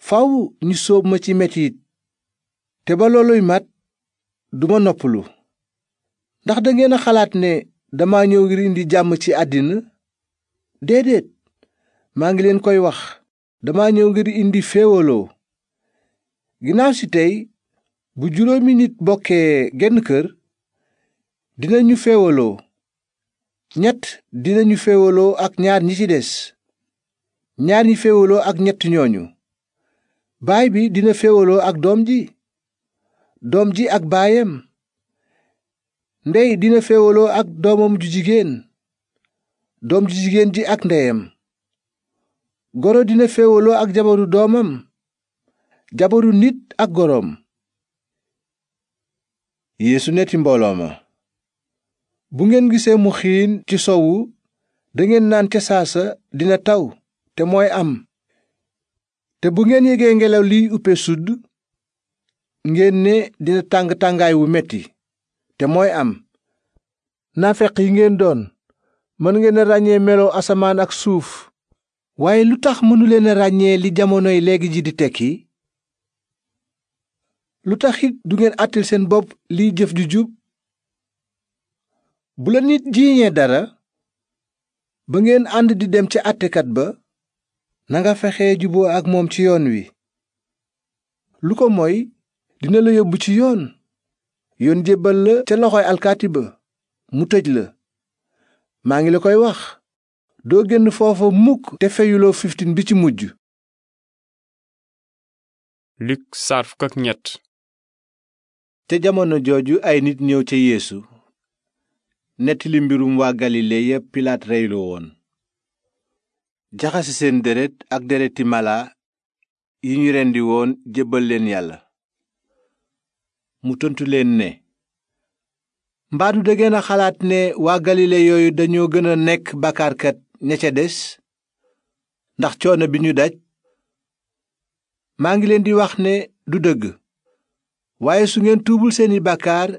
faw ñu sóob ma ci metit te ba looluy mat duma noppalu ndax dangeen a xalaat ne dama ñëw ngir indi jàmm ci àddina déedéet maa ngi leen koy wax dama ñëw ngir indi féewaloo ginnaaw si tey bu juróomi nit bokkee genn kër dinañu féewaloo ñett dinañu féewaloo ak ñaar ñi ci des ñaar ñi féewaloo ak ñett ñooñu baay bi dina féewaloo ak doom ji doom ji ak baayam ndey dina féewaloo ak doomam ju jigéen doom ju jigéen ji ak ndeyam goro dina féewaloo ak jabaru doomam jabaru nit ak goroom yéesu ne ci mbooloo ma bu ngeen gisee mu xiin ci sowu dangeen naan ca saasa dina taw te mooy am te bu ngeen yegee ngelaw liy uppe sudd ngeen ne dina tàng tàngaay wu metti te mooy am naafeq yi ngeen doon mën ngeen ràññee meloo asamaan ak suuf waaye lu tax mënuleen a ràññee li jamonoy léegi ji di tekki lu taxit du ngeen àttil seen bopp liy jëf ju jub bu la nit jiiñee dara ba ngeen ànd di dem ci àttekat ba nanga fexee juboo ak moom ci yoon wi lu ko moy dina la yóbbu ci yoon yoon jébbal la ca loxoy alkaati ba mu tëj la maa ngi la koy wax doo génn foofa mukk te feyuloo bi ci mujj ñett te jamono jooju ay nit ñëw ca yéesu nettali mbirum waa galile ya pilaat reylu woon jaxase seen deret ak dereti mala yi ñu rendi woon jébbal leen yàlla mu tontu leen ne mbaadu dangeen a xalaat ne waa galile yooyu dañoo gën a nekk bàkkaarkat ña ca des ndax coono bi ñu daj maa ngi leen di wax ne du dëgg waaye su ngeen tuubul seeni bàkkaar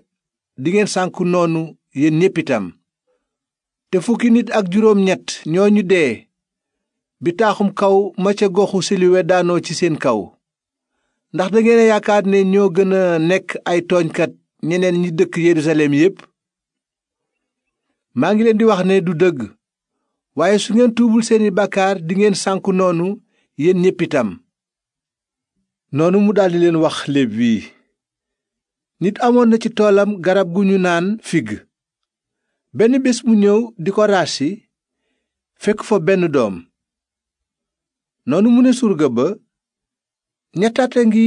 dingeen sànku noonu yéen ñépp itam te fukki nit ak juróom ñett ñooñu dee bi taaxum kaw ma ca goxu siliwe daanoo ci seen kaw ndax dangeen yaakaar ne ñoo gën a nekk ay tooñkat ñeneen ñi dëkk Yerusalem yépp maa ngi leen di wax ne du dëgg waaye su ngeen tuubul seeni bàkkaar dingeen sànku noonu yéen ñépp itam noonu mu daldi leen wax léeb wii nit amoon na ci toolam garab gu ñu naan figg benn bés mu ñëw di ko raasi fekk fa benn doom noonu mu ne surga ba ñettaate ngi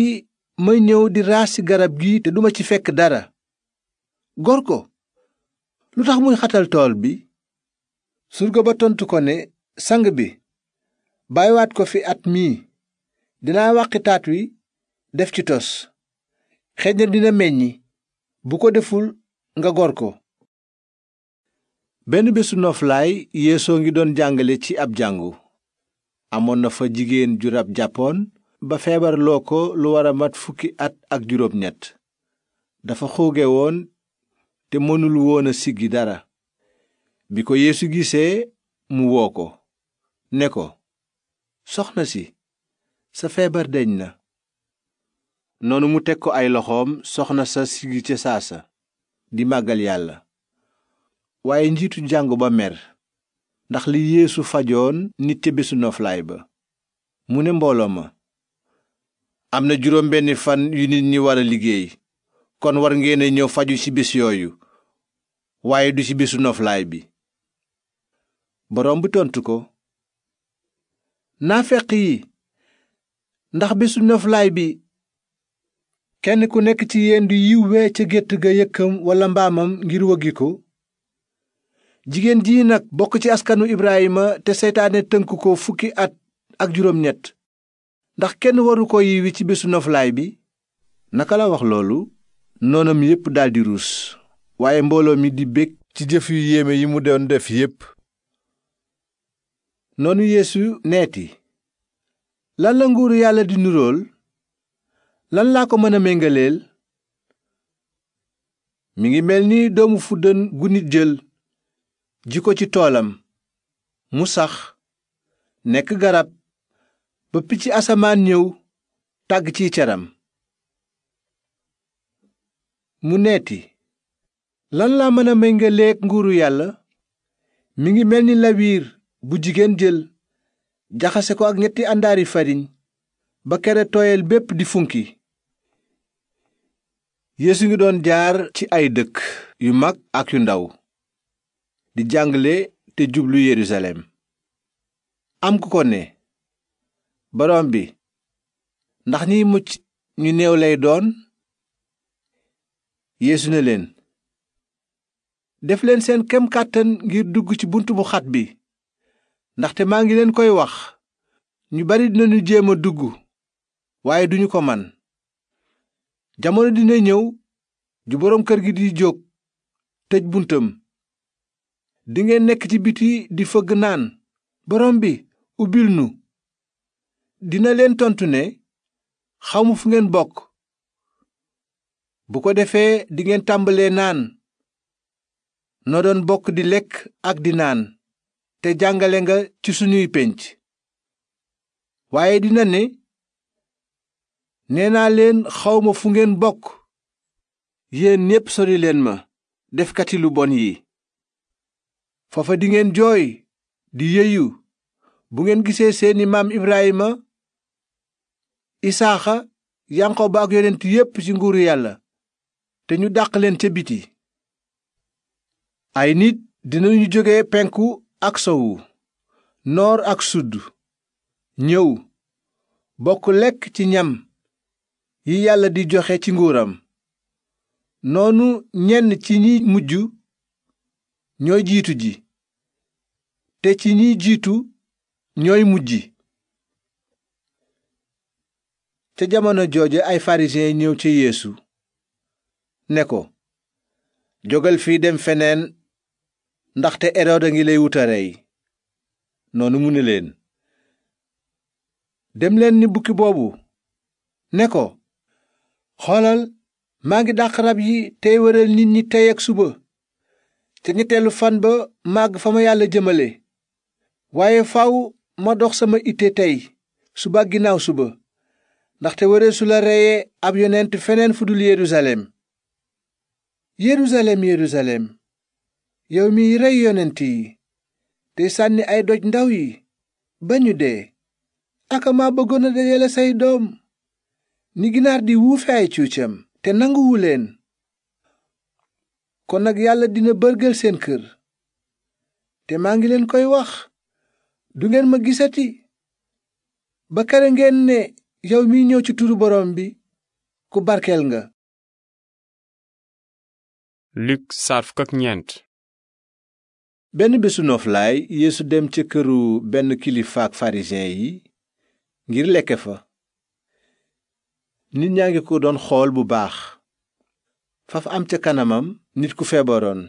may ñëw di raasi garab gi te duma ci fekk dara gor ko lu tax muy xatal tool bi surga ba tontu ko ne sang bi bàyyiwaat ko fi at mii dinaa wàqi taat wi def ci tos xëj na dina meññi bu ko deful nga gor ko benn bésu noflaay yéesoo ngi doon jàngale ci ab jàngu amoon na fa jigéen ju jàppoon ba feebar loo ko lu war a mat fukki at ak juróom ñett dafa xooge woon te mënul woon a siggi dara bi ko yeesu gisee mu woo ko ne ko soxna si sa feebar deñ na noonu mu teg ko ay loxoom soxna sa siggi ca saasa di màggal yàlla waaye njiitu jàngu ba mer ndax li yéesu fajoon nit ca bésu noflaay ba mu ne mbooloo ma am na juróom benni fan yu nit ñi war a liggéey kon war ngeen a ñëw faju ci bés yooyu waaye du ci bésu bi boroom bi bésu noflaay bi kenn ku nekk ci yéen du yiwwee ca gétt ga yëkkam walla mbaamam ngir wëggi ko jigéen ji nag bokk ci askanu Ibrahima te seytaane tënk ko fukki at ak juróom ñett ndax kenn waru ko yiwi ci bésu noflaay bi naka la wax loolu noonam yépp daldi ruus waaye mbooloo mi di bég ci jëf yu yéeme yi mu doon def yépp noonu Yeesu neeti lan la nguuru yàlla di nurool lan laa ko mën a méngaleel mi ngi mel ni doomu fuddën gu nit jël ji ko ci toolam mu sax nekk garab ba picc asamaan ñëw tàgg ci caram mu neeti lan laa mën a méngaleek nguuru yàlla mi ngi mel ni lawiir bu jigéen jël jaxase ko ak ñetti àndaari fariñ ba kere tooyal bépp di funki yeesu ngi doon jaar ci ay dëkk yu mag ak yu ndaw di jàngale te jublu yerusalem am ku ko ne boroom bi ndax ñiy mucc ñu néew lay doon yéesu ne leen def leen seen kem kàttan ngir dugg ci bunt bu xat bi ndaxte maa ngi leen koy wax ñu bari dinañu jéem a dugg waaye duñu ko man jamono dina ñëw ju boroom kër gi di jóg tëj buntam dingeen nekk ci biti di fëgg naan borom bi ubbil nu dina leen tontu ne xamu fu ngeen bokk bu ko defee dingeen tàmbalee naan noo doon bokk di lekk ak di naan te jàngale nga ci sunuy pénc waaye dina ne nee naa leen xawma fu ngeen bokk yéen ñépp sori leen ma defkati lu bon yi foofa dingeen jooy di yeyu bu ngeen gisee seeni maam ibrahima isaaxa yanqooba ak yonent yépp ci nguuru yàlla te ñu dàq leen ca biti ay nit dinañu jóge penku ak sowu noor ak sud ñëw bokk lekk ci ñam yi yàlla di joxe ci nguuram noonu ñenn ci ñi mujj ñooy jiitu ji te ci ñi jiitu ñooy mujj ca jamono jooju ay farisiyen ñëw ci yéesu ne ko jógal fii dem feneen ndaxte erod a ngi lay wut rey noonu mu ni leen dem leen ni bukki boobu ne ko xoolal maa ngi dàq rab yi tey wéral nit ñi tey ak suba te ñetteelu fan ba màgg fa ma yàlla jëmale waaye faw ma dox sama ite tey suba ginnaaw suba ndaxte wéreesu la reyee ab yonent feneen fu dul yerusalem yerusalem yerusalem yow miy rey yonent yi te sànni ay doj ndaw yi ba ñu dee aka ma bëggoon a say doom ni ginaar di wuufe ay cuucam te nanguwu leen kon nag yàlla dina bërgël seen kër te maa ngi leen koy wax du ngeen ma gisati ba kere ngeen ne yow miy ñëw ci turu borom bi ku barkeel nga Luk saar benn bésu nooflaay Yeesu dem ca këru benn kilifaak yi ngir lekke fa nit ñaa ngi ko doon xool bu baax faf am ca kanamam nit ku feebaroon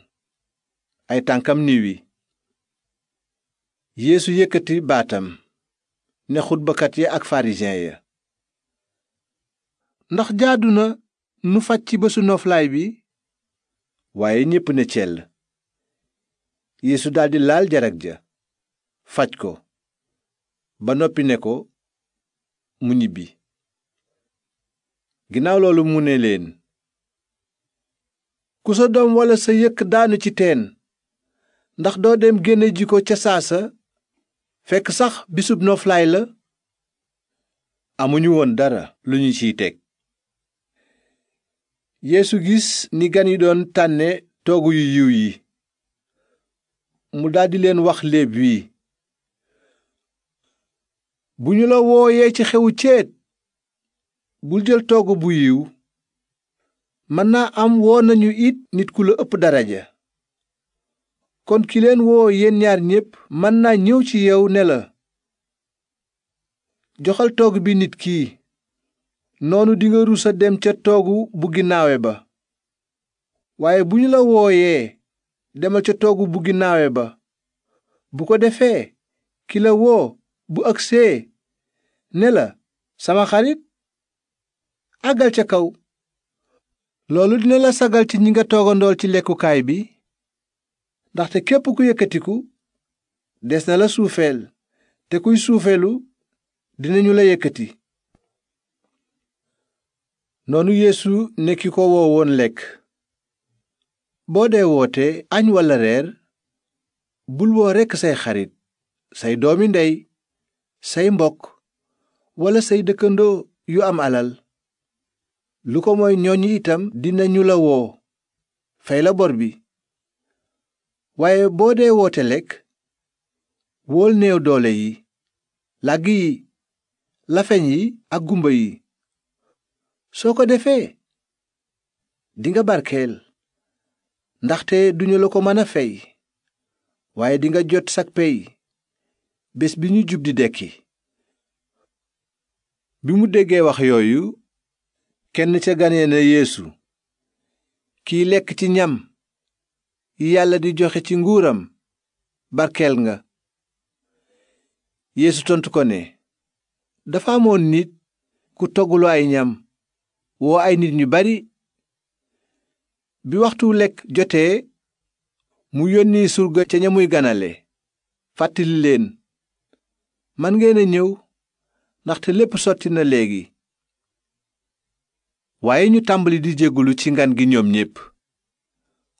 ay tànkam niwi yéesu yëkkati baatam ne xutbakat ya ak farisiyen ya ndax jaadu na nu faj ci bésu nooflaay bi waaye ñépp ne cell yéesu daldi laal jarag ja faj ko ba noppi ne ko mu ñibbi ginnaaw loolu mu ne leen ku sa doom walla sa yëkk daanu ci teen ndax doo dem génne ji ko ca sa fekk sax bisub noflaay la amuñu woon dara lu ñu ciy teg yéesu gis ni gan yi doon tànne toogu yu yiw yi mu daldi leen wax léeb wi bu ñu la wooyee ci xewu ceet bul jël toogu bu yiw mën naa am woo nañu it nit ku la ëpp daraja kon ki leen woo yéen ñaar ñépp mën naa ñëw ci yow ne la joxal toog bi nit kii noonu dinga rusa dem ca toogu bu ginnaawe ba waaye bu ñu la wooyee demal ca toogu bu ginnaawe ba bu ko defee ki woo bu agsee ne la sama xarit àggal ca kaw loolu dina la sagal ci ñi nga toogandool ci lekkukaay bi ndaxte képp ku yëkkatiku des na la suufeel te kuy suufeelu dinañu la yëkkati noonu yéesu ne ko woo woon lekk boo dee woote añ walla reer bul woo rekk say xarit say doomi ndey say mbokk walla say dëkkandoo yu am alal lu ko mooy ñooñu itam dinañu la woo fay la bor bi waaye boo dee woote lekk wóol néew doole yi làgg yi lafeñ yi ak gumba yi soo ko defee dinga barkeel ndaxte duñu la ko mën a fey waaye dinga jot sak pey bés bi ñu jub di dekki bi mu déggee wax yooyu kenn ca ganee na yeesu kiy lekk ci ñam yi yàlla di joxe ci nguuram barkeel nga yeesu tontu ko ne dafa amoon nit ku togguloo ay ñam woo ay nit ñu bari bi waxtu lekk jotee mu yónni surga ca ña muy ganale fàttali leen man ngeen a ñëw ndaxte lépp sotti na léegi waaye ñu tàmbali di jéggulu ci ngan gi ñoom ñépp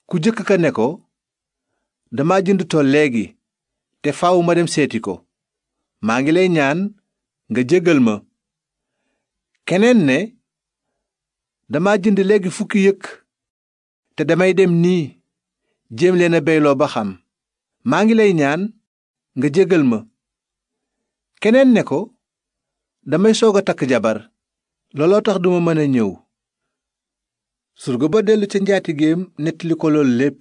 ku jëkk ka ne ko dama jënd tool léegi te faaw ma dem seeti ko maa ngi lay ñaan nga jéggal ma keneen ne dama jënd léegi fukki yëkk te damay dem nii jéem leen a beyloo ba xam maa ngi lay ñaan nga jéggal ma keneen ne ko damay soog a takk jabar looloo tax duma mën a ñëw surga ba dellu ca njaatigeem nettali ko loolu lépp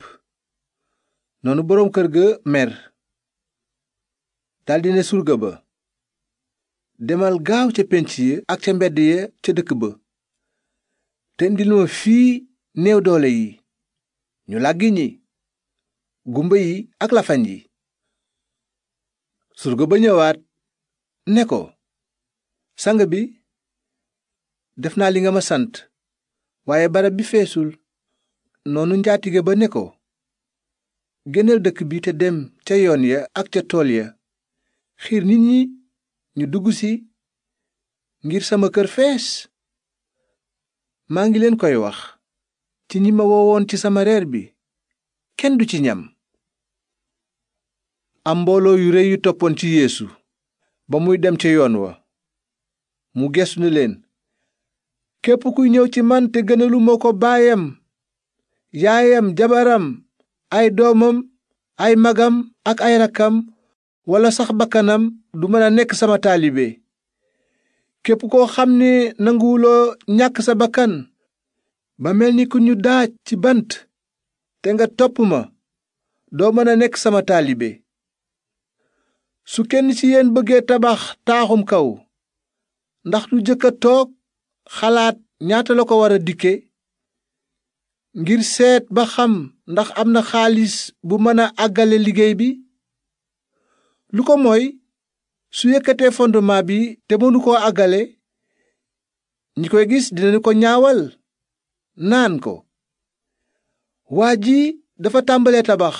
noonu boroom kër ga mer daldi ne surga ba demal gaaw ca pénc ya ak ca mbedd ya ca dëkk ba te indil ma fii néew doole yi ñu làggi ñi gumba yi ak lafañ yi surga ba ñëwaat ne ko sang bi def naa li nga ma sant waaye barab bi feesul noonu njaatige ba ne ko génneel dëkk bi te dem ca yoon ya ak ca tool ya xiir nit ñi ñu dugg si ngir sama kër fees maa ngi leen koy wax ci ñi ma woowoon ci sama reer bi kenn du ci ñam am mbooloo yu rëy yu toppoon ci yéesu ba muy dem ca yoon wa mu geesu na leen képp ku ñëw ci man te gënalu ma ko baayam yaayam jabaram ay doomam ay magam ak ay rakkam walla sax bakkanam du mën a nekk sama taalibe képp koo xam ne nanguwuloo ñàkk sa bakkan ba mel ni ku ñu daaj ci bant te nga topp ma doo mën a nekk sama taalibe su kenn ci yéen bëggee tabax taaxum kaw ndax du jëkk toog xalaat ñaata la ko war a dikke ngir seet ba xam ndax am na xaalis bu mën a àggale liggéey bi lu ko mooy su yëkkatee fondement bi te mënu koo àggale ñi koy gis dinañu ko ñaawal naan ko waa ji dafa tàmbalee tabax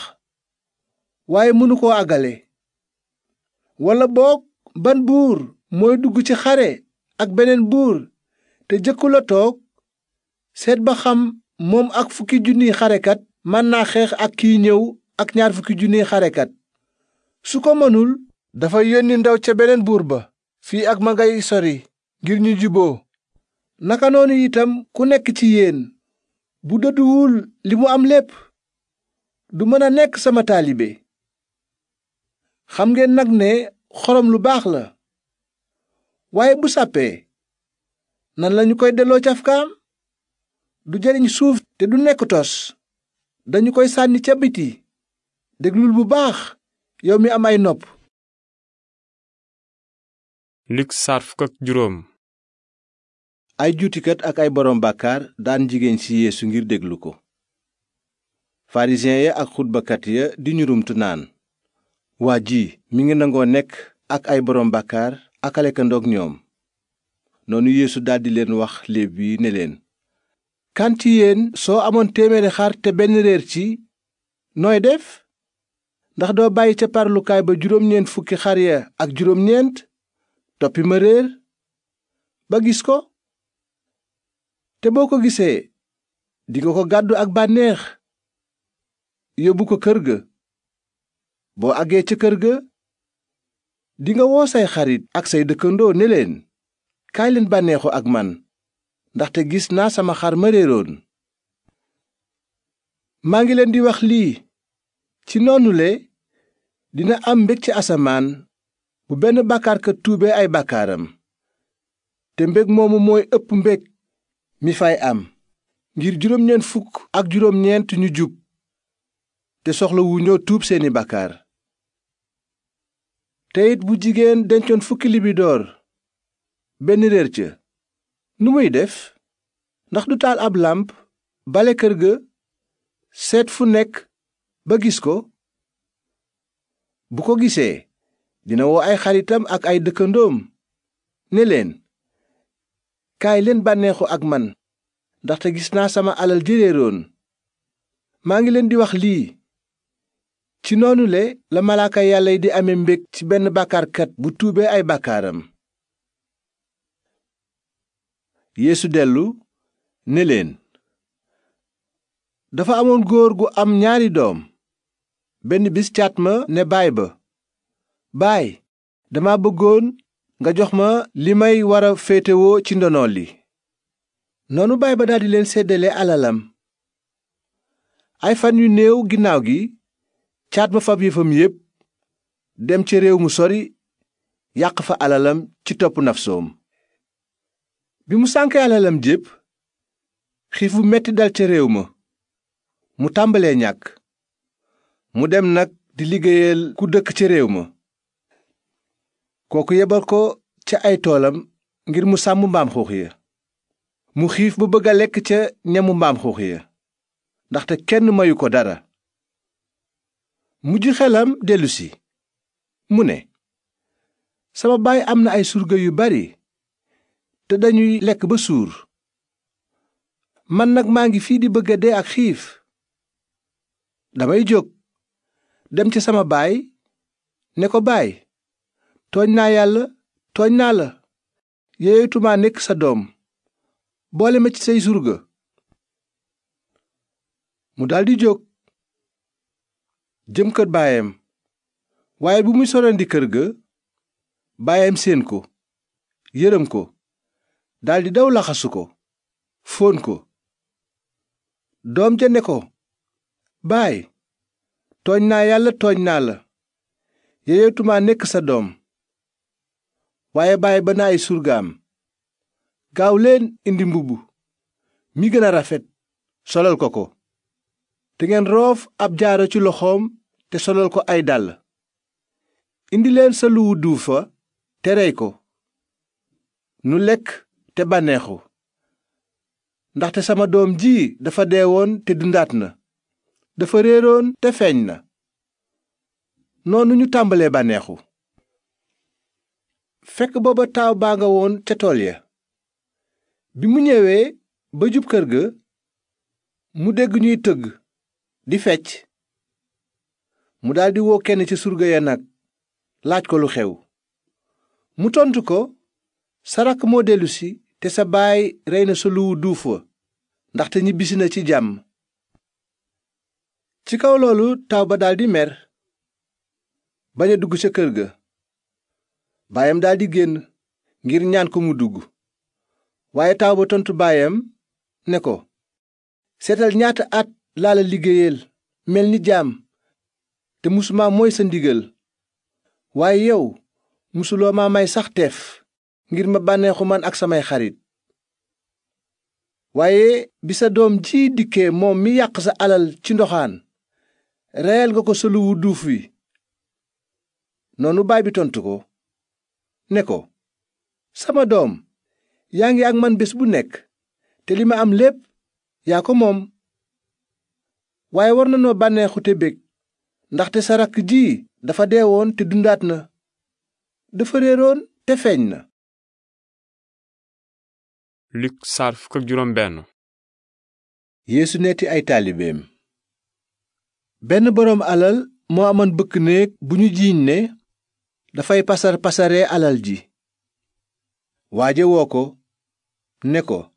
waaye mënu koo àggale walla boog ban buur mooy dugg ci xare ak beneen buur te jëkkul a toog seet ba xam moom ak fukki junniy xarekat mën naa xeex ak kii ñëw ak ñaar fukki junniy xarekat su ko mënul dafa yónni ndaw ca beneen buur ba fii ak ma ngay sori ngir ñu jiboo naka noonu itam ku nekk ci yéen bu dëdduwul li mu am lépp du mën a nekk sama taalibe xam ngeen nag ne xorom lu baax la waaye bu sàppee nan lañu koy delloo cafkaam du jariñ suuf te du nekk tos dañu koy sànni ca biti déglul bu baax yow mi am ay nopp Luk saar ak juróom ay juutikat ak ay boroom bàkkaar daan jigéen ci yeesu ngir déglu ko farisiyen ya ak xutbakat ya di ñurumtu naan waa ji mi ngi nangoo nekk ak ay boroom bàkkaar ak alekandoog ñoom noonu yeesu daldi leen wax léeb yi ne leen kan soo amoon téeméeri xar te benn réer ci nooy def ndax doo bàyyi ca parlukaay ba juróom-ñeent fukki xar ya ak juróom-ñeent toppi ma réer ba gis ko te boo ko gisee dinga ko gàddu ak bànneex yóbbu ko kër ga boo àggee ca kër ga dinga woo say xarit ak say dëkkandoo ne leen kaay leen bànneexu ak man ndaxte gis naa sama xar ma réeroon maa ngi leen di wax lii ci noonule dina am mbég ci asamaan bu benn bàkkaarkat tuubee ay bakkaaram te mbég moomu mooy ëpp mbég mi fay am ngir juróom ñu jub te soxla tuub seeni bàkkaar te it bu jigéen dencoon fukki libidoor benn réer ca nu muy def ndax du taal ab làmp bale kër ga seet fu nekk ba gis ko bu ko gisee dina woo ay xaritam ak ay dëkkandoom ne leen kaay leen bànneexu ak man ndaxte gis naa sama alal jëreeroon maa ngi leen di wax lii ci noonu la malaaka yàlla yi di amee mbég ci benn bàkkaarkat bu tuubee ay bàkkaaram yeesu dellu ne leen dafa amoon góor gu am ñaari doom benn bis caat ma ne baay ba baay dama bëggoon nga jox ma li may war a féetewoo ci ndono li noonu baay ba daldi leen seddale alalam ay fan yu néew ginnaaw gi caat ma fab yëfam yépp dem ca réew mu sori yàq fa alalam ci topp nafsoom bi mu sànkee alalam jépp xiif bu metti dal ca réew ma mu tàmbalee ñàkk mu dem nag di liggéeyal ku dëkk ca réew ma kooku yebal ko ca ay toolam ngir mu sàmm mbaam xuux ya mu xiif ba bëgg a lekk ca ñamu mbaam xuux ya ndaxte kenn mayu ko dara mujj xelam dellusi mu ne sama baay am na ay surga yu bari te dañuy lekk ba suur man nag maa ngi fii di bëgg a dee ak xiif damay jóg dem ci sama baay ne ko baay tooñ naa yàlla tooñ naa la yeeyatumaa nekk sa doom boole ma ci say surga mu daldi jóg jëm kër baayam waaye bu muy sorandi kër ga baayam séen ko yërëm ko daldi daw laxasu ko fóon ko doom ja ne ko baay tooñ naa yàlla tooñ naa la yeyeetumaa nekk sa doom waaye baay ba na ay surgaam gaaw leen indi mbubb mi gën a rafet solal ko ko te ngeen roof ab jaaro ci loxoom te solal ko ay dàll indi leen sa luwu duufa te rey ko nu lekk te bànneexu ndaxte sama doom ji dafa deewoon te dundaat na dafa réeroon te feeñ na noonu ñu tàmbalee bànneexu fekk booba taaw baa nga woon ca tool ya bi mu ñewee ba jub kër ga mu dégg ñuy tëgg di fecc mu daldi woo kenn ci surga ya nag laaj ko lu xew mu tontu ko sarak moo dellusi te sa baay rey na sa luwu duuf wa ndaxte ñibbisi na ci jàmm ci kaw loolu taaw ba daldi mer bañ a dugg ca kër ga baayam daldi génn ngir ñaan ko mu dugg waaye taaw ba tontu baayam ne ko seetal ñaata at laa la liggéeyal mel ni jàmm te musuma mooy sa ndigal waaye yow musuloo ma may sax teef ngir ma bànneexu man ak samay xarit waaye bi sa doom ji dikkee moom mi yàq sa alal ci ndoxaan reyal nga ko sa luwu duuf wi noonu baay bi tontu ko ne ko sama doom yaa ngi ak man bés bu nekk te li ma am lépp yaa ko moom waaye war na noo bànneexu te bég ndaxte sa rakk ji dafa deewoon te dundaat na dafa réeroon te feeñ na Luk saar fukk ak ay taalibeem benn boroom alal moo amoon bëkk néeg bu ñu jiiñ ne dafay pasar pasare alal ji waaje woo ko ne ko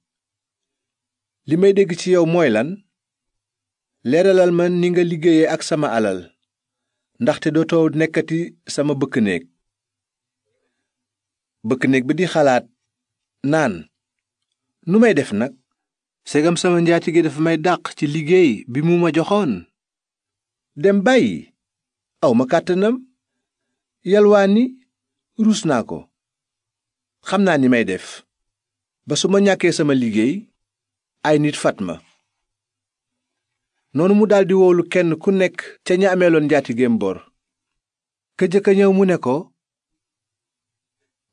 li may dégg ci yow mooy lan leeralal ma ni nga liggéeye ak sama alal ndaxte dootoo nekkati sama bëkk néeg bëkk néeg bi di xalaat naan nu may def nag segam sama njaatige dafa may dàq ci liggéey bi mu ma joxoon dem bàyyi awma kàttanam yalwaani ruus naa ko xam naa ni may def ba su ma ñàkkee sama liggéey ay nit fat ma noonu mu daldi woolu kenn ku nekk ca ña ameeloon njaatigeem bor ka jëkka ñaw mu ne ko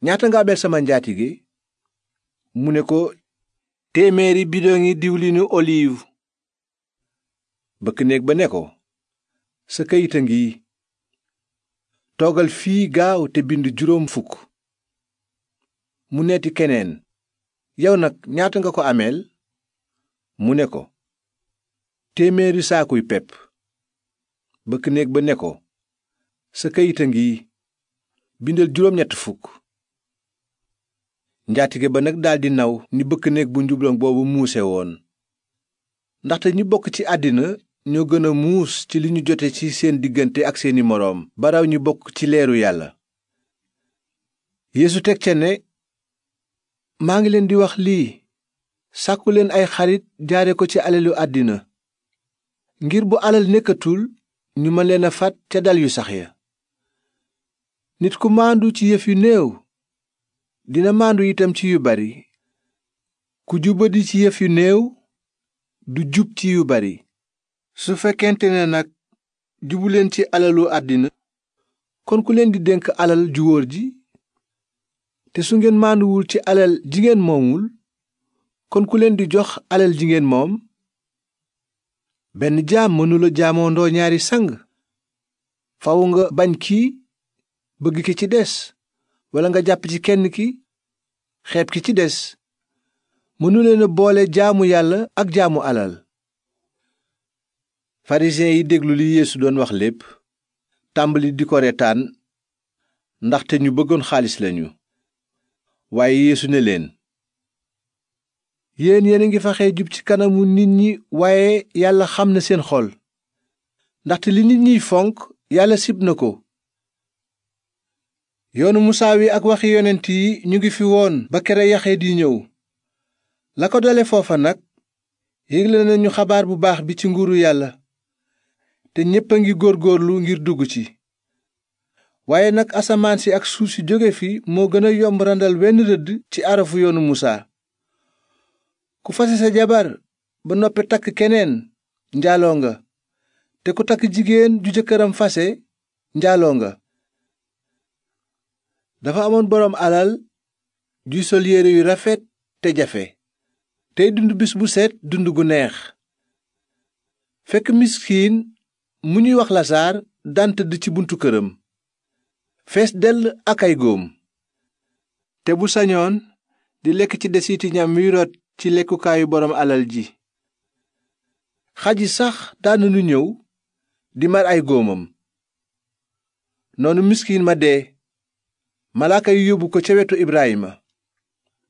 ñaata nga abel sama njaatige mu ne ko téeméeri ngi diwlinu oliiw bëkk néeg ba ne ko sa kayit a ngi toogal fii gaaw te bind juróom fukk mu neeti keneen yow nag ñaata nga ko ameel mu ne ko téeméeri saakuy pepp bëkk néeg ba ne ko sa kayit a ngi bindal juróom ñett fukk njaatige ba nag daldi naw ni bëkk néeg bu njubloŋ boobu muuse woon ndaxte ñi bokk ci àddina ñoo gën a muus ci li ñu jote ci seen diggante ak seeni moroom baraw ñu bokk ci leeru yàlla yéesu teg ca ne maa ngi leen di wax lii sàkku leen ay xarit jaare ko ci alelu àddina ngir bu alal nekkatul ñu mën leen a fat ca dal yu sax ya nit ku maandu ci yëf néew dina maandu itam ci yu bari ku jubadi ci yëf yu néew du jub ci yu bari su fekkente ne nag jubuleen ci alalu àddina kon ku leen di dénk alal ju wóor ji te su ngeen maanduwul ci alal ji ngeen moomul kon ku leen di jox alal ji ngeen moom benn jaam mënula jaamoondoo ñaari sang fawu nga bañ kii bëgg ki ci des walla nga jàpp ci kenn ki xeeb ki ci des mënu leen a boole jaamu yàlla ak jaamu alal farisiyen yi déglu li yeesu doon wax lépp tàmbali di ko retaan ndaxte ñu bëggoon xaalis lañu waaye yeesu ne leen yéen yéen a ngi faxe jub ci kanamu nit ñi waaye yàlla xam na seen xol ndaxte li nit ñiy fonk yàlla sib na ko yoonu musaa wi ak waxi yonent yi ñu ngi fi woon ba kere yaxe di ñëw la ko dale foofa nag yégle nañu xabaar bu baax bi ci nguuru yàlla te ñépp a ngi góor góorlu ngir dugg ci waaye nag asamaan si ak suuf si jóge fi moo gën a yomb randal wenn rëdd ci arafu yoonu musaa ku fase sa jabar ba noppi takk keneen njaaloo nga te ku takk jigéen ju jëkkëram fase njaaloo nga dafa amoon boroom alal ju sol yére yu rafet te jafe tey dund bis bu set dund gu neex fekk miskiin mu ñuy wax lasaar daan tëdd ci buntu këram fees dell ak ay góom te bu sañoon di lekk ci desiti ñam wi rot ci lekkukaayu boroom alal ji xaj yi sax daananu ñëw di mar ay góomam noonu miskiin ma dee malaaka yu yóbbu ko ca wetu Ibrahima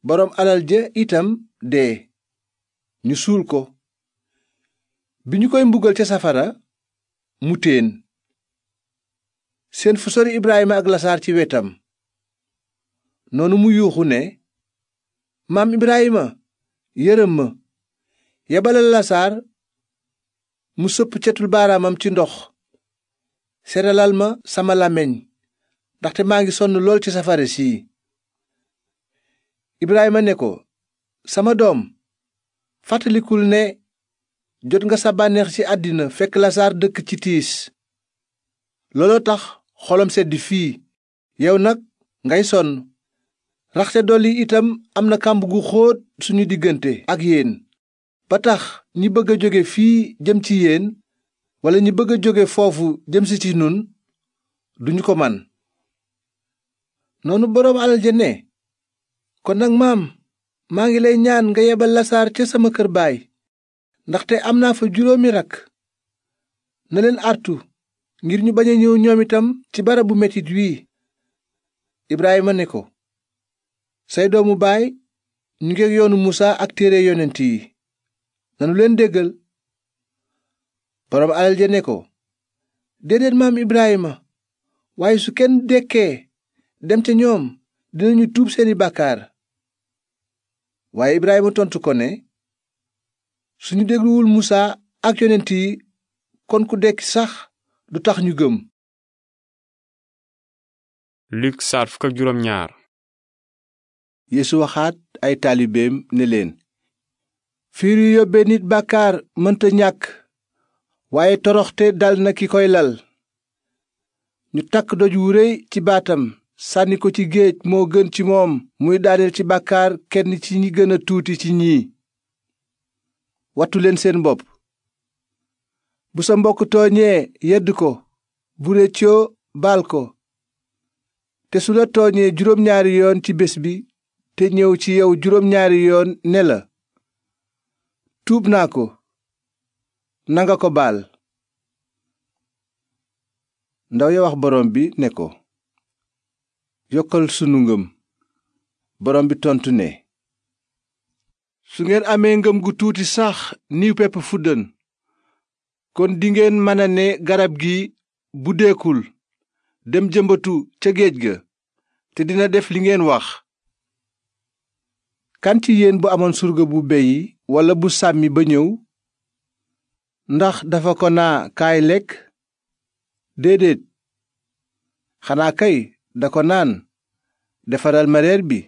boroom alal ja itam dee ñu suul ko bi ñu koy mbugal ca safara mu téen seen fu sori Ibrahima ak lasaar ci wetam noonu mu yuuxu ne maam Ibrahima yërëm ma yebalal lasaar mu sëpp cetul baaraamam ci ndox seralal ma sama làmmiñ ndaxte maa ngi sonn lool ci safara si Ibrahima ne ko sama doom fàttalikul ne jot nga sa bànneex ci àddina fekk lasaar dëkk ci tiis looloo tax xolam sedd fii yow nag ngay sonn raxte dolli itam am na kàmb gu xóot suñu diggante ak yéen ba tax ñi bëgg a jóge fii jëm ci yéen walla ñi bëgg a jóge foofu jëm si ci nun duñu ko man noonu boroom alal ja ne kon nag maam maa ngi lay ñaan nga yebal lasaar ca sama kër baay ndaxte am naa fa juróomi rakk naleen leen ngir ñu bañ a ñëw ñoom itam ci barabu metit wii Ibrahima ne ko say doomu baay ñu ngeeg yoonu Musaa ak téere yonent yi nanu leen déggal boroom alal ja ne ko déedéet maam Ibrahima waaye su kenn dekkee dem te ñoom dinañu tuub seeni bàkkaar waaye Ibrahima tontu ko ne suñu dégluwul Musaa ak yonent yi kon ku dekki sax du tax ñu gëm Luk saar fukk ak juróom ñaar waxaat ay taalibeem ne leen fiir yu yóbbe nit bàkkaar mënta ñàkk waaye toroxte dal na ki koy lal ñu takk doj wu réy ci baatam sànni ko ci géej moo gën ci moom muy daaneel ci bàkkaar kenn ci ñi gën a tuuti ci ñii wattu leen seen bopp bu sa mbokk tooñee yedd ko bu réccoo baal ko te su la tooñee juróom ñaari yoon ci bés bi te ñëw ci yow juróom ñaari yoon ne la tuub naa ko nanga ko baal ndaw ya wax borom bi ne ko yokkal sunu ngëm borom bi tontu ne su ngeen amee ngëm gu tuuti sax niw pepp fuddën kon dingeen mën a ne garab gi bu deekul dem jëmbatu ca géej ga te dina def li ngeen wax kan ci bu amoon surga bu beyi walla bu sàmmi ba ñëw ndax dafa ko naa kaay lekk déedéet xanaa kay da ko naan defaral ma reer bi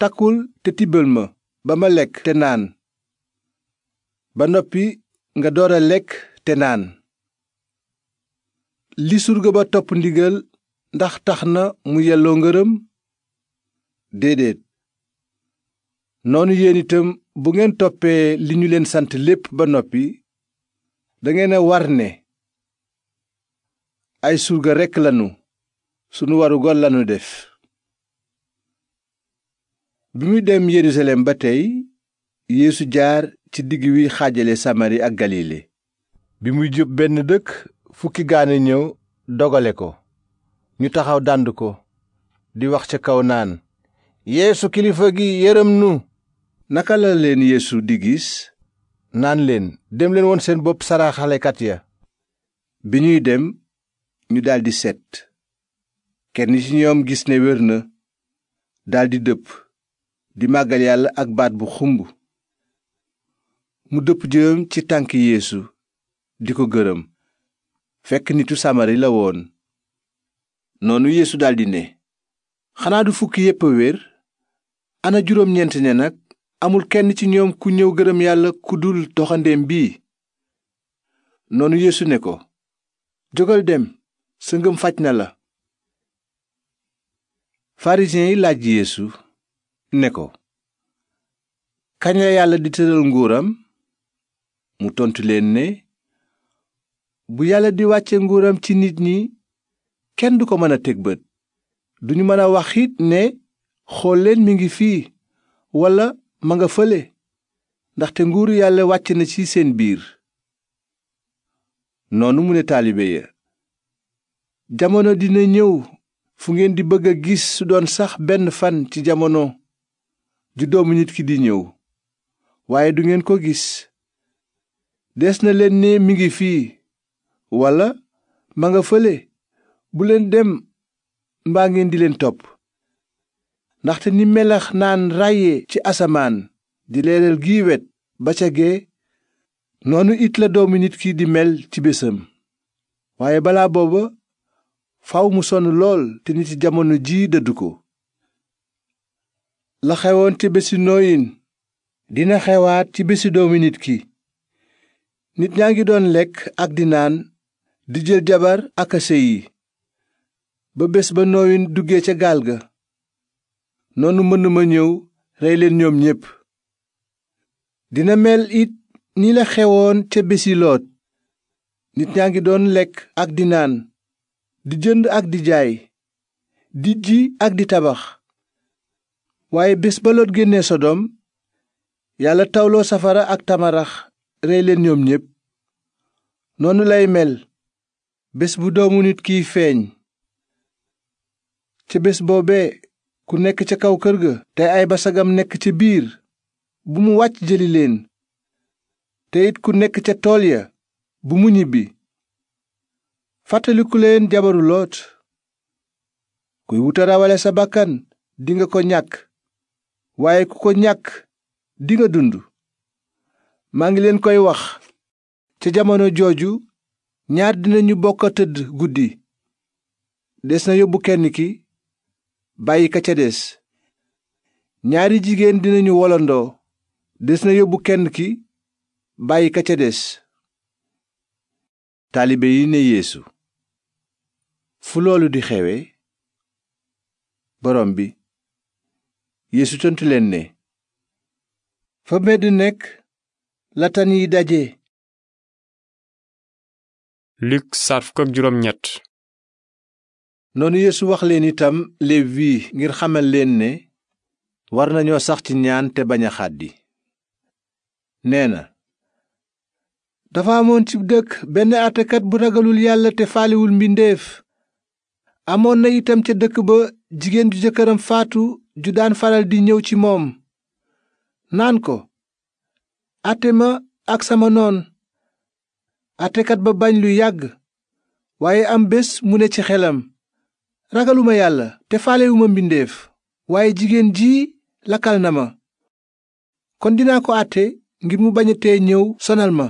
takkul te tibbal ma ba ma lekk te naan ba noppi nga door a lekk te naan li surga ba topp ndigal ndax tax na mu yelloo ngërëm déedéet noonu yéen itam bu ngeen toppee li ñu leen sant lépp ba noppi dangeen a war ne ay surga rekk lanu sunu warugar lanu def bi muy dem yerusalem ba tey yéesu jaar ci digg wi xaajale samari ak galile bi muy jub benn dëkk fukki gaane ñëw dogale ko ñu taxaw dànd ko di wax ca kaw naan yéesu kilifa gi yërëm nu naka la leen yéesu di gis naan leen dem leen woon seen bopp saraxalekat ya bi ñuy dem ñu daldi set kenn ci ñoom gis ne wér na daldi dëpp di màggal yàlla ak baat bu xumb mu dëpp jëm ci tànk yéesu di ko gërëm fekk nitu samari la woon noonu yéesu daldi ne xanaa du fukki yépp a wér ana juróom ñeent ne nag amul kenn ci ñoom ku ñëw gërëm yàlla ku dul doxandeem bi noonu yéesu ne ko jógal dem sa faj na la farisiyen yi laaj yeesu ne ko kañ la yàlla di tëral nguuram mu tontu leen ne bu yàlla di wàcce nguuram ci nit ñi kenn du ko mën a teg bët duñu mën a wax ne xool mi ngi fii walla ma nga fële ndaxte nguur yàlla wàcc na ci seen biir noonu mu ne taalibe ya jamono dina ñëw fu ngeen di bëgg a gis su doon sax benn fan ci jamono ju doomu nit ki di ñëw waaye du ngeen ko gis des na leen ne mi ngi fii walla ma nga fële bu leen dem mbaa ngeen di leen topp ndaxte ni melax naan ràyye ci asamaan di leeral gii wet ba ca gee noonu it la doomu nit ki di mel ci bésam waaye balaa booba faw mu sonn lool te nit yi jamono ji dëddu ko la xewoon ci bési nooyin dina xewaat ci bési doomi nit ki nit ñaa ngi doon lekk ak di naan di jël jabar ak a séy yi ba bés ba nooyin duggee ca gaal ga noonu mën ma ñëw rey leen ñoom ñépp dina mel it ni la xewoon ca bési loot nit ñaa ngi doon lekk ak di naan di jënd ak di jaay di ji ak di tabax waaye bés ba Lot génnee Sodom yàlla tawloo safara ak tamarax rey leen ñoom ñépp noonu lay mel bés bu doomu nit kiy feeñ ca bés boobee ku nekk ca kaw kër ga te ay basagam nekk ca biir bu mu wàcc jëli leen te it ku nekk ca tool ya bu mu ñibbi fàttaliku leen jabaru loot kuy wuta rawale sa bakkan dinga ko ñàkk waaye ku ko ñàkk dinga dund maa ngi leen koy wax ca jamono jooju ñaar dinañu bokk a tëdd guddi des na yóbbu kenn ki bàyyi ka ca des ñaari jigéen dinañu wolandoo des na yóbbu kenn ki bàyyi ka ca des taalibe yi ne Yeesu fu di xewee borom bi yeesu leen ne fa nekk la tan daje luk saar fukk ak noonu yeesu wax leen itam léeb wii ngir xamal leen ne war nañoo sax ci ñaan te bañ a xàddi nee na dafa amoon ci dëkk benn àttekat bu ragalul yàlla te faaliwul mbindeef amoon na itam ca dëkk ba jigéen ju jëkkëram faatu ju daan faral di ñëw ci moom naan ko àtte ma ak sama noon àttekat ba bañ lu yàgg waaye am bés mu ne ci xelam ragaluma yàlla te faalewuma mbindeef waaye jigéen ji lakkal na ma kon dinaa ko àtte ngir mu bañ a tee ñëw sonal ma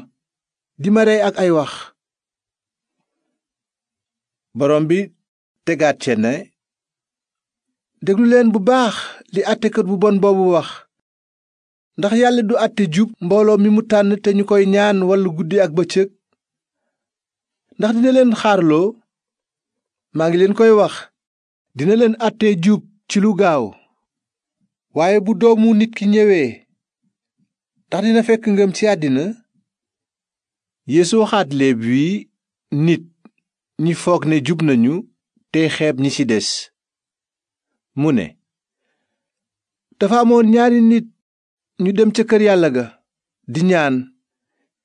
di ma rey ak ay wax bi tegaat ca ne leen bu baax li kër bu bon boobu wax ndax yàlla du àtte jub mbooloo mi mu tànn te ñu koy ñaan walla guddi ak bëccëg ndax dina leen xaarloo maa ngi leen koy wax dina leen àttee jub ci lu gaaw waaye bu doomu nit ki ñëwee ndax dina fekk ngëm ci àddina Yeesu wi nit ñi foog ne jub nañu te xeeb ñi ci des mu ne dafa amoon ñaari nit ñu dem ca kër yàlla ga di ñaan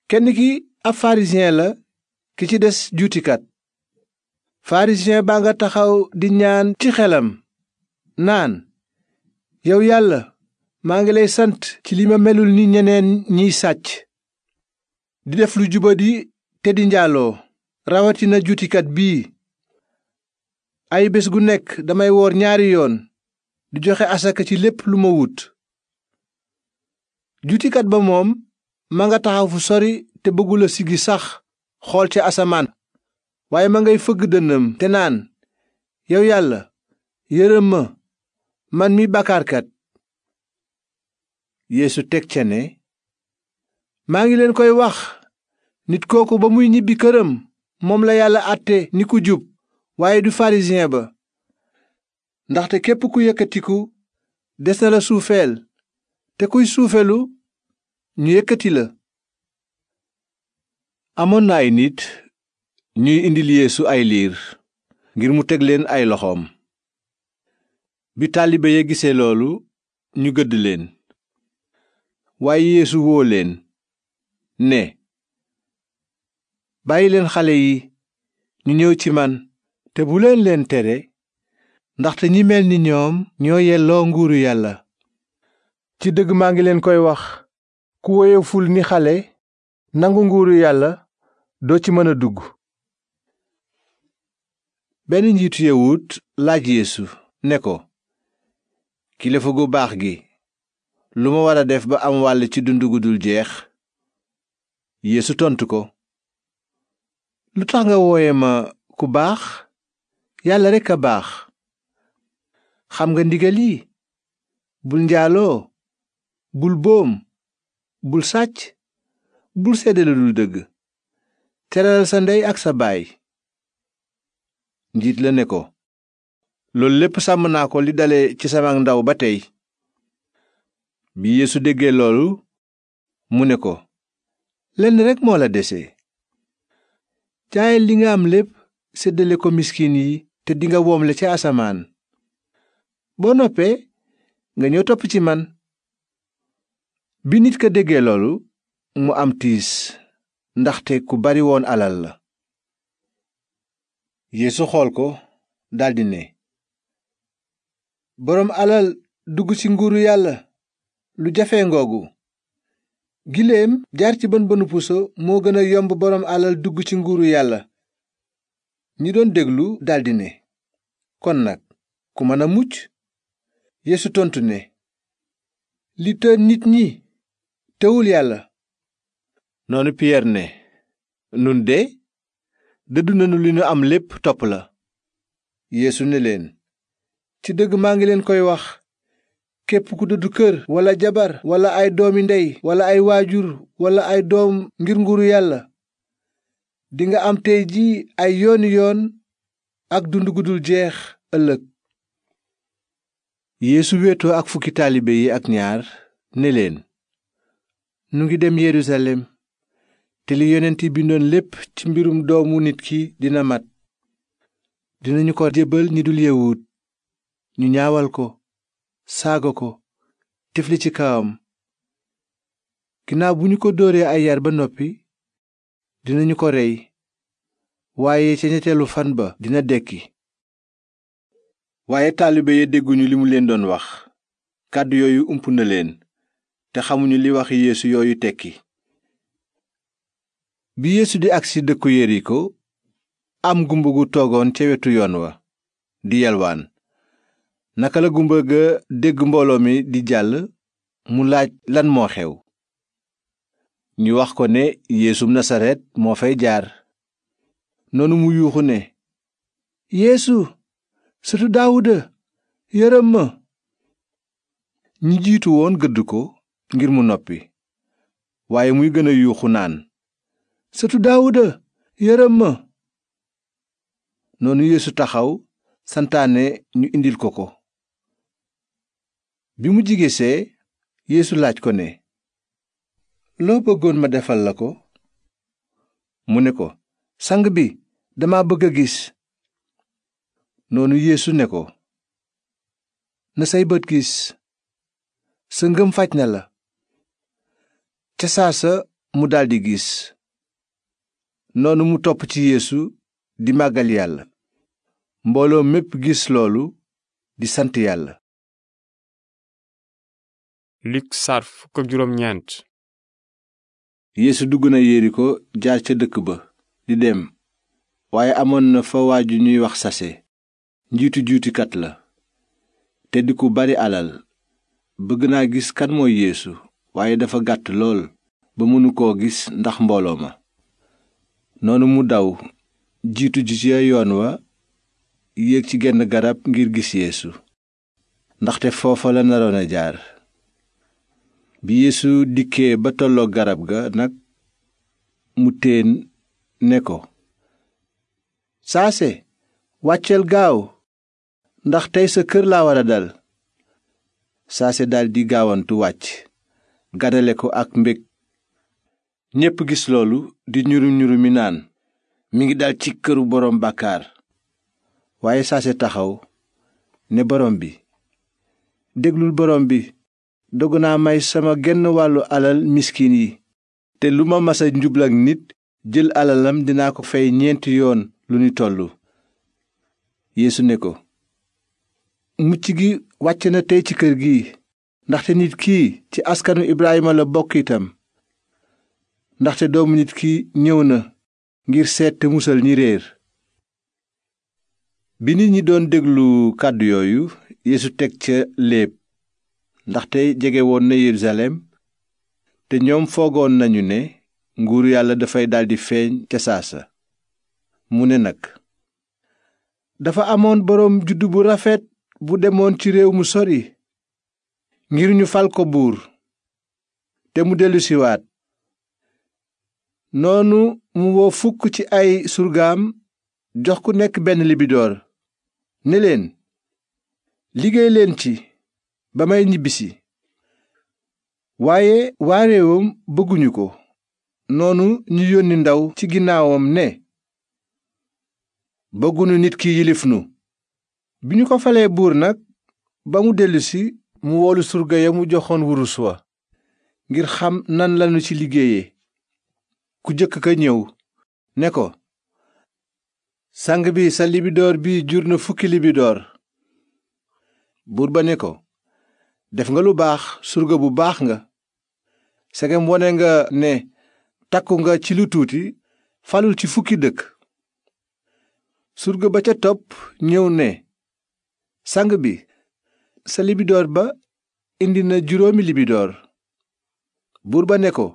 kenn ki ab pharisien la ki ci des juutikat pharisien baa nga taxaw di ñaan ci xelam naan yow yàlla maa ngi lay sant ci li ma melul ni ñeneen ñiy sàcc di def lu jubadi te di njaaloo rawatina juutikat bii ay bés gu nekk damay woor ñaari yoon di joxe asaka ci lépp lu ma wut juutikat ba moom ma nga taxaw fu sori te bëggula sigi sax xool ci asamaan waaye ma ngay fëgg dënnam te naan yow yàlla yërëm ma man mi bàkkaarkat yéesu teg ca ne maa ngi leen koy wax nit kooku ba muy ñibbi këram moom la yàlla àtte ni ku jub waaye du pharisien ba ndaxte képp ku yëkkatiku des na la suufeel te kuy suufeelu ñu yëkkati la amoon na ay nit ñuy indil yéesu ay liir ngir mu teg leen ay loxoom bi taalibe ya gisee loolu ñu gëdd leen waaye yeesu woo leen ne bàyyi xale yi ñu ñëw ci man te bu leen leen tere ndaxte ñi mel ni ñoom ñoo yelloo nguuru yàlla ci dëgg maa ngi leen koy wax ku woyeful ni xale nangu nguuru yàlla doo ci mën a dugg benn njiitu yawut laaj yeesu ne ko kilifa gu baax gi lu ma war a def ba am wàll ci dund gu dul jeex yéesu tontu ko lu tax nga wooye ma ku baax yàlla rekk a baax xam nga ndigal yi bul njaaloo bul boom bul sàcc bul seede lu dul dëgg teral sa ndey ak sa baay njiit la ne ko loolu lépp sàmm naa ko li dale ci sama ndaw ba tey bi yeesu déggee loolu mu ne ko lenn rekk moo la dese jaayal li nga am lépp seddale ko miskin yi te dinga woomle ca asamaan boo noppee nga ñëw topp ci man bi nit ka déggee loolu mu am tiis ndaxte ku bari woon alal la yéesu xool ko daldi ne boroom alal dugg ci nguuru yàlla lu jafe ngoogu giléem jaar ci bën bënu puso moo gën a yomb boroom alal dugg ci nguuru yàlla ñi doon déglu daldi ne kon nag ku mën a mucc yeesu tontu ne li të nit ñi tewul yàlla noonu piyeer ne nun de dëddu nanu li nu am lépp topp la yéesu ne leen ci dëgg maa ngi leen koy wax képp ku dëddu kër walla jabar walla ay doomi ndey walla ay waajur walla ay doom ngir nguuru yàlla dinga am tey ji ay yooni yoon ak dund gudul jeex ëllëg yéesu wéetoo ak fukki taalibe yi ak ñaar ni leen nu ngi dem yerusalem te li yonent yi bindoon lépp ci mbirum doomu nit ki dina mat dinañu ko jébbal ñi dul yewuut ñu ñaawal ko saaga ko tifli ci kawam ginnaaw bu ñu ko dóoree ay yar ba noppi dinañu ko rey waaye ca ñetteelu fan ba dina dekki waaye taalibe ya dégguñu li mu leen doon wax kàddu yooyu ump na leen te xamuñu li wax yeesu yooyu tekki bi yeesu di agsi dëkku yeriko am gumba gu toogoon ca wetu yoon wa di yalwaan naka la gumba ga dégg mbooloo mi di jàll mu laaj lan moo xew ñu wax ko ne yeesum nasaret moo fay jaar noonu mu yuuxu ne yéesu sëtu daawuda yërëm ma ñi jiitu woon gëdd ko ngir mu noppi waaye muy gën a yuuxu naan sëtu daawuda yërëm ma noonu yéesu taxaw santaane ñu indil ko ko bi jigesee yeesu laaj ko ne loo bëggoon ma defal la ko mu ne ko sang bi dama bëgg a gis noonu yéesu ne ko na say bët gis sa ngëm faj na la ca saa sa mu daldi gis noonu mu topp ci yéesu di màggal yàlla mbooloo mépp gis loolu di sant yàlla yéesu dugg na yeriko jaar ca dëkk ba di dem waaye amoon na fa waa ju ñuy wax sase njiitu juutikat la te di ku bari alal bëgg naa gis kan mooy yéesu waaye dafa gàtt lool ba mënu koo gis ndax mbooloo ma noonu mu daw jiitu ji ca yoon wa yéeg ci genn garab ngir gis yeesu ndaxte foofa la naroon a jaar bi yeesu dikkee ba tolloo garab ga nag mu téen ne ko saase wàcceel gaaw ndax tey sa kër laa war a dal saase daldi gaawantu wàcc ganale ko ak mbég ñépp gis loolu di ñurum ñuru mi naan mi ngi dal ci këru boroom bàkkaar waaye saase taxaw ne borom bi déglul borom bi dogu naa may sama genn wàllu alal miskin yi te lu ma masa njubl ak nit jël alalam dinaa ko fay ñeenti yoon lu ni tollu yeesu ne ko mucc gi wàcc na tey ci kër gi ndaxte nit kii ci askanu Ibrahima la bokk itam ndaxte doomu nit ki ñëw na ngir seet musal ni réer bi nit ñi doon déglu kàddu yooyu Yeesu teg ca léeb ndaxte jege woon na yerusalem te ñoom foogoon nañu ne nguur yàlla dafay daldi feeñ ca saasa mu ne nag dafa amoon boroom juddu bu rafet bu demoon ci réew mu sori ngir ñu fal ko buur te mu dellusiwaat noonu mu woo fukk ci ay surgaam jox ku nekk benn libidoor ne leen liggéey leen ci ba may ñibbisi waaye waa bëgguñu ko noonu ñu yónni ndaw ci ginnaawam ne bëgguñu nit ki yilif nu bi ñu ko falee buur nag ba mu dellusi mu woolu surga ya mu joxoon wurus wa ngir xam nan lanu ci liggéeye ku jëkk ko ñëw ne ko sang bi sa libidoor bi jur na fukki libidoor buur ba ne ko def nga lu baax surga bu baax nga segem wone nga ne takku nga ci lu tuuti falul ci fukki dëkk surga ba ca topp ñëw ne sang bi sa libidoor ba indi na juróomi libidoor buur ba ne ko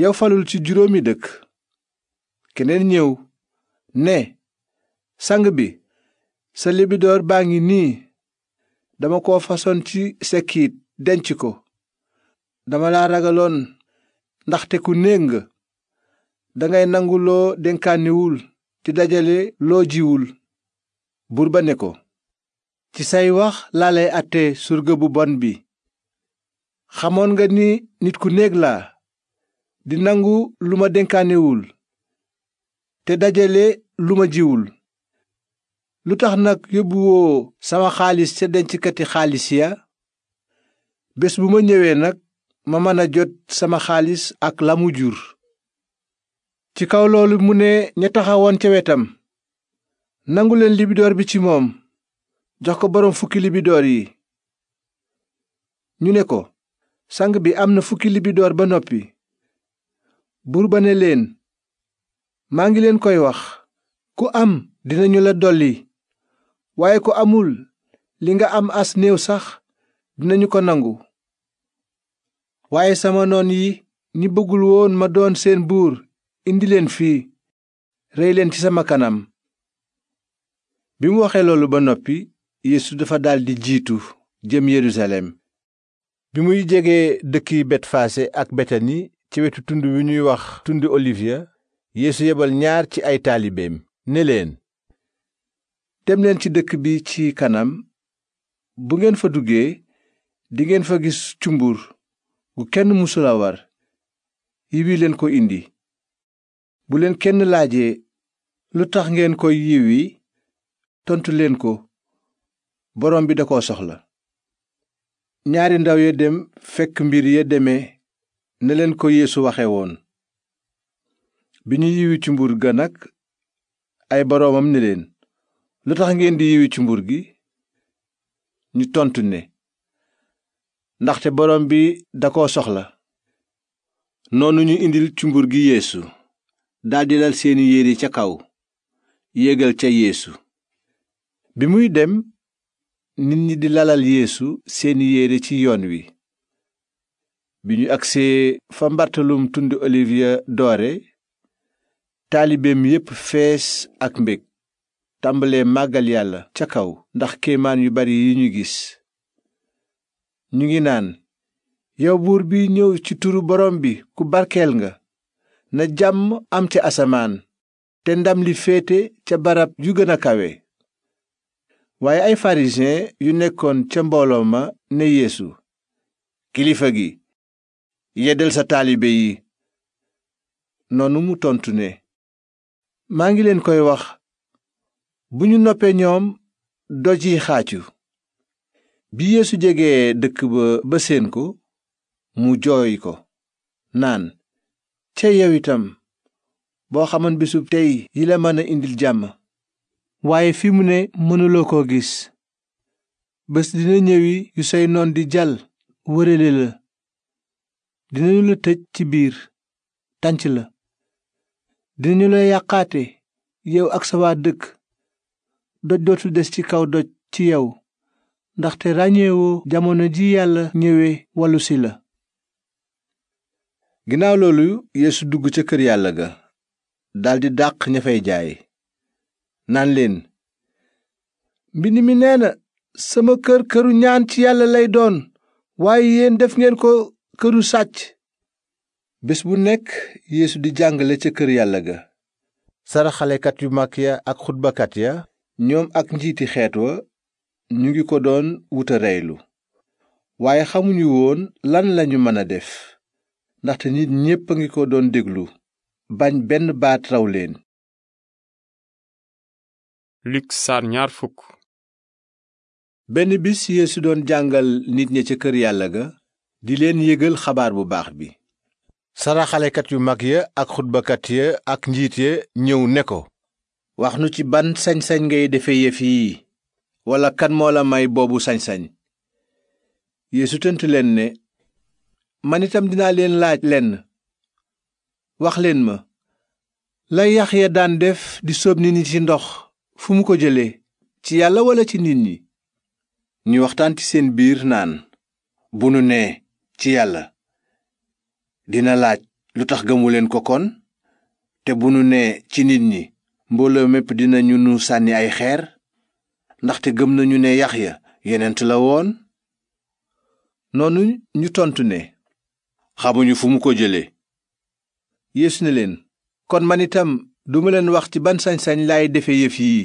yow falul ci juróomi dëkk keneen ñëw ne sang bi sa libidoor baa ngi nii dama ko fasoon ci sekkiit denc ko dama la ragaloon ndaxte ku néeg nga dangay nangu loo dénkaaniwul di dajale loo jiwul buur ba ne ko ci say wax laa lay àtte surga bu bon bi xamoon nga ni nit ku néeg laa di nangu lu ma dénkaanewul te dajale lu ma jiwul lu tax nag yóbbuwoo sama xaalis ca denckati xaalis ya bés bu ma ñëwee nag ma mën a jot sama xaalis ak la mu jur ci kaw loolu mu ne ña taxawoon ca wetam nangu leen libidoor bi ci moom jox ko boroom fukki libidoor yi ñu ne ko sang bi am na fukki libidoor ba noppi buur ba ne leen maa ngi leen koy wax ku am dinañu la dolli waaye ko amul li nga am as néew sax dinañu ko nangu waaye sama noon yi ñi bëggul woon ma doon seen buur indi leen fii rey leen ci sama kanam bi mu waxee loolu ba noppi yéesu dafa daldi jiitu jëm yerusalem bi muy jege dëkki betfase ak betani ci wetu tund wi ñuy wax tund olivier yéesu yebal ñaar ci ay taalibeem ni leen demleen ci dëkk bi ci kanam bu ngeen fa duggee dingeen fa gis cumbur gu kenn musula war yiwi leen ko indi bu leen kenn laajee lu tax ngeen koy yiwi tontu leen ko borom bi da koo soxla ñaari ndaw ya dem fekk mbir ya deme na leen ko yéesu waxe woon bi ñu yiwi cumbur ga nag ay boroomam ni leen lu tax ngeen di yiwi ci gi ñu tontu ne ndaxte borom bi da koo soxla noonu ñu indil ci gi yéesu daldi lal seeni yére ca kaw yéegal ca yéesu bi muy dem nit ñi di lalal yéesu seeni yére ci yoon wi bi ñu agsee fa mbartalum tund olivier doore taalibeem yépp fees ak mbég tàmbalee màggal yàlla ca kaw ndax kéemaan yu bari yi ñu gis ñu ngi naan yow buur bi ñëw ci turu borom bi ku barkeel nga na jàmm am ca asamaan te ndam li féete ca barab yu gën a kawe waaye ay farisiyen yu nekkoon ca mbooloo ma ne yéesu kilifa gi yeddal sa taalibe yi noonu mu tontu ne maa ngi leen koy wax bu ñu noppee ñoom doj yi xaacu bi yeesu jegee dëkk ba ba ko mu jooy ko naan ca yow itam boo xamoon bisub tey yi la mën a indil jàmm waaye fi mu ne mënuloo koo gis bés dina ñëwi yu say noon di jàll wërale la dinañu la tëj ci biir tànc la dinañu la yàqaate yow ak sa waa dëkk dootul des ci kaw ci yow ndaxte ràññeewoo jamono ji yàlla ñëwe wallu la ginnaaw loolu yeesu dugg ca kër yàlla ga daldi dàq ña fay jaay naan leen mbind mi nee na sama kër këru ñaan ci yàlla lay doon waaye yéen def ngeen ko këru sàcc bés bu nekk yéesu di jàngale ca kër yàlla ga saraxalekat yu mag ya ak xutbakat ya ñoom ak njiiti xeet wa ñu ngi ko doon wuta reylu waaye xamuñu woon lan lañu mën a def ndaxte nit ñépp a ngi ko doon déglu bañ benn baat raw leen benn bis jàngal nit ña ca kër yàlla ga di leen yégal xabaar bu baax bi saraxalekat yu mag ya ak xutbakat ya ak njiit ya ñëw ne ko wax nu ci ban sañ ngay defe yëf yii walla kan moo la may boobu sañsañ sañ yéesu tontu leen ne man itam dinaa leen laaj lenn waxleen ma la Yaxya daan def di sóob nit ñi ci ndox fu mu ko jëlee ci yàlla walla ci nit ñi ñuy waxtaan ci seen biir naan bu nu nee ci yàlla dina laaj lu tax gëmuleen ko kon te bu nu nee ci nit ñi mbooloo mépp dinañu nu sànni ay xeer ndaxte gëm nañu ne Yaxya yeneent la woon noonu ñu tontu ne xamuñu fu mu ko jële yéesu ne leen kon man itam duma leen wax ci ban sañ-sañ laay defe yëf yii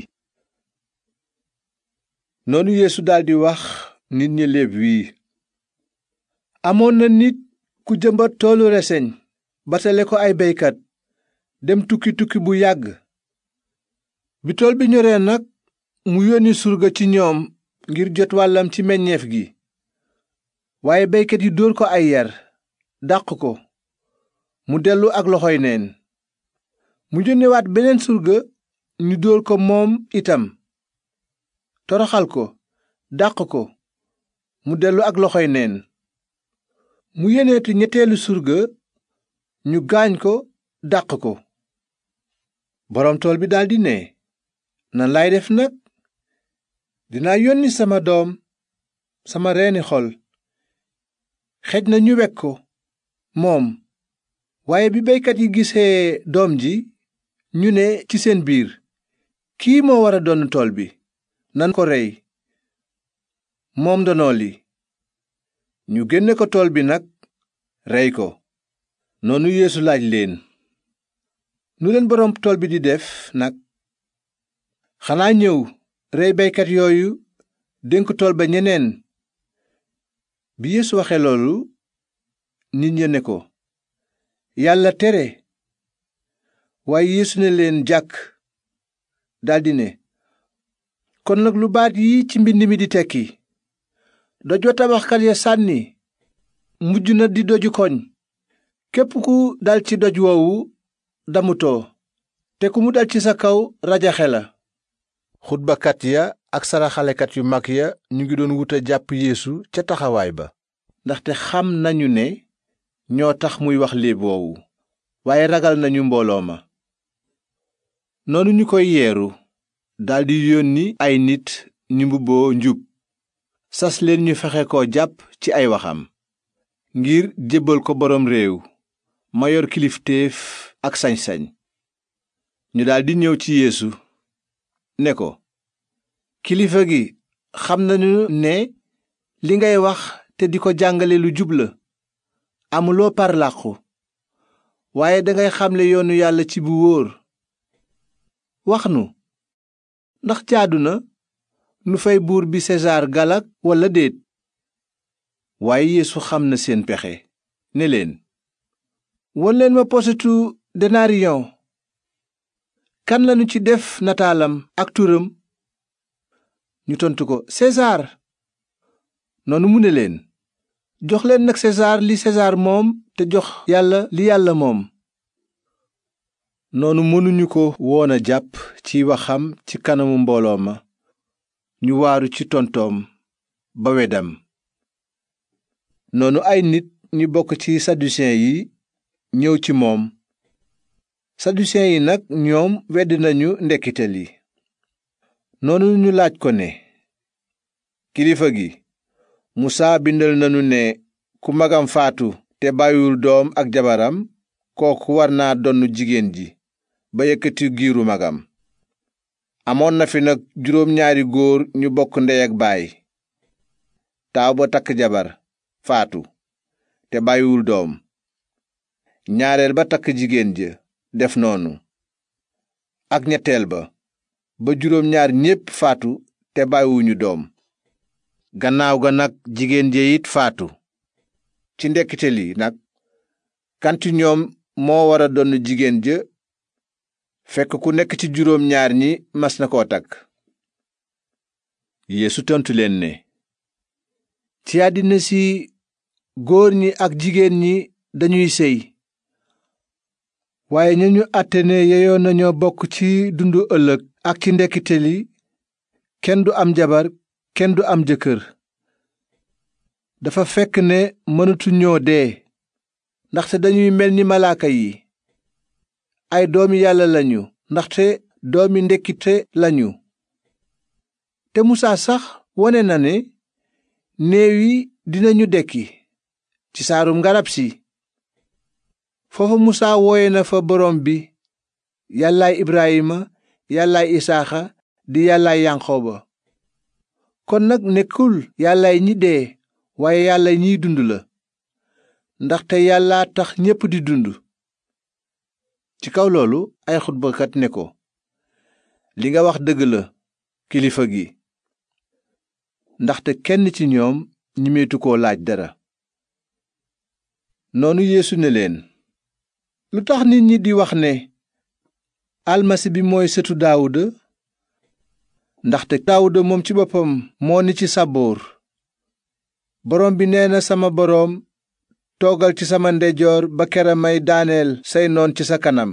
noonu yéesu daldi wax nit ñi léeb wii amoon na nit ku jëmbat toolu reseñ batale ko ay beykat dem tukki tukki bu yàgg bi tool bi ñoree nag mu yónni surga ci ñoom ngir jot wàllam ci meññeef gi waaye baykat yi dóor ko ay yar dàq ko mu dellu ak loxoy neen mu yónniwaat beneen surga ñu dóor ko moom itam toroxal ko dàq ko mu dellu ak loxoy neen mu yeneeti ñetteelu surga ñu gaañ ko dàq ko boroom tool bi daldi ne nan laay def nag dinaa yónni sama doom sama reeni xol xej na ñu wek ko moom waaye bi baykat yi gisee doom ji ñu ne ci seen biir kii moo war a doon tool bi nan ko rey moom donoo li ñu génne ko tool bi nag rey ko noonu yéesu laaj leen nu leen boroom tool bi di def nag xanaa ñëw rey baykat yooyu dénk tool ba ñeneen bi yeesu waxe loolu nit ña ne ko yàlla tere waaye yéesu ne leen jàkk daldi ne kon nag lu baat yi ci mbind mi di tekki doj wa tabaxkat ya sànni mujj na di doju koñ képp ku dal ci doj woowu damutoo te ku mu dal ci sa kaw rajaxe la xutbakat ya ak saraxalekat yu mag ya ñu ngi doon wuta jàpp yéesu ca taxawaay ba ndaxte xam nañu ne ñoo tax muy wax léeb woowu waaye ragal nañu mbooloo ma noonu ñu koy yeeru daldi yónni ay nit ñu mbubboo njub sas leen ñu fexe ko jàpp ci ay waxam ngir jébbal ko boroom réew mayor kilifteef ak sañ-sañ ñu daldi ñëw ci yéesu ne ko kilifa gi xam nañu ne li ngay wax te di ko jàngale lu jub la amuloo parlàqu waaye dangay xamle yoonu yàlla ci bu wóor wax nu ndax caadu na nu fay buur bi sesaar galak walla déet waaye yeesu xam na seen pexe ne leen won ma posetu denariyon kan lañu ci def nataalam ak turam ñu tontu ko sesaar noonu mu ne leen jox leen nag sesaar li sesaar moom te jox yàlla li yàlla moom noonu mënuñu ko woona jàpp ci waxam ci kanamu mbooloo ma ñu waaru ci tontoom ba wedam noonu ay nit ñu bokk ci sadduseen yi ñëw ci moom sadusiyen yi nag ñoom wedd nañu ndekkite li noonu ñu laaj ko ne kilifa gi musaa bindal nañu ne ku magam faatu te bàyyiwul doom ak jabaram kooku war naa donn jigéen ji ba yëkkati giiru magam amoon na fi nag juróom ñaari góor ñu bokk ndey baay taaw ba takk jabar faatu te bàyyiwul doom ñaareel ba takk jigéen ja def noonu ak ñetteel ba ba juróom ñaar ñépp faatu te bàyyiwuñu doom gannaaw ga nag jigéen je faatu ci ndekkite li nag kanti ñoom moo war a donn jigéen ja fekk ku nekk ci juróom ñaar ñi mas na koo takk yeesu tontu leen ne ci àddina si góor ñi ak jigéen ñi dañuy sey waaye ña ñu àtte ne nañoo bokk ci dundu ëllëg ak ci ndekkite li kenn du am jabar kenn du am jëkkër dafa fekk ne mënatuñoo dee ndaxte dañuy mel ni malaaka yi ay doomi yàlla lañu ndaxte doomi ndekkite lañu te musaa sax wone na ne neew yi dinañu dekki ci saarum garab si foofa musaa wooye na fa borom bi yàllaay ibraayima yàllaay isaaxa di yàllaay yanqooba kon nag nekkul yàllaay ñi dee waaye yàlla ñiy dund la ndaxte yàllaa tax ñépp di dund ci kaw loolu ay xutbakat ne ko li nga wax dëgg la kilifa gi ndaxte kenn ci ñoom ñimeetu ko laaj dara noonu yeesu leen lu tax nit ñi di wax ne almasi bi mooy sëtu daawuda ndaxte daawuda moom ci boppam moo ni ci sabóor boroom bi nee na sama boroom toogal ci sama ndeyjoor ba kera may daaneel say noon ci sa kanam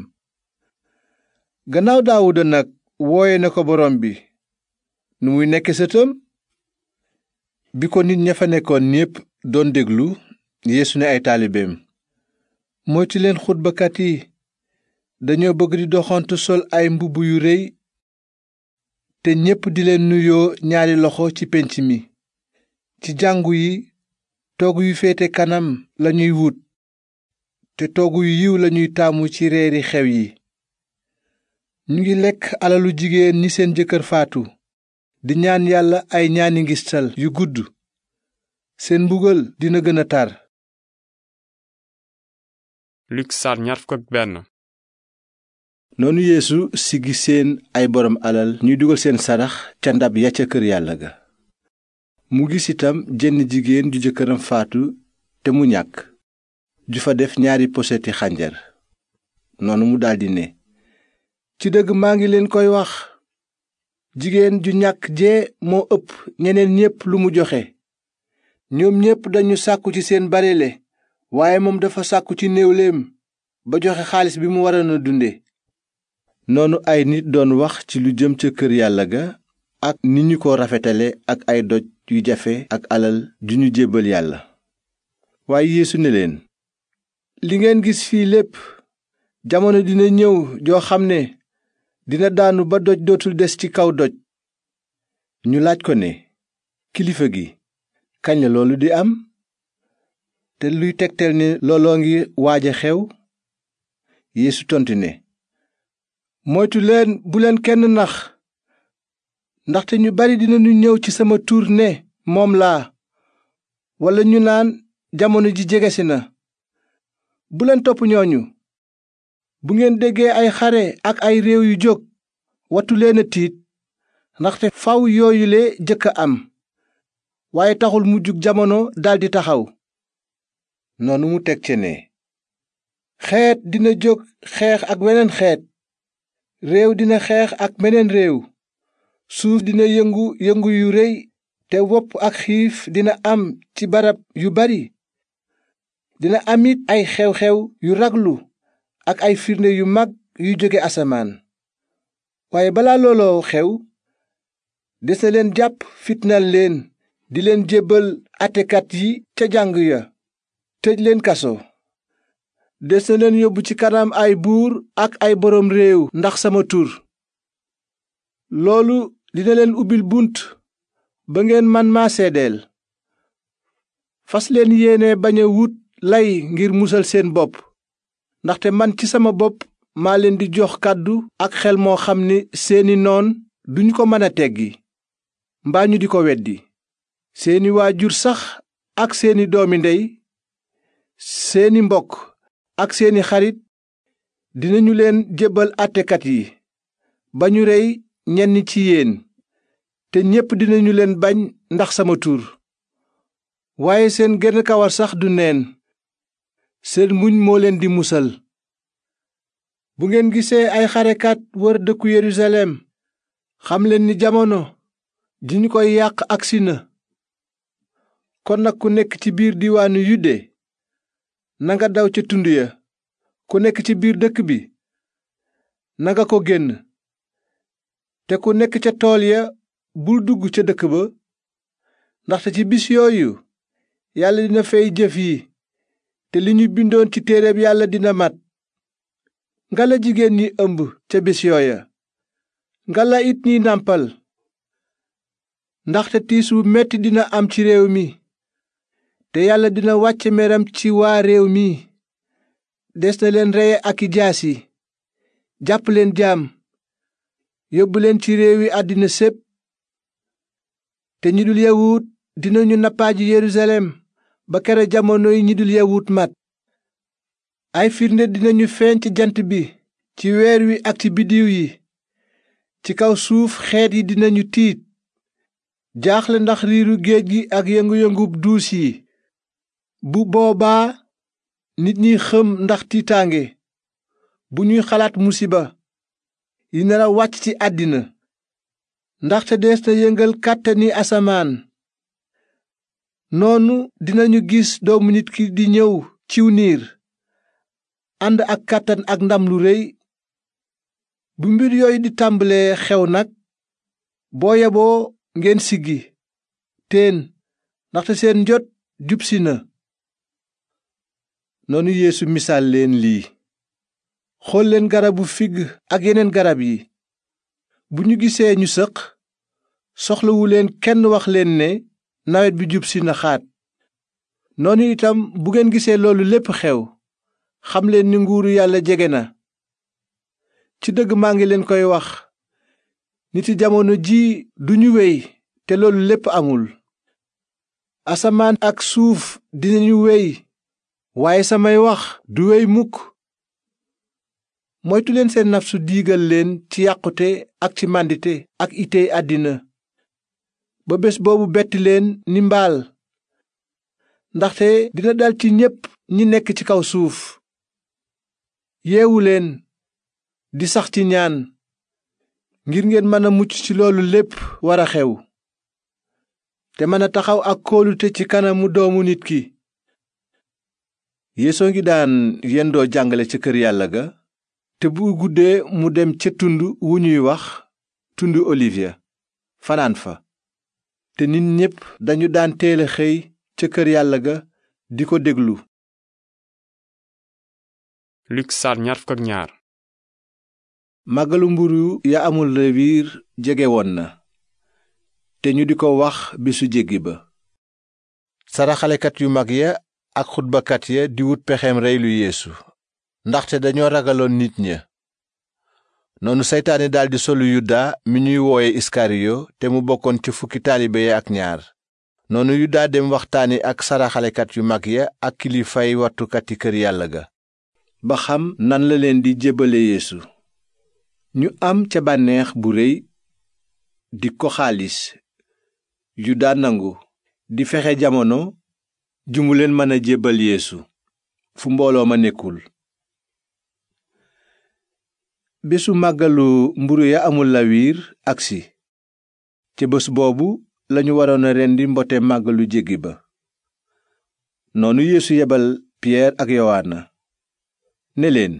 gannaaw daawuda nag wooye na ko boroom bi nu muy nekke sëtam bi ko nit ña fa nekkoon ñépp doon déglu yeesu ne ay taalibeem moytu leen xutbakat yi dañoo bëgg di doxantu sol ay mbubb yu rëy te ñépp di leen nuyoo ñaari loxo ci pénc mi ci jàngu yi toogu yu féete kanam lañuy wut te toogu yu yiw lañuy taamu ci reeri xew yi ñu ngi lekk alalu jigéen ñi seen jëkkër faatu di ñaan yàlla ay ñaani ngistal yu gudd seen mbugal dina gën a tar Luk saar ñaar fukk ak noonu yeesu siggi seen ay boroom alal ñuy dugal seen sarax ca ndab ya ca kër yàlla ga mu gis itam jenn jigéen ju jëkkëram faatu te mu ñàkk ju fa def ñaari poseti xànjar noonu mu daldi ne ci dëgg maa ngi leen koy wax jigéen ju ñàkk jee moo ëpp ñeneen ñépp lu mu joxe ñoom ñépp dañu sàkku ci seen barele waaye moom dafa sàkku ci néewleem ba joxe xaalis bi mu wara a dunde noonu ay nit doon wax ci lu jëm ca kër yàlla ga ak ni ñu ko rafetale ak ay doj yu jafe ak alal ju ñu jébbal yàlla waaye yeesu ne leen li ngeen gis fii lépp jamono dina ñëw joo xam ne dina daanu ba doj dootul des ci kaw doj ñu laaj ko ne kilifa gi kañ la loolu di am te luy tegtal ne looloo ngi waaj xew yéesu tontu ne moytu leen kenn nax ndaxte ñu bari dinañu ñëw ci sama tur ne moom laa walla ñu naan jamono ji jegesi na bu leen topp ñooñu bu ngeen déggee ay xare ak ay réew yu jóg wattu leen tiit ndaxte faw yooyule jëkk a am waaye taxul mu mujjug jamono daldi taxaw noonu mu teg ca ne xeet dina jóg xeex ak weneen xeet réew dina xeex ak meneen réew suuf dina yëngu yëngu yu rëy te wopp ak xiif dina am ci barab yu bari dina amit ay xew-xew yu raglu ak ay firnde yu mag yu jóge asamaan waaye balaa looloo xew des na leen jàpp fitnal leen di leen jébbal atekat yi ca jàng ya tëj leen kaso des yóbbu ci kanam ay buur ak ay boroom réew ndax sama tur loolu dina leen ubbil bunt ba ngeen man maa seedeel fasleen leen yéene bañ a wut lay ngir musal seen bopp ndaxte man ci sama bopp maa leen di jox kàddu ak xel moo xam ni seeni noon duñu ko mën a teggi mbaa ñu di ko weddi seeni waajur sax ak seeni doomi ndey seeni mbokk ak seeni xarit dinañu leen jébbal àttekat yi ba ñu rey ñenn ci yéen te ñépp dinañu leen bañ ndax sama tur waaye seen genn kawar sax du neen seen muñ moo leen di musal bu ngeen gisee ay xarekat wër dëkku Yerusalem xam leen ni jamono ji ñu koy yàq agsi na kon nag ku nekk ci biir diwaanu Yude nanga daw ca tund ya ku nekk ci biir dëkk bi nanga ko génn te ku nekk ca tool ya bul dugg ca dëkk ba ndaxte ci bis yooyu yàlla dina fay jëf yi te li ñu bindoon ci téereb yàlla dina mat ngala jigéen ñi ëmb ca bis yooya ngala it ñiy nàmpal ndaxte tiis wu metti dina am ci réew mi te yàlla dina wàcce meram ci waa réew mi des na leen reye ak i jaas yi jàpp leen jaam yóbbu leen ci réew yi àddina sépp te ñi dul yawut dinañu nappaaju yerusalem ba kere jamono yi ñi dul yawut mat ay firnde dinañu feeñ ci jant bi ci weer wi ak ci biddiw yi ci kaw suuf xeet yi dinañu tiit jaaxle ndax riiru géej gi ak yëngu-yëngub duus yi bu boobaa nit ñi xëm ndax tiitaange bu ñuy xalaat musiba yi nar a wàcc ci àddina ndaxte dees na yëngal kàttani asamaan noonu dinañu gis doomu nit ki di ñëw ciw niir ànd ak kàttan ak ndam lu rëy bu mbir yooyu di tàmbalee xew nag boo yeboo ngeen siggi teen ndaxte seen njot jubsi na noonu yeesu misaal leen lii xool leen garabu figg ak yeneen garab yi bu ñu gisee ñu sëq soxlawu leen kenn wax leen ne nawet bi jub si na xaat noonu itam bu ngeen gisee loolu lépp xew xam leen ni nguuru yàlla jege na ci dëgg maa ngi leen koy wax niti jamono ji duñu wey te loolu lépp amul asamaan ak suuf dinañu wey waaye samay wax du wéy mukk moytuleen leen seen nafsu diigal leen ci yàqute ak ci màndite ak itey àddina ba bés boobu betti leen ni mbaal ndaxte dina dal ci ñépp ñi nekk ci kaw suuf yeewu leen di sax ci ñaan ngir ngeen mën a mucc ci loolu lépp war a xew te mën a taxaw ak kóolute ci kanamu doomu nit ki yéesoo ngi daan yendoo jàngale ca kër yàlla ga te bu guddee mu dem ca tund wu ñuy wax tund olivier fanaan fa te nit ñépp dañu daan teele xëy ca kër yàlla ga di ko déglu Luk saar ñaar mburu ya amul rewiir jege woon na te ñu di ko wax bisu jéggi ba saraxalekat yu mag ya ak xutbakat ya di wut pexeem rey lu yeesu ndaxte dañoo ragaloon nit ña noonu seytaane daldi solu yuda mi ñuy wooye iskariyo te mu bokkoon ci fukki taalibe ya ak ñaar noonu yuda dem waxtaani ak saraxalekat yu mag ya ak kilifay wattukati kër yàlla ga ba xam nan la leen di jébbale yeesu ñu am ca bànneex bu réy di ko xaalis yuda nangu di fexe jamono jumu leen mën a jébbal yéesu fu mbooloo ma nekkul bésu màggalu mburu ya amul lawiir agsi ca bés boobu lañu waroon a rendi mbote màggalu jéggi ba noonu yéesu yebal piyeer ak yowaana ne leen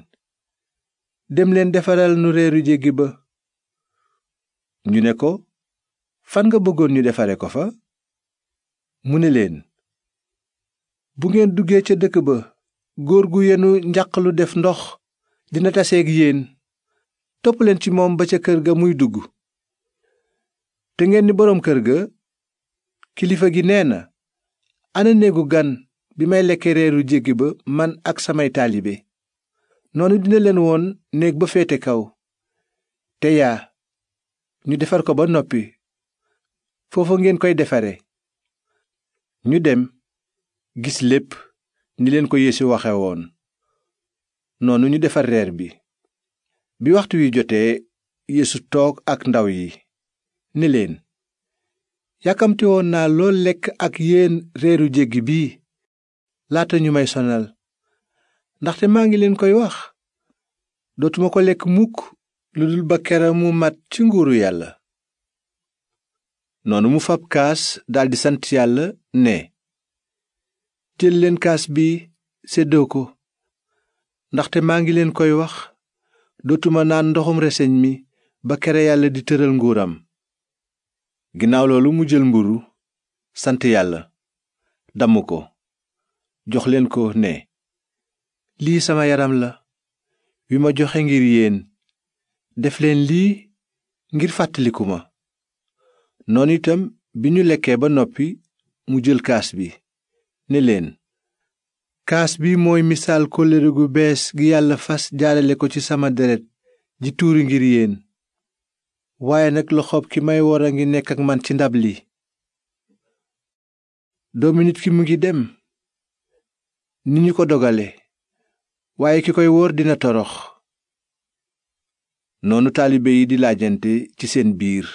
dem leen defaral nu reeru jéggi ba ñu ne ko fan nga bëggoon ñu defare ko fa mu ne leen bu ngeen duggee ca dëkk ba góor gu yenu njaq lu def ndox dina taseeg yéen topp leen ci moom ba ca kër ga muy dugg te ngeen ni boroom kër ga kilifa gi nee na ana néegu gan bi may lekke reeru jéggi ba man ak samay taalibe noonu dina leen woon néeg ba féete kaw te yaa ñu defar ko ba noppi foofa ngeen koy defare ñu dem gis lépp ni leen ko Yeesu noonu ñu defar reer bi bi waxtu wi jotee Yeesu toog ak ndaw yi ni leen yàkkamti woon naa lool lekk ak yéen reeru jéggi bii laata ñu may sonal ndaxte maa ngi leen koy wax dootuma ko lekk mukk lu ba kera mu mat ci nguuru yàlla noonu mu fab kaas daldi sant yàlla ne jël leen kaas bi seddoo ko ndaxte maa ngi leen koy wax dootuma naan ndoxum reseñ mi ba kere yàlla di tëral nguuram ginnaaw loolu mu jël mburu sant yàlla damm ko jox leen ko ne lii sama yaram la wi ma joxe ngir yéen def leen lii ngir fàttaliku ma noonu itam bi ñu lekkee ba noppi mu jël kaas bi ni leen kaas bi mooy misaal kóllëre gu bees gi yàlla fas jaalale ko ci sama deret ji tuuri ngir yéen waaye nag loxoob ki may wor a ngi nekk ak man ci ndab li doomu nit ki mu ngi dem ni ñu ko dogale waaye ki koy wor dina torox noonu taalibe yi di laajante ci seen biir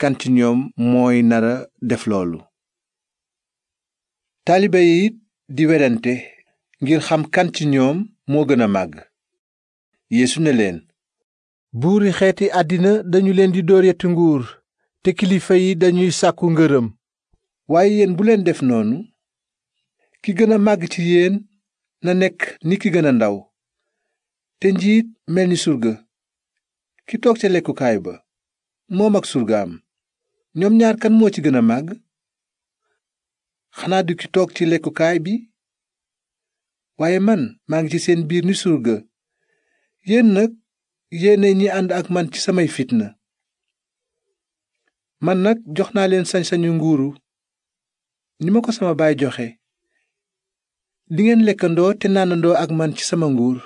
kant ñoom mooy nara def loolu taalibe yi it di werante ngir xam kan ci ñoom moo gën a màgg yeesu ne leen yi xeeti àddina dañu leen di dóor yetti nguur te kilifa yi dañuy sàkku ngërëm waaye yéen bu leen def noonu ki gën a màgg ci yéen na nekk ni ki gën a ndaw te njiit mel ni surga ki toog ca lekkukaay ba moom ak surgaam ñoom ñaar kan moo ci gën a màgg xanaa du ci toog ci lekkukaay bi waaye man maa ngi ci seen biir ni surga yéen nag yéene ñi ànd ak man ci samay fitna man nag jox naa leen sañ-sañu nguuru ni ma ko sama baay joxe dingeen lekkandoo te naanandoo ak man ci sama nguur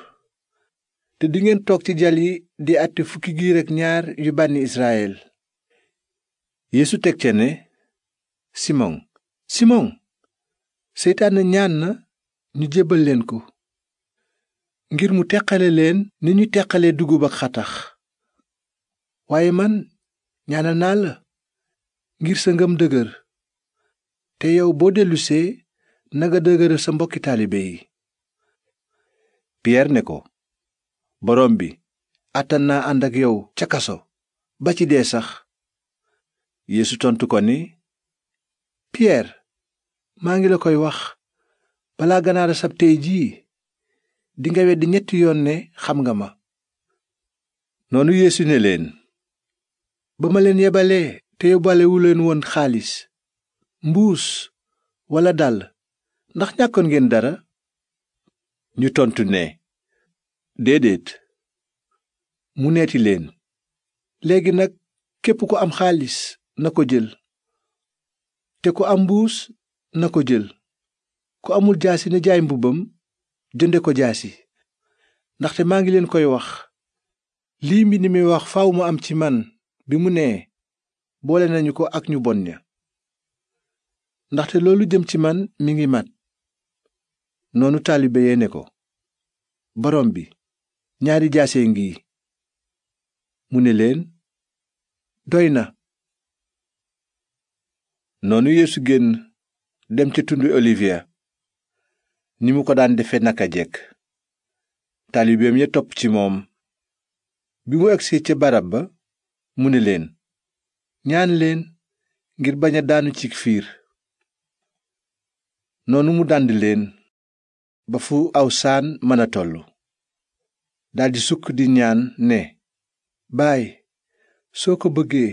te dingeen toog ci jal yi di àtte fukki giir ak ñaar yu bànni Israyel. Yeesu teg ca ne simon seytaane ñaan na ñu jébbal leen ko ngir mu teqale leen ni ñu teqalee dugub ak xatax waaye man ñaanal naa la ngir sa ngëm dëgër te yow boo dellusee nanga dëgëral sa mbokki taalibe yi piyeer ne ko borom bi àttan naa ànd ak yow ca kaso ba ci dee sax yéesu tontu ko ni piyeer maa ngi la koy wax balaa ganaara sab tey jii dinga weddi ñetti yoon ne xam nga ma noonu yeesu ne leen ba ma leen yebalee te leen woon xaalis mbuus walla dàll ndax ñàkkoon ngeen dara ñu tontu ne déedéet mu neeti leen léegi nag képp ku am xaalis na ko jël te ku am mbuus na ko jël ku amul jaasi na jaay mbubbam jënde ko jaasi ndaxte maa ngi leen koy wax lii mbind mi wax faw mu am ci man bi mu nee boole nañu ko ak ñu bon ña ndaxte loolu jëm ci man mi ngi mat noonu taalibe yee ne ko boroom bi ñaari jaase ngi mu ne leen doy na noonu yeesu génn dem ca tundu olivier ni mu ko daan defe naka jekk taalibeem ya topp ci moom bi mu egsee ca barab ba mu ne leen ñaan leen ngir bañ a daanu ci fiir noonu mu dànd leen ba fu aw saan mën a toll daldi sukk di ñaan ne baay soo ko bëggee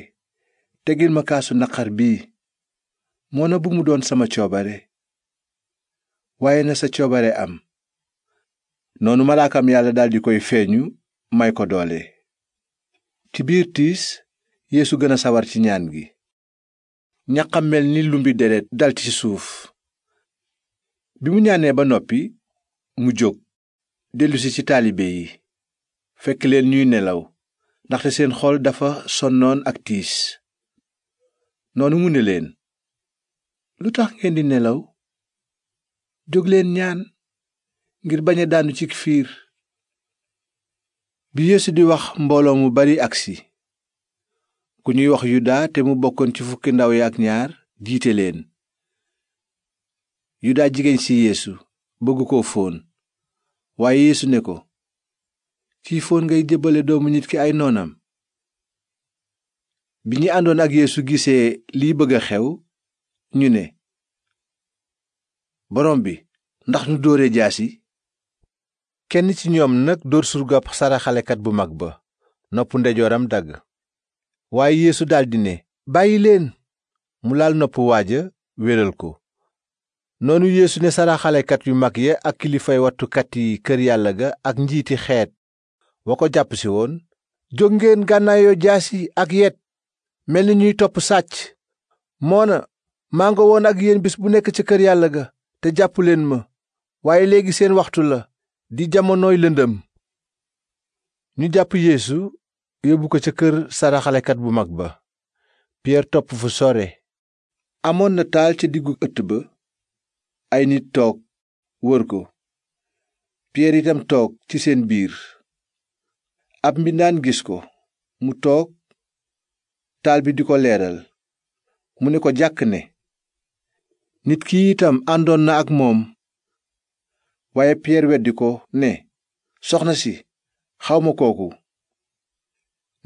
tegil ma kaasu naqar bii moona bu mu doon sama coobare waaye na sa coobare am noonu malaakam yàlla daldi koy feeñu may ko doole ci biir tiis yéesu gën a sawar ci ñaan gi ñaqam mel ni lumbi deret dal ci suuf bi mu ñaanee ba noppi mu jóg dellusi ci taalibe yi fekk leen ñuy nelaw ndaxte seen xool dafa sonnoon ak tiis noonu mu ne leen lu tax ngeen di nelaw jóg leen ñaan ngir bañ a daanu ci fiir bi yeesu di wax mbooloo mu bari agsi ku ñuy wax yuda te mu bokkoon ci fukki ndaw yi ak ñaar jiite leen yuda jigéen ci yéesu bëgg koo fóon waaye yeesu ne ko ci fóon ngay jébbale doomu nit ki ay noonam bi ñi àndoon ak yeesu gisee liy bëgg a xew ñu ne borom bi ndax nu jaasi kenn ci ñoom nag dóor surgab saraxalekat bu mag ba noppu ndejooram dagg waaye yeesu daldi ne bàyyi leen mu laal nopp waaja wéral ko noonu yeesu ne saraxalekat yu mag ya ak kilifay wattukat yi kër yàlla ga ak njiiti xeet wa ko jàpp si woon jóg ngeen gànnaayoo jaasi ak yet mel ni ñuy topp sàcc moona maa nga woon ak yéen bis bu nekk ca kër yàlla ga te jàpp leen ma waaye léegi seen waxtu la di jamonooy lëndëm ñu jàpp yéesu yóbbu ko ca kër saraxalekat bu mag ba piyeer topp fu sore amoon na taal ca diggu ëtt ba ay nit toog wër ko piyeer itam toog ci seen biir ab mbindaan gis ko mu toog taal bi di ko leeral mu ne ko jàkk ne nit ki itam àndoon na moom waaye piyeer weddi ko ne soxna si xawma kooku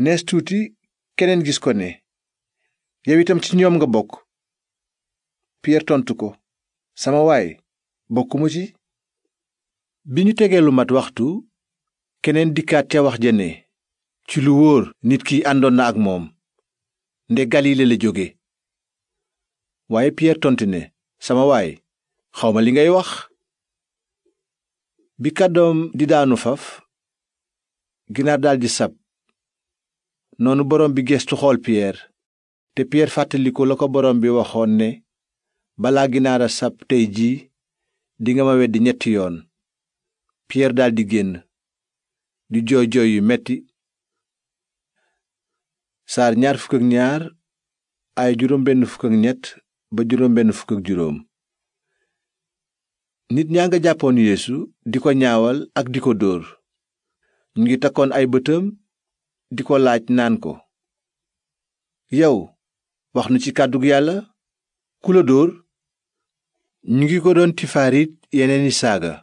nees tuuti keneen gis ko ne yow itam ci ñoom nga bokk piyeer tontu ko sama waay bokkuma ci bi ñu tegee lu mat waxtu keneen dikkaat ca wax ja ne ci lu wóor nit ki àndoon na ak moom nde galile la jóge waaye piyeer ne sama waay xawma li ngay wax bi kàddoom di daanu faf ginaar daldi sab noonu borom bi gestu xool piyeer te piyeer fàttaliku la ko borom bi waxoon ne balaa ginaar a sab tey jii dinga ma weddi ñetti yoon piyeer daldi génn di jooy jooy yu metti saar ba juróom benn nit ñaa nga jàppoon yéesu di ko ñaawal ak di ko dóor ñu ngi takkoon ay bëtam di ko laaj naan ko yow wax nu ci kàddug yàlla ku la dóor ñu ngi ko doon yeneen yeneeni saaga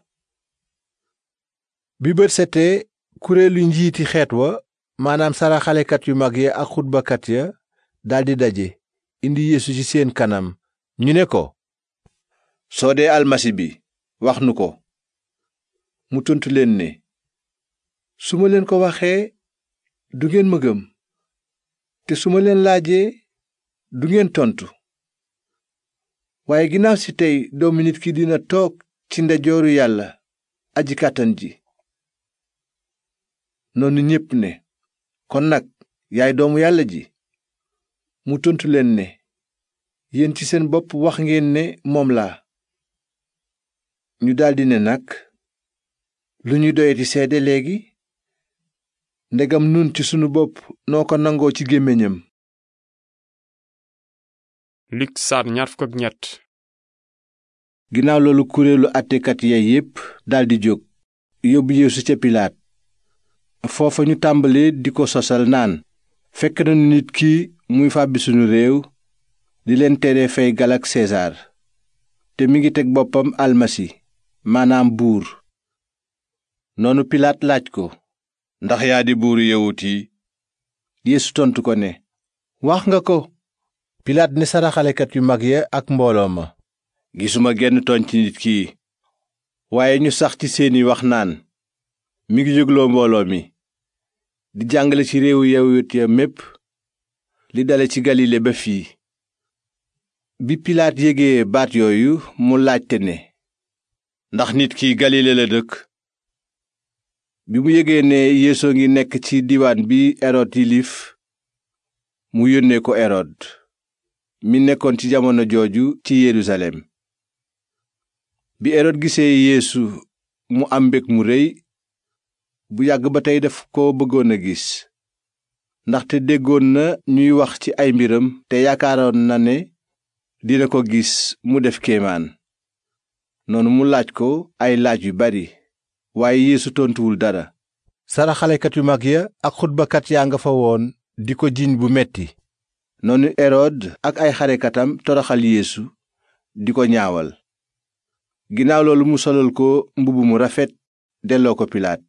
bi bët setee kuréelu njiiti xeet wa maanaam saraxalekat yu mag ya ak xutbakat ya daldi daje indi yéesu ci seen kanam ñu ne ko soo dee almasi bi wax nu ko mu tontu leen ne su ma leen ko waxee du ngeen ma gëm te su ma leen laajee du ngeen tontu waaye ginnaaw si tey doomu nit ki dina toog ci ndajooru yàlla aji kàttan ji noonu ñépp ne kon nag yaay doomu yàlla ji mu tontu leen ne yéen ci seen bopp wax ngeen ne moom laa ñu daldi ne nag lu ñu doyati seede léegi ndegam nun ci sunu bopp noo ko nangoo ci gémmiñam Luk saar ñaar loolu kuréelu àttekat ya yépp daldi jóg yóbbu yeesu ca pilaat foofa ñu tàmbalee di ko sosal naan fekk nañu nit ki muy fàbbi sunu réew di leen tere fay galak te mi ngi teg boppam almasi maanaam buur noonu pilaat laaj ko ndax yaa di buuru yawut yi yeesu tontu ko ne wax nga ko pilaat ne saraxalekat yu mag ya ak mbooloo ma gisuma genn tooñ ci nit kii waaye ñu sax ci seeni wax naan mi ngi jógloo mbooloo mi di jàngale ci réewu yawut ya mépp li dale ci galile ba fii bi pilaat yégee baat yooyu mu laajte ne ndax nit ki galile la dëkk bi mu yégee ne yeesu ngi nekk ci diwaan bi erod yilif mu yónnee ko erod mi nekkoon ci jamono jooju ci yerusalem bi erod gisee yéesu mu am mbég mu rëy bu yàgg ba tey daf ko bëggoon a gis ndaxte déggoon na ñuy wax ci ay mbiram te yaakaaroon na ne dina ko gis mu def kéemaan noonu mu laaj ko ay laaj yu bari waaye yeesu tontuwul dara saraxalekat yu mag ya ak xutbakat yaa nga fa woon di ko jiiñ bu metti noonu erod ak ay xarekatam toroxal yeesu di ko ñaawal ginnaaw loolu mu solal ko mbubb mu rafet delloo ko pilaat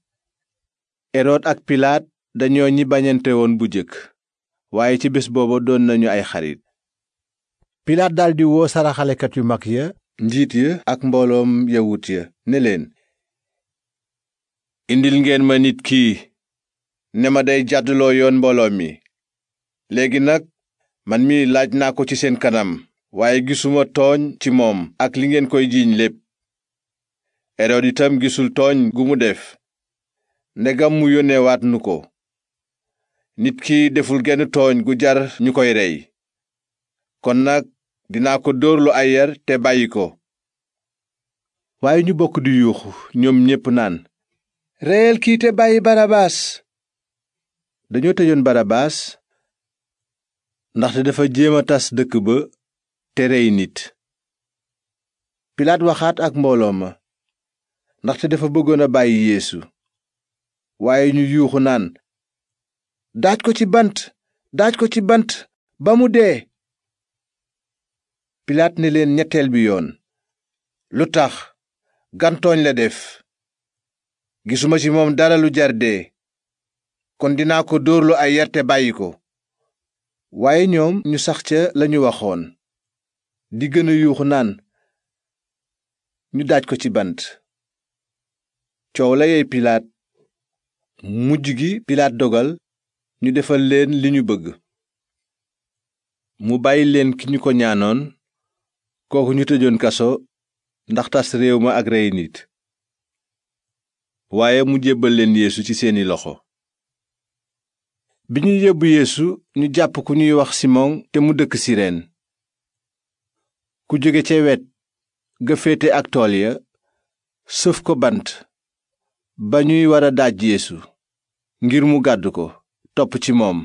erod ak pilaat dañoo ñi bañante woon bu jëkk waaye ci bés booba doon nañu ay xarit pilaat daldi woo saraxalekat yu mag ya njiit ya ak mbooloom yawut ya ne leen indil ngeen ma nit kii ne ma day jàdduloo yoon mbooloo mi léegi nag man mi laaj naa ko ci seen kanam waaye gisuma tooñ ci moom ak li ngeen koy jiiñ lépp erod itam gisul tooñ gu mu def ndegam mu yónneewaat nu ko nit ki deful genn tooñ gu jar ñu koy rey kon nag dinaa ko dóorlu ay yar te bàyyi ko waaye ñu bokk di yuuxu ñoom ñépp naan reyal kii te bàyyi barabaas dañoo tëjoon barabaas ndaxte dafa jéem a tas dëkk ba te rey nit pilaat waxaat ak mbooloo ma ndaxte dafa bëggoon a bàyyi yeesu waaye ñu yuuxu naan daaj ko ci bant daaj ko ci bant ba mu dee pilaat ne leen ñetteel bi yoon lu tax gantooñ la def gisuma ci moom dara lu jarde kon dinaa ko dóorlu ay yar te bàyyi ko waaye ñoom ñu sax ca lañu waxoon di gën a yuuxu naan ñu daaj ko ci bant coow la yey pilaat mujj gi pilaat dogal ñu defal leen li ñu bëgg mu bàyyi leen ki ñu ko ñaanoon kooku ñu tëjoon kaso ndax tas réew ma ak rey nit waaye mu jébbal leen yéesu ci seeni loxo bi ñuy yóbbu yeesu ñu jàpp ku ñuy wax simon te mu dëkk sireen ku jóge ca wet ga féete ak tool ya sëf ko bant ba ñuy war a daaj yeesu ngir mu gàdd ko topp ci moom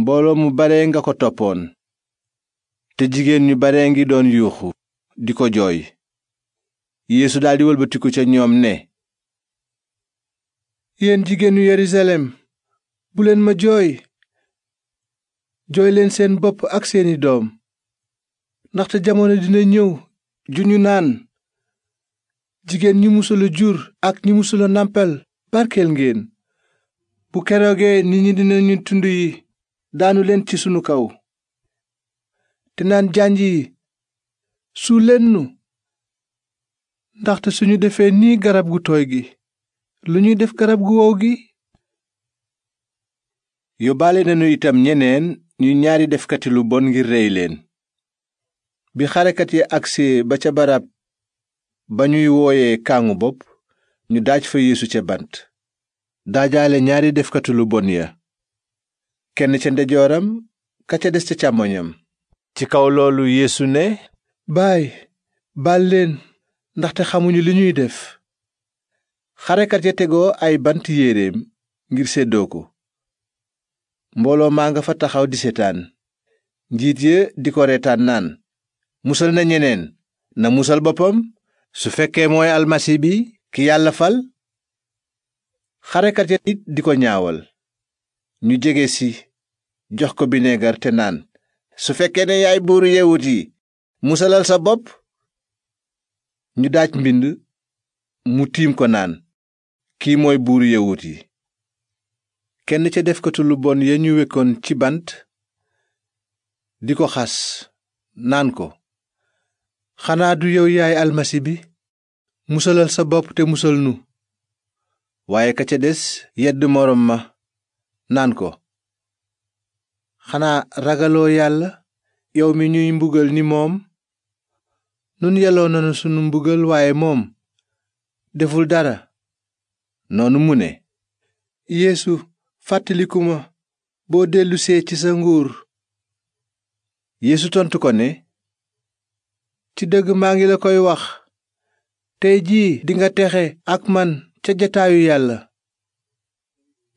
mbooloo mu bare nga ko toppoon te jigéen ñu bare ngi doon yuuxu di ko jooy yéesu daldi wëlbatiku ca ñoom ne yéen jigéenu yerusalem bu leen ma jooy jooy leen seen bopp ak seeni doom ndaxte jamono dina ñëw ju ñu naan jigéen ñi musula jur ak ñi musula nampal barkeel ngéen bu keroogee nit ñi dinañu tund yi daanu leen ci sunu kaw te naan jànj yi su leen nu ndaxte suñu defee nii garab gu tooy gi lu ñuy def garab gu wow gi yóbbaale nañu itam ñeneen ñuy ñaari defkati lu bon ngir rey leen bi xarekat yi agsee ba ca barab ba ñuy wooyee kàngu bopp ñu daaj fa yeesu ca bant daajaale ñaari defkati lu bon ya kenn ca ndeyjooram ka ca des ca càmmoñam ci kaw loolu yéesu ne baay baal leen ndaxte xamuñu li ñuy def xarekat ya tegoo ay bant yéreem ngir séddoo ko mbooloo maa nga fa taxaw di setaan njiit ya di ko reetaan naan musal na ñeneen na musal boppam su fekkee mooy almasi bi ki yàlla fal xarekat ya it di ko ñaawal ñu jege si jox ko bineegar te naan su fekkee ne yaay buuru yewut yi musalal sa bopp ñu daaj mbind mu tiim ko naan kii mooy buuru yewut yi kenn ca defkatu lu bon ya ñu wekkoon ci bant di ko xas naan ko xanaa du yow yaay almasi bi musalal sa bopp te musal nu waaye ka ca des yedd morom ma naan ko xanaa ragaloo yàlla yow mi ñuy mbugal ni moom nun yelloo nanu sunu mbugal waaye moom deful dara noonu mu ne yéesu fàttalikuma boo dellusee ci sa nguur yéesu tontu ko ne ci dëgg maa ngi la koy wax tey jii dinga texe ak man ca jataayu yàlla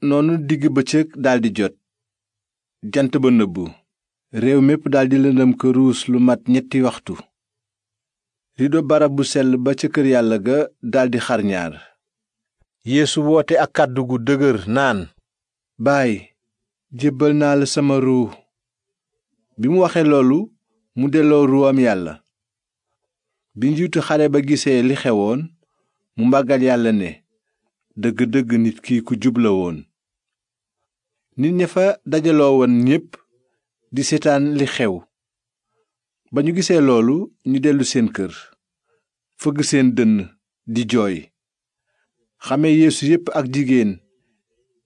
noonu digg bëccëg daldi jot jant ba nëbbu réew mépp daldi lëndëm këruus lu mat ñetti waxtu rido barab bu sell ba ca kër yàlla ga daldi xarñaar yéesu woote ak kàddu gu dëgër naan baay jébbal naa la sama ruu bi mu waxe loolu mu delloo ruuwam yàlla bi njiitu xare ba gisee li xewoon mu màggal yàlla ne dëgg-dëgg nit ki ku jubla woon nit ña fa dajaloo woon ñépp di seetaan li xew ba ñu gisee loolu ñu dellu seen kër fëgg seen dënn di jooy xame yeesu yépp ak jigéen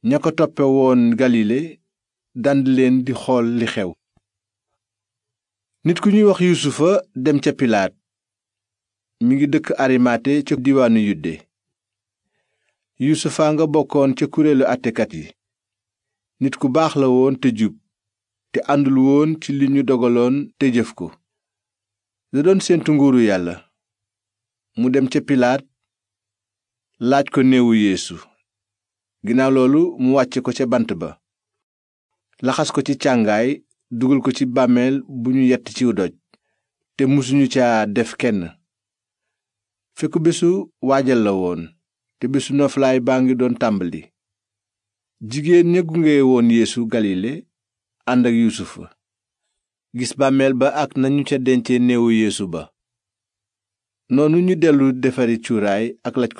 ña ko toppe woon galile dand leen di xool li xew nit ku ñuy wax yuusufa dem ca pilaat mi ngi dëkk arimaate ca diwaanu yudde yuusufaa nga bokkoon ca kuréelu àttekat yi nit ku baax la woon te jub te àndul woon ci li ñu dogaloon te jëf ko da doon séentu nguuru yàlla mu dem ca pilaat laaj ko néewu yeesu ginnaaw loolu mu wàcce ko ca bant ba laxas ko ci càngaay dugal ko ci bàmmeel bu ñu yett ci doj te musuñu ca def kenn fekku bésu waajal la woon te bésu noflaay baa ngi doon tàmbali jigéen ña gunge woon yeesu galile ànd ak yusufa gis bàmmeel ba ak nañu ca dence néewu yeesu ba noonu ñu dellu defari cuuraay ak laj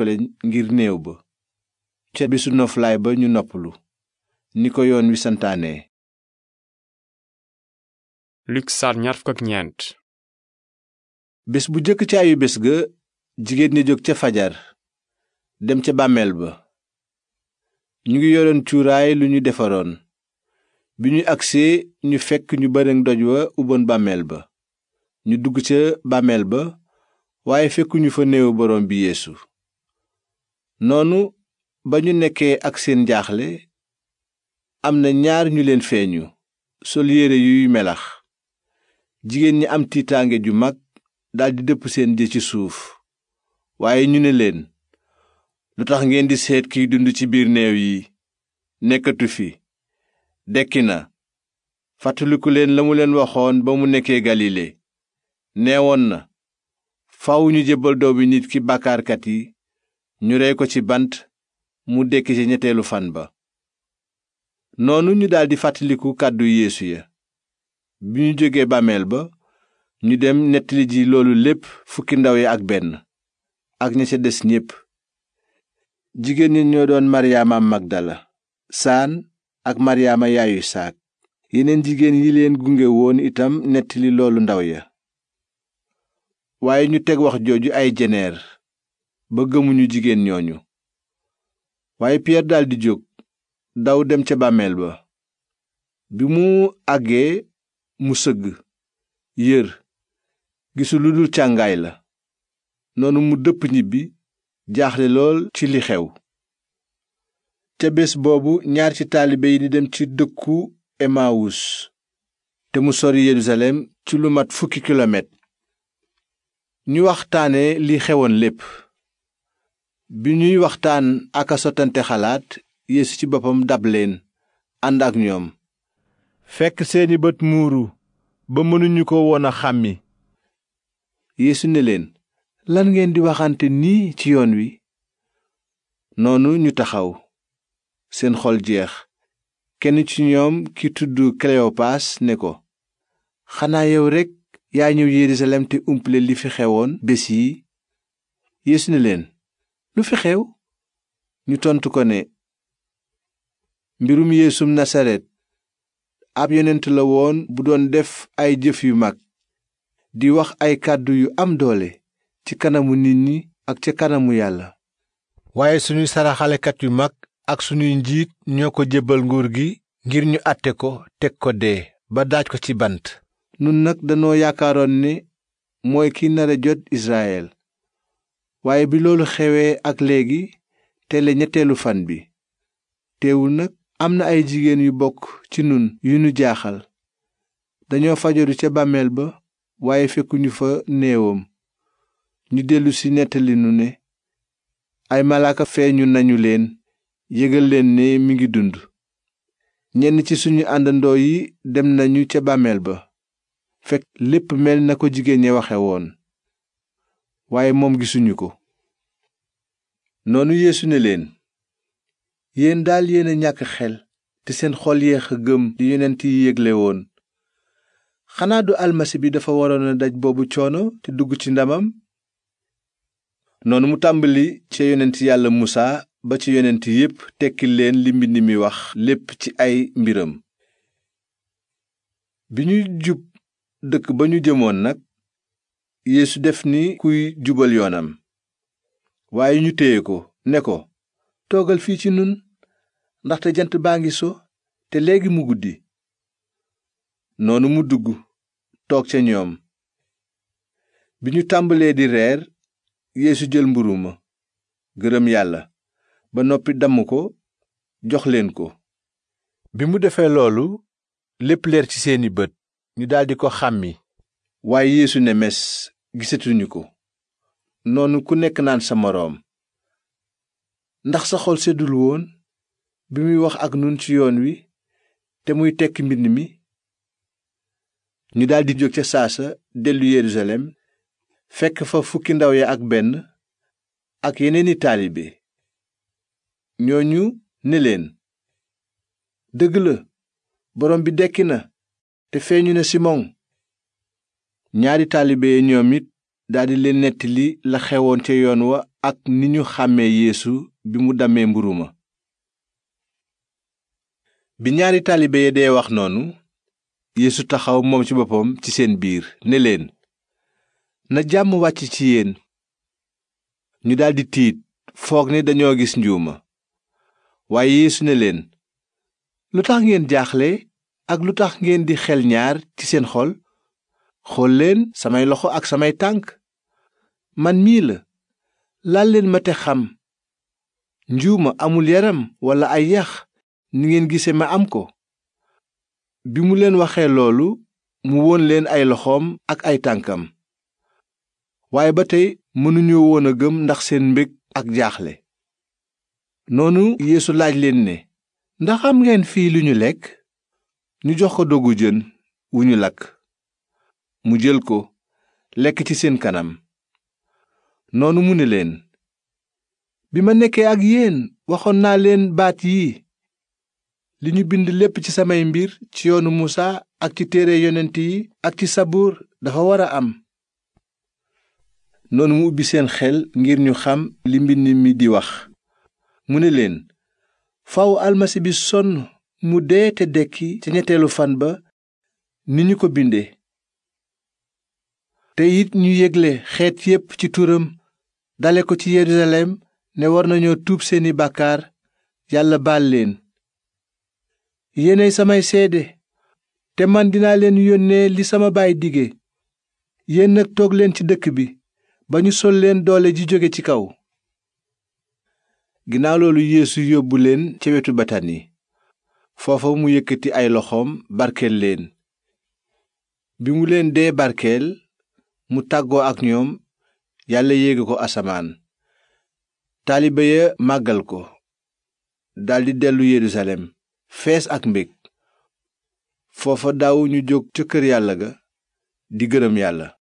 ngir néew ba ca bisu noflaay ba ñu noppalu ni ko yoon wi santaane Luk bés bu jëkk ca ayu bés ga jigéen ñi jóg ca fajar dem ca bàmmeel ba ñu ngi yoroon cuuraay lu ñu defaroon bi ñu agsee ñu fekk ñu bëreŋ doj wa uboon bàmmeel ba ñu dugg ca bàmmeel ba waaye fekkuñu fa néewu borom bi yeesu noonu ba ñu nekkee ak seen jaaxle am na ñaar ñu leen feeñu sol yére yuy melax jigéen ñi am tiitaange ju mag daldi dëpp seen jë ci suuf waaye ñu ne leen lu tax ngeen di seet kiy dund ci biir néew yi nekkatu fi dekki na fàttaliku leen la mu leen waxoon ba mu nekkee galile woon na faw ñu jébbal doomi nit ki bàkkaarkat yi ñu rey ko ci bant mu dekki ci ñetteelu fan ba noonu ñu daldi fàttaliku kàddu yeesu ya bi ñu jógee bàmmeel ba ñu dem nettali ji loolu lépp fukki ndaw yi ak benn ak ña ca des ñépp jigéen ñi ñoo doon maryaama magdala saan ak maryaama yaayu saak yeneen jigéen yi leen gunge woon itam nettali loolu ndaw ya waaye ñu teg wax jooju ay jeneer ba gëmuñu jigéen ñooñu waaye piyeer daldi jóg daw dem ca bàmmeel ba bi mu àggee mu sëgg yër gisu lu dul càngaay la noonu mu dëpp ñibbi jaaxle lool ci li xew ca bés boobu ñaar ci taalibe yi di dem ci dëkku emawus te mu sori yerusalem ci lu mat fukki kilomètre ñu waxtaane li xewoon lépp bi ñuy waxtaan ak a sottante xalaat yeesu ci boppam dab leen ànd ak ñoom fekk seeni bët muuru ba mënuñu ko woon a xàmmi yeesu ne leen lan ngeen di waxante nii ci yoon wi noonu ñu taxaw seen xol jeex kenn ci ñoom ki tudd kleopaas né ko xanaa yow rekk yaa ñëw yerusalem te umple li fi xewoon bés yi yeesu ne leen lu fi xew ñu tontu ko ne mbirum yeesum nasaret ab yonent la woon bu doon def ay jëf yu mag di wax ay kàddu yu am doole ci kanamu nit ñi ak ci kanamu yàlla waaye sunuy saraxalekat yu mag ak sunuy njiit ñoo ko jébbal nguur gi ngir ñu àtte ko teg ko dee ba daaj ko ci bant nun nag danoo yaakaaroon ne mooy ki nara jot Israyel waaye bi loolu xewee ak léegi tele ñetteelu fan bi teewul nag am na ay jigéen yu bokk ci nun yu nu jaaxal dañoo fajaru ca bàmmeel ba waaye fekkuñu fa néewam ñu dellusi nettalinu ne ay malaaka feeñu nañu leen yëgal leen ne mi ngi dund ñenn ci suñu àndandoo yi dem nañu ca bàmmeel ba fekk lépp mel na ko jigéen ñi waxe woon waaye moom gisuñu ko noonu yeesu ne leen yéen daal yéen a ñàkk xel te seen xool yeex a gëm li yonent yi yégle woon xanaa du almasi bi dafa waroon a daj boobu coono te dugg ci ndamam noonu mu tàmbali ca yonent yàlla musaa ba ci yonent yépp tekki leen li mbind mi wax lépp ci ay mbiram bi ñuy jub dëkk ba ñu jëmoon nag yéesu def ni kuy jubal yoonam waaye ñu téye ko ne ko toogal fii ci nun ndaxte jant baa ngi so te léegi mu guddi noonu mu dugg toog ca ñoom bi ñu tàmbalee di reer yéesu jël mburu ma gërëm yàlla ba noppi damm ko jox leen ko bi mu defee loolu lépp leer ci seeni bët ñu daldi ko xàmmi waaye yéesu ne mes gisatuñu ko noonu ku nekk naan sa moroom ndax sa xol seddul woon bi muy wax ak nun ci yoon wi te muy tekki mbind mi ñu daldi jóg ca saasa dellu yerusalem fekk fa fukki ndaw ya ak benn ak yeneeni taalibe ñooñu ne leen dëgg la borom bi dekki na te feeñu na Simon ñaari taalibe ya ñoom it daldi leen nettali la xewoon ca yoon wa ak ni ñu xàmmee Yeesu bi mu dammee mburu ma bi ñaari taalibe ya wax noonu Yeesu taxaw moom ci boppam ci seen biir ne leen na jàmm wàcc ci yéen ñu daldi tiit foog ne dañoo gis njuuma waaye yeesu ne leen lu tax ngeen jaaxle ak lu tax ngeen di xel ñaar ci seen xol xool leen samay loxo ak samay tànk man mii la laal leen ma te xam njuuma amul yaram walla ay yax ñu ngeen gise ma am ko bi mu leen waxee loolu mu won leen ay loxoom ak ay tànkam waaye ba tey mënuñu woon a gëm ndax seen mbég ak jaaxle noonu yéesu laaj leen ne ndaxam ngeen fii lu ñu lekk ñu jox ko dogu jën wu ñu lakk mu jël ko lekk ci seen kanam noonu mu ne leen bi ma nekkee ak yeen waxoon naa leen baat yi li ñu bind lépp ci samay mbir ci yoonu Musaa ak ci téere yonent yi ak ci sabuur dafa war a am noonu mu ubbi seen xel ngir ñu xam li mbind mi di wax mu ne leen faaw almasi bi sonn mu dee te dekki ca ñetteelu fan ba ni ñu ko bindee te it ñu yégle xeet yépp ci turam dale ko ci yerusalem ne war nañoo tuub seeni bàkkaar yàlla baal leen yéenay samay seede te man dinaa leen yónnee li sama baay dige yéen nag toog leen ci dëkk bi ba ñu sol leen doole ji jóge ci kaw ginnaaw loolu yeesu yóbbu leen ca wetu betani foofa mu yëkkati ay loxoom barkeel leen bi mu leen dee barkeel mu tàggoo ak ñoom yàlla yéege ko asamaan taalibe ya màggal ko daldi dellu yerusalem fees ak mbég foofa daawu ñu jóg ca kër yàlla ga di gërëm yàlla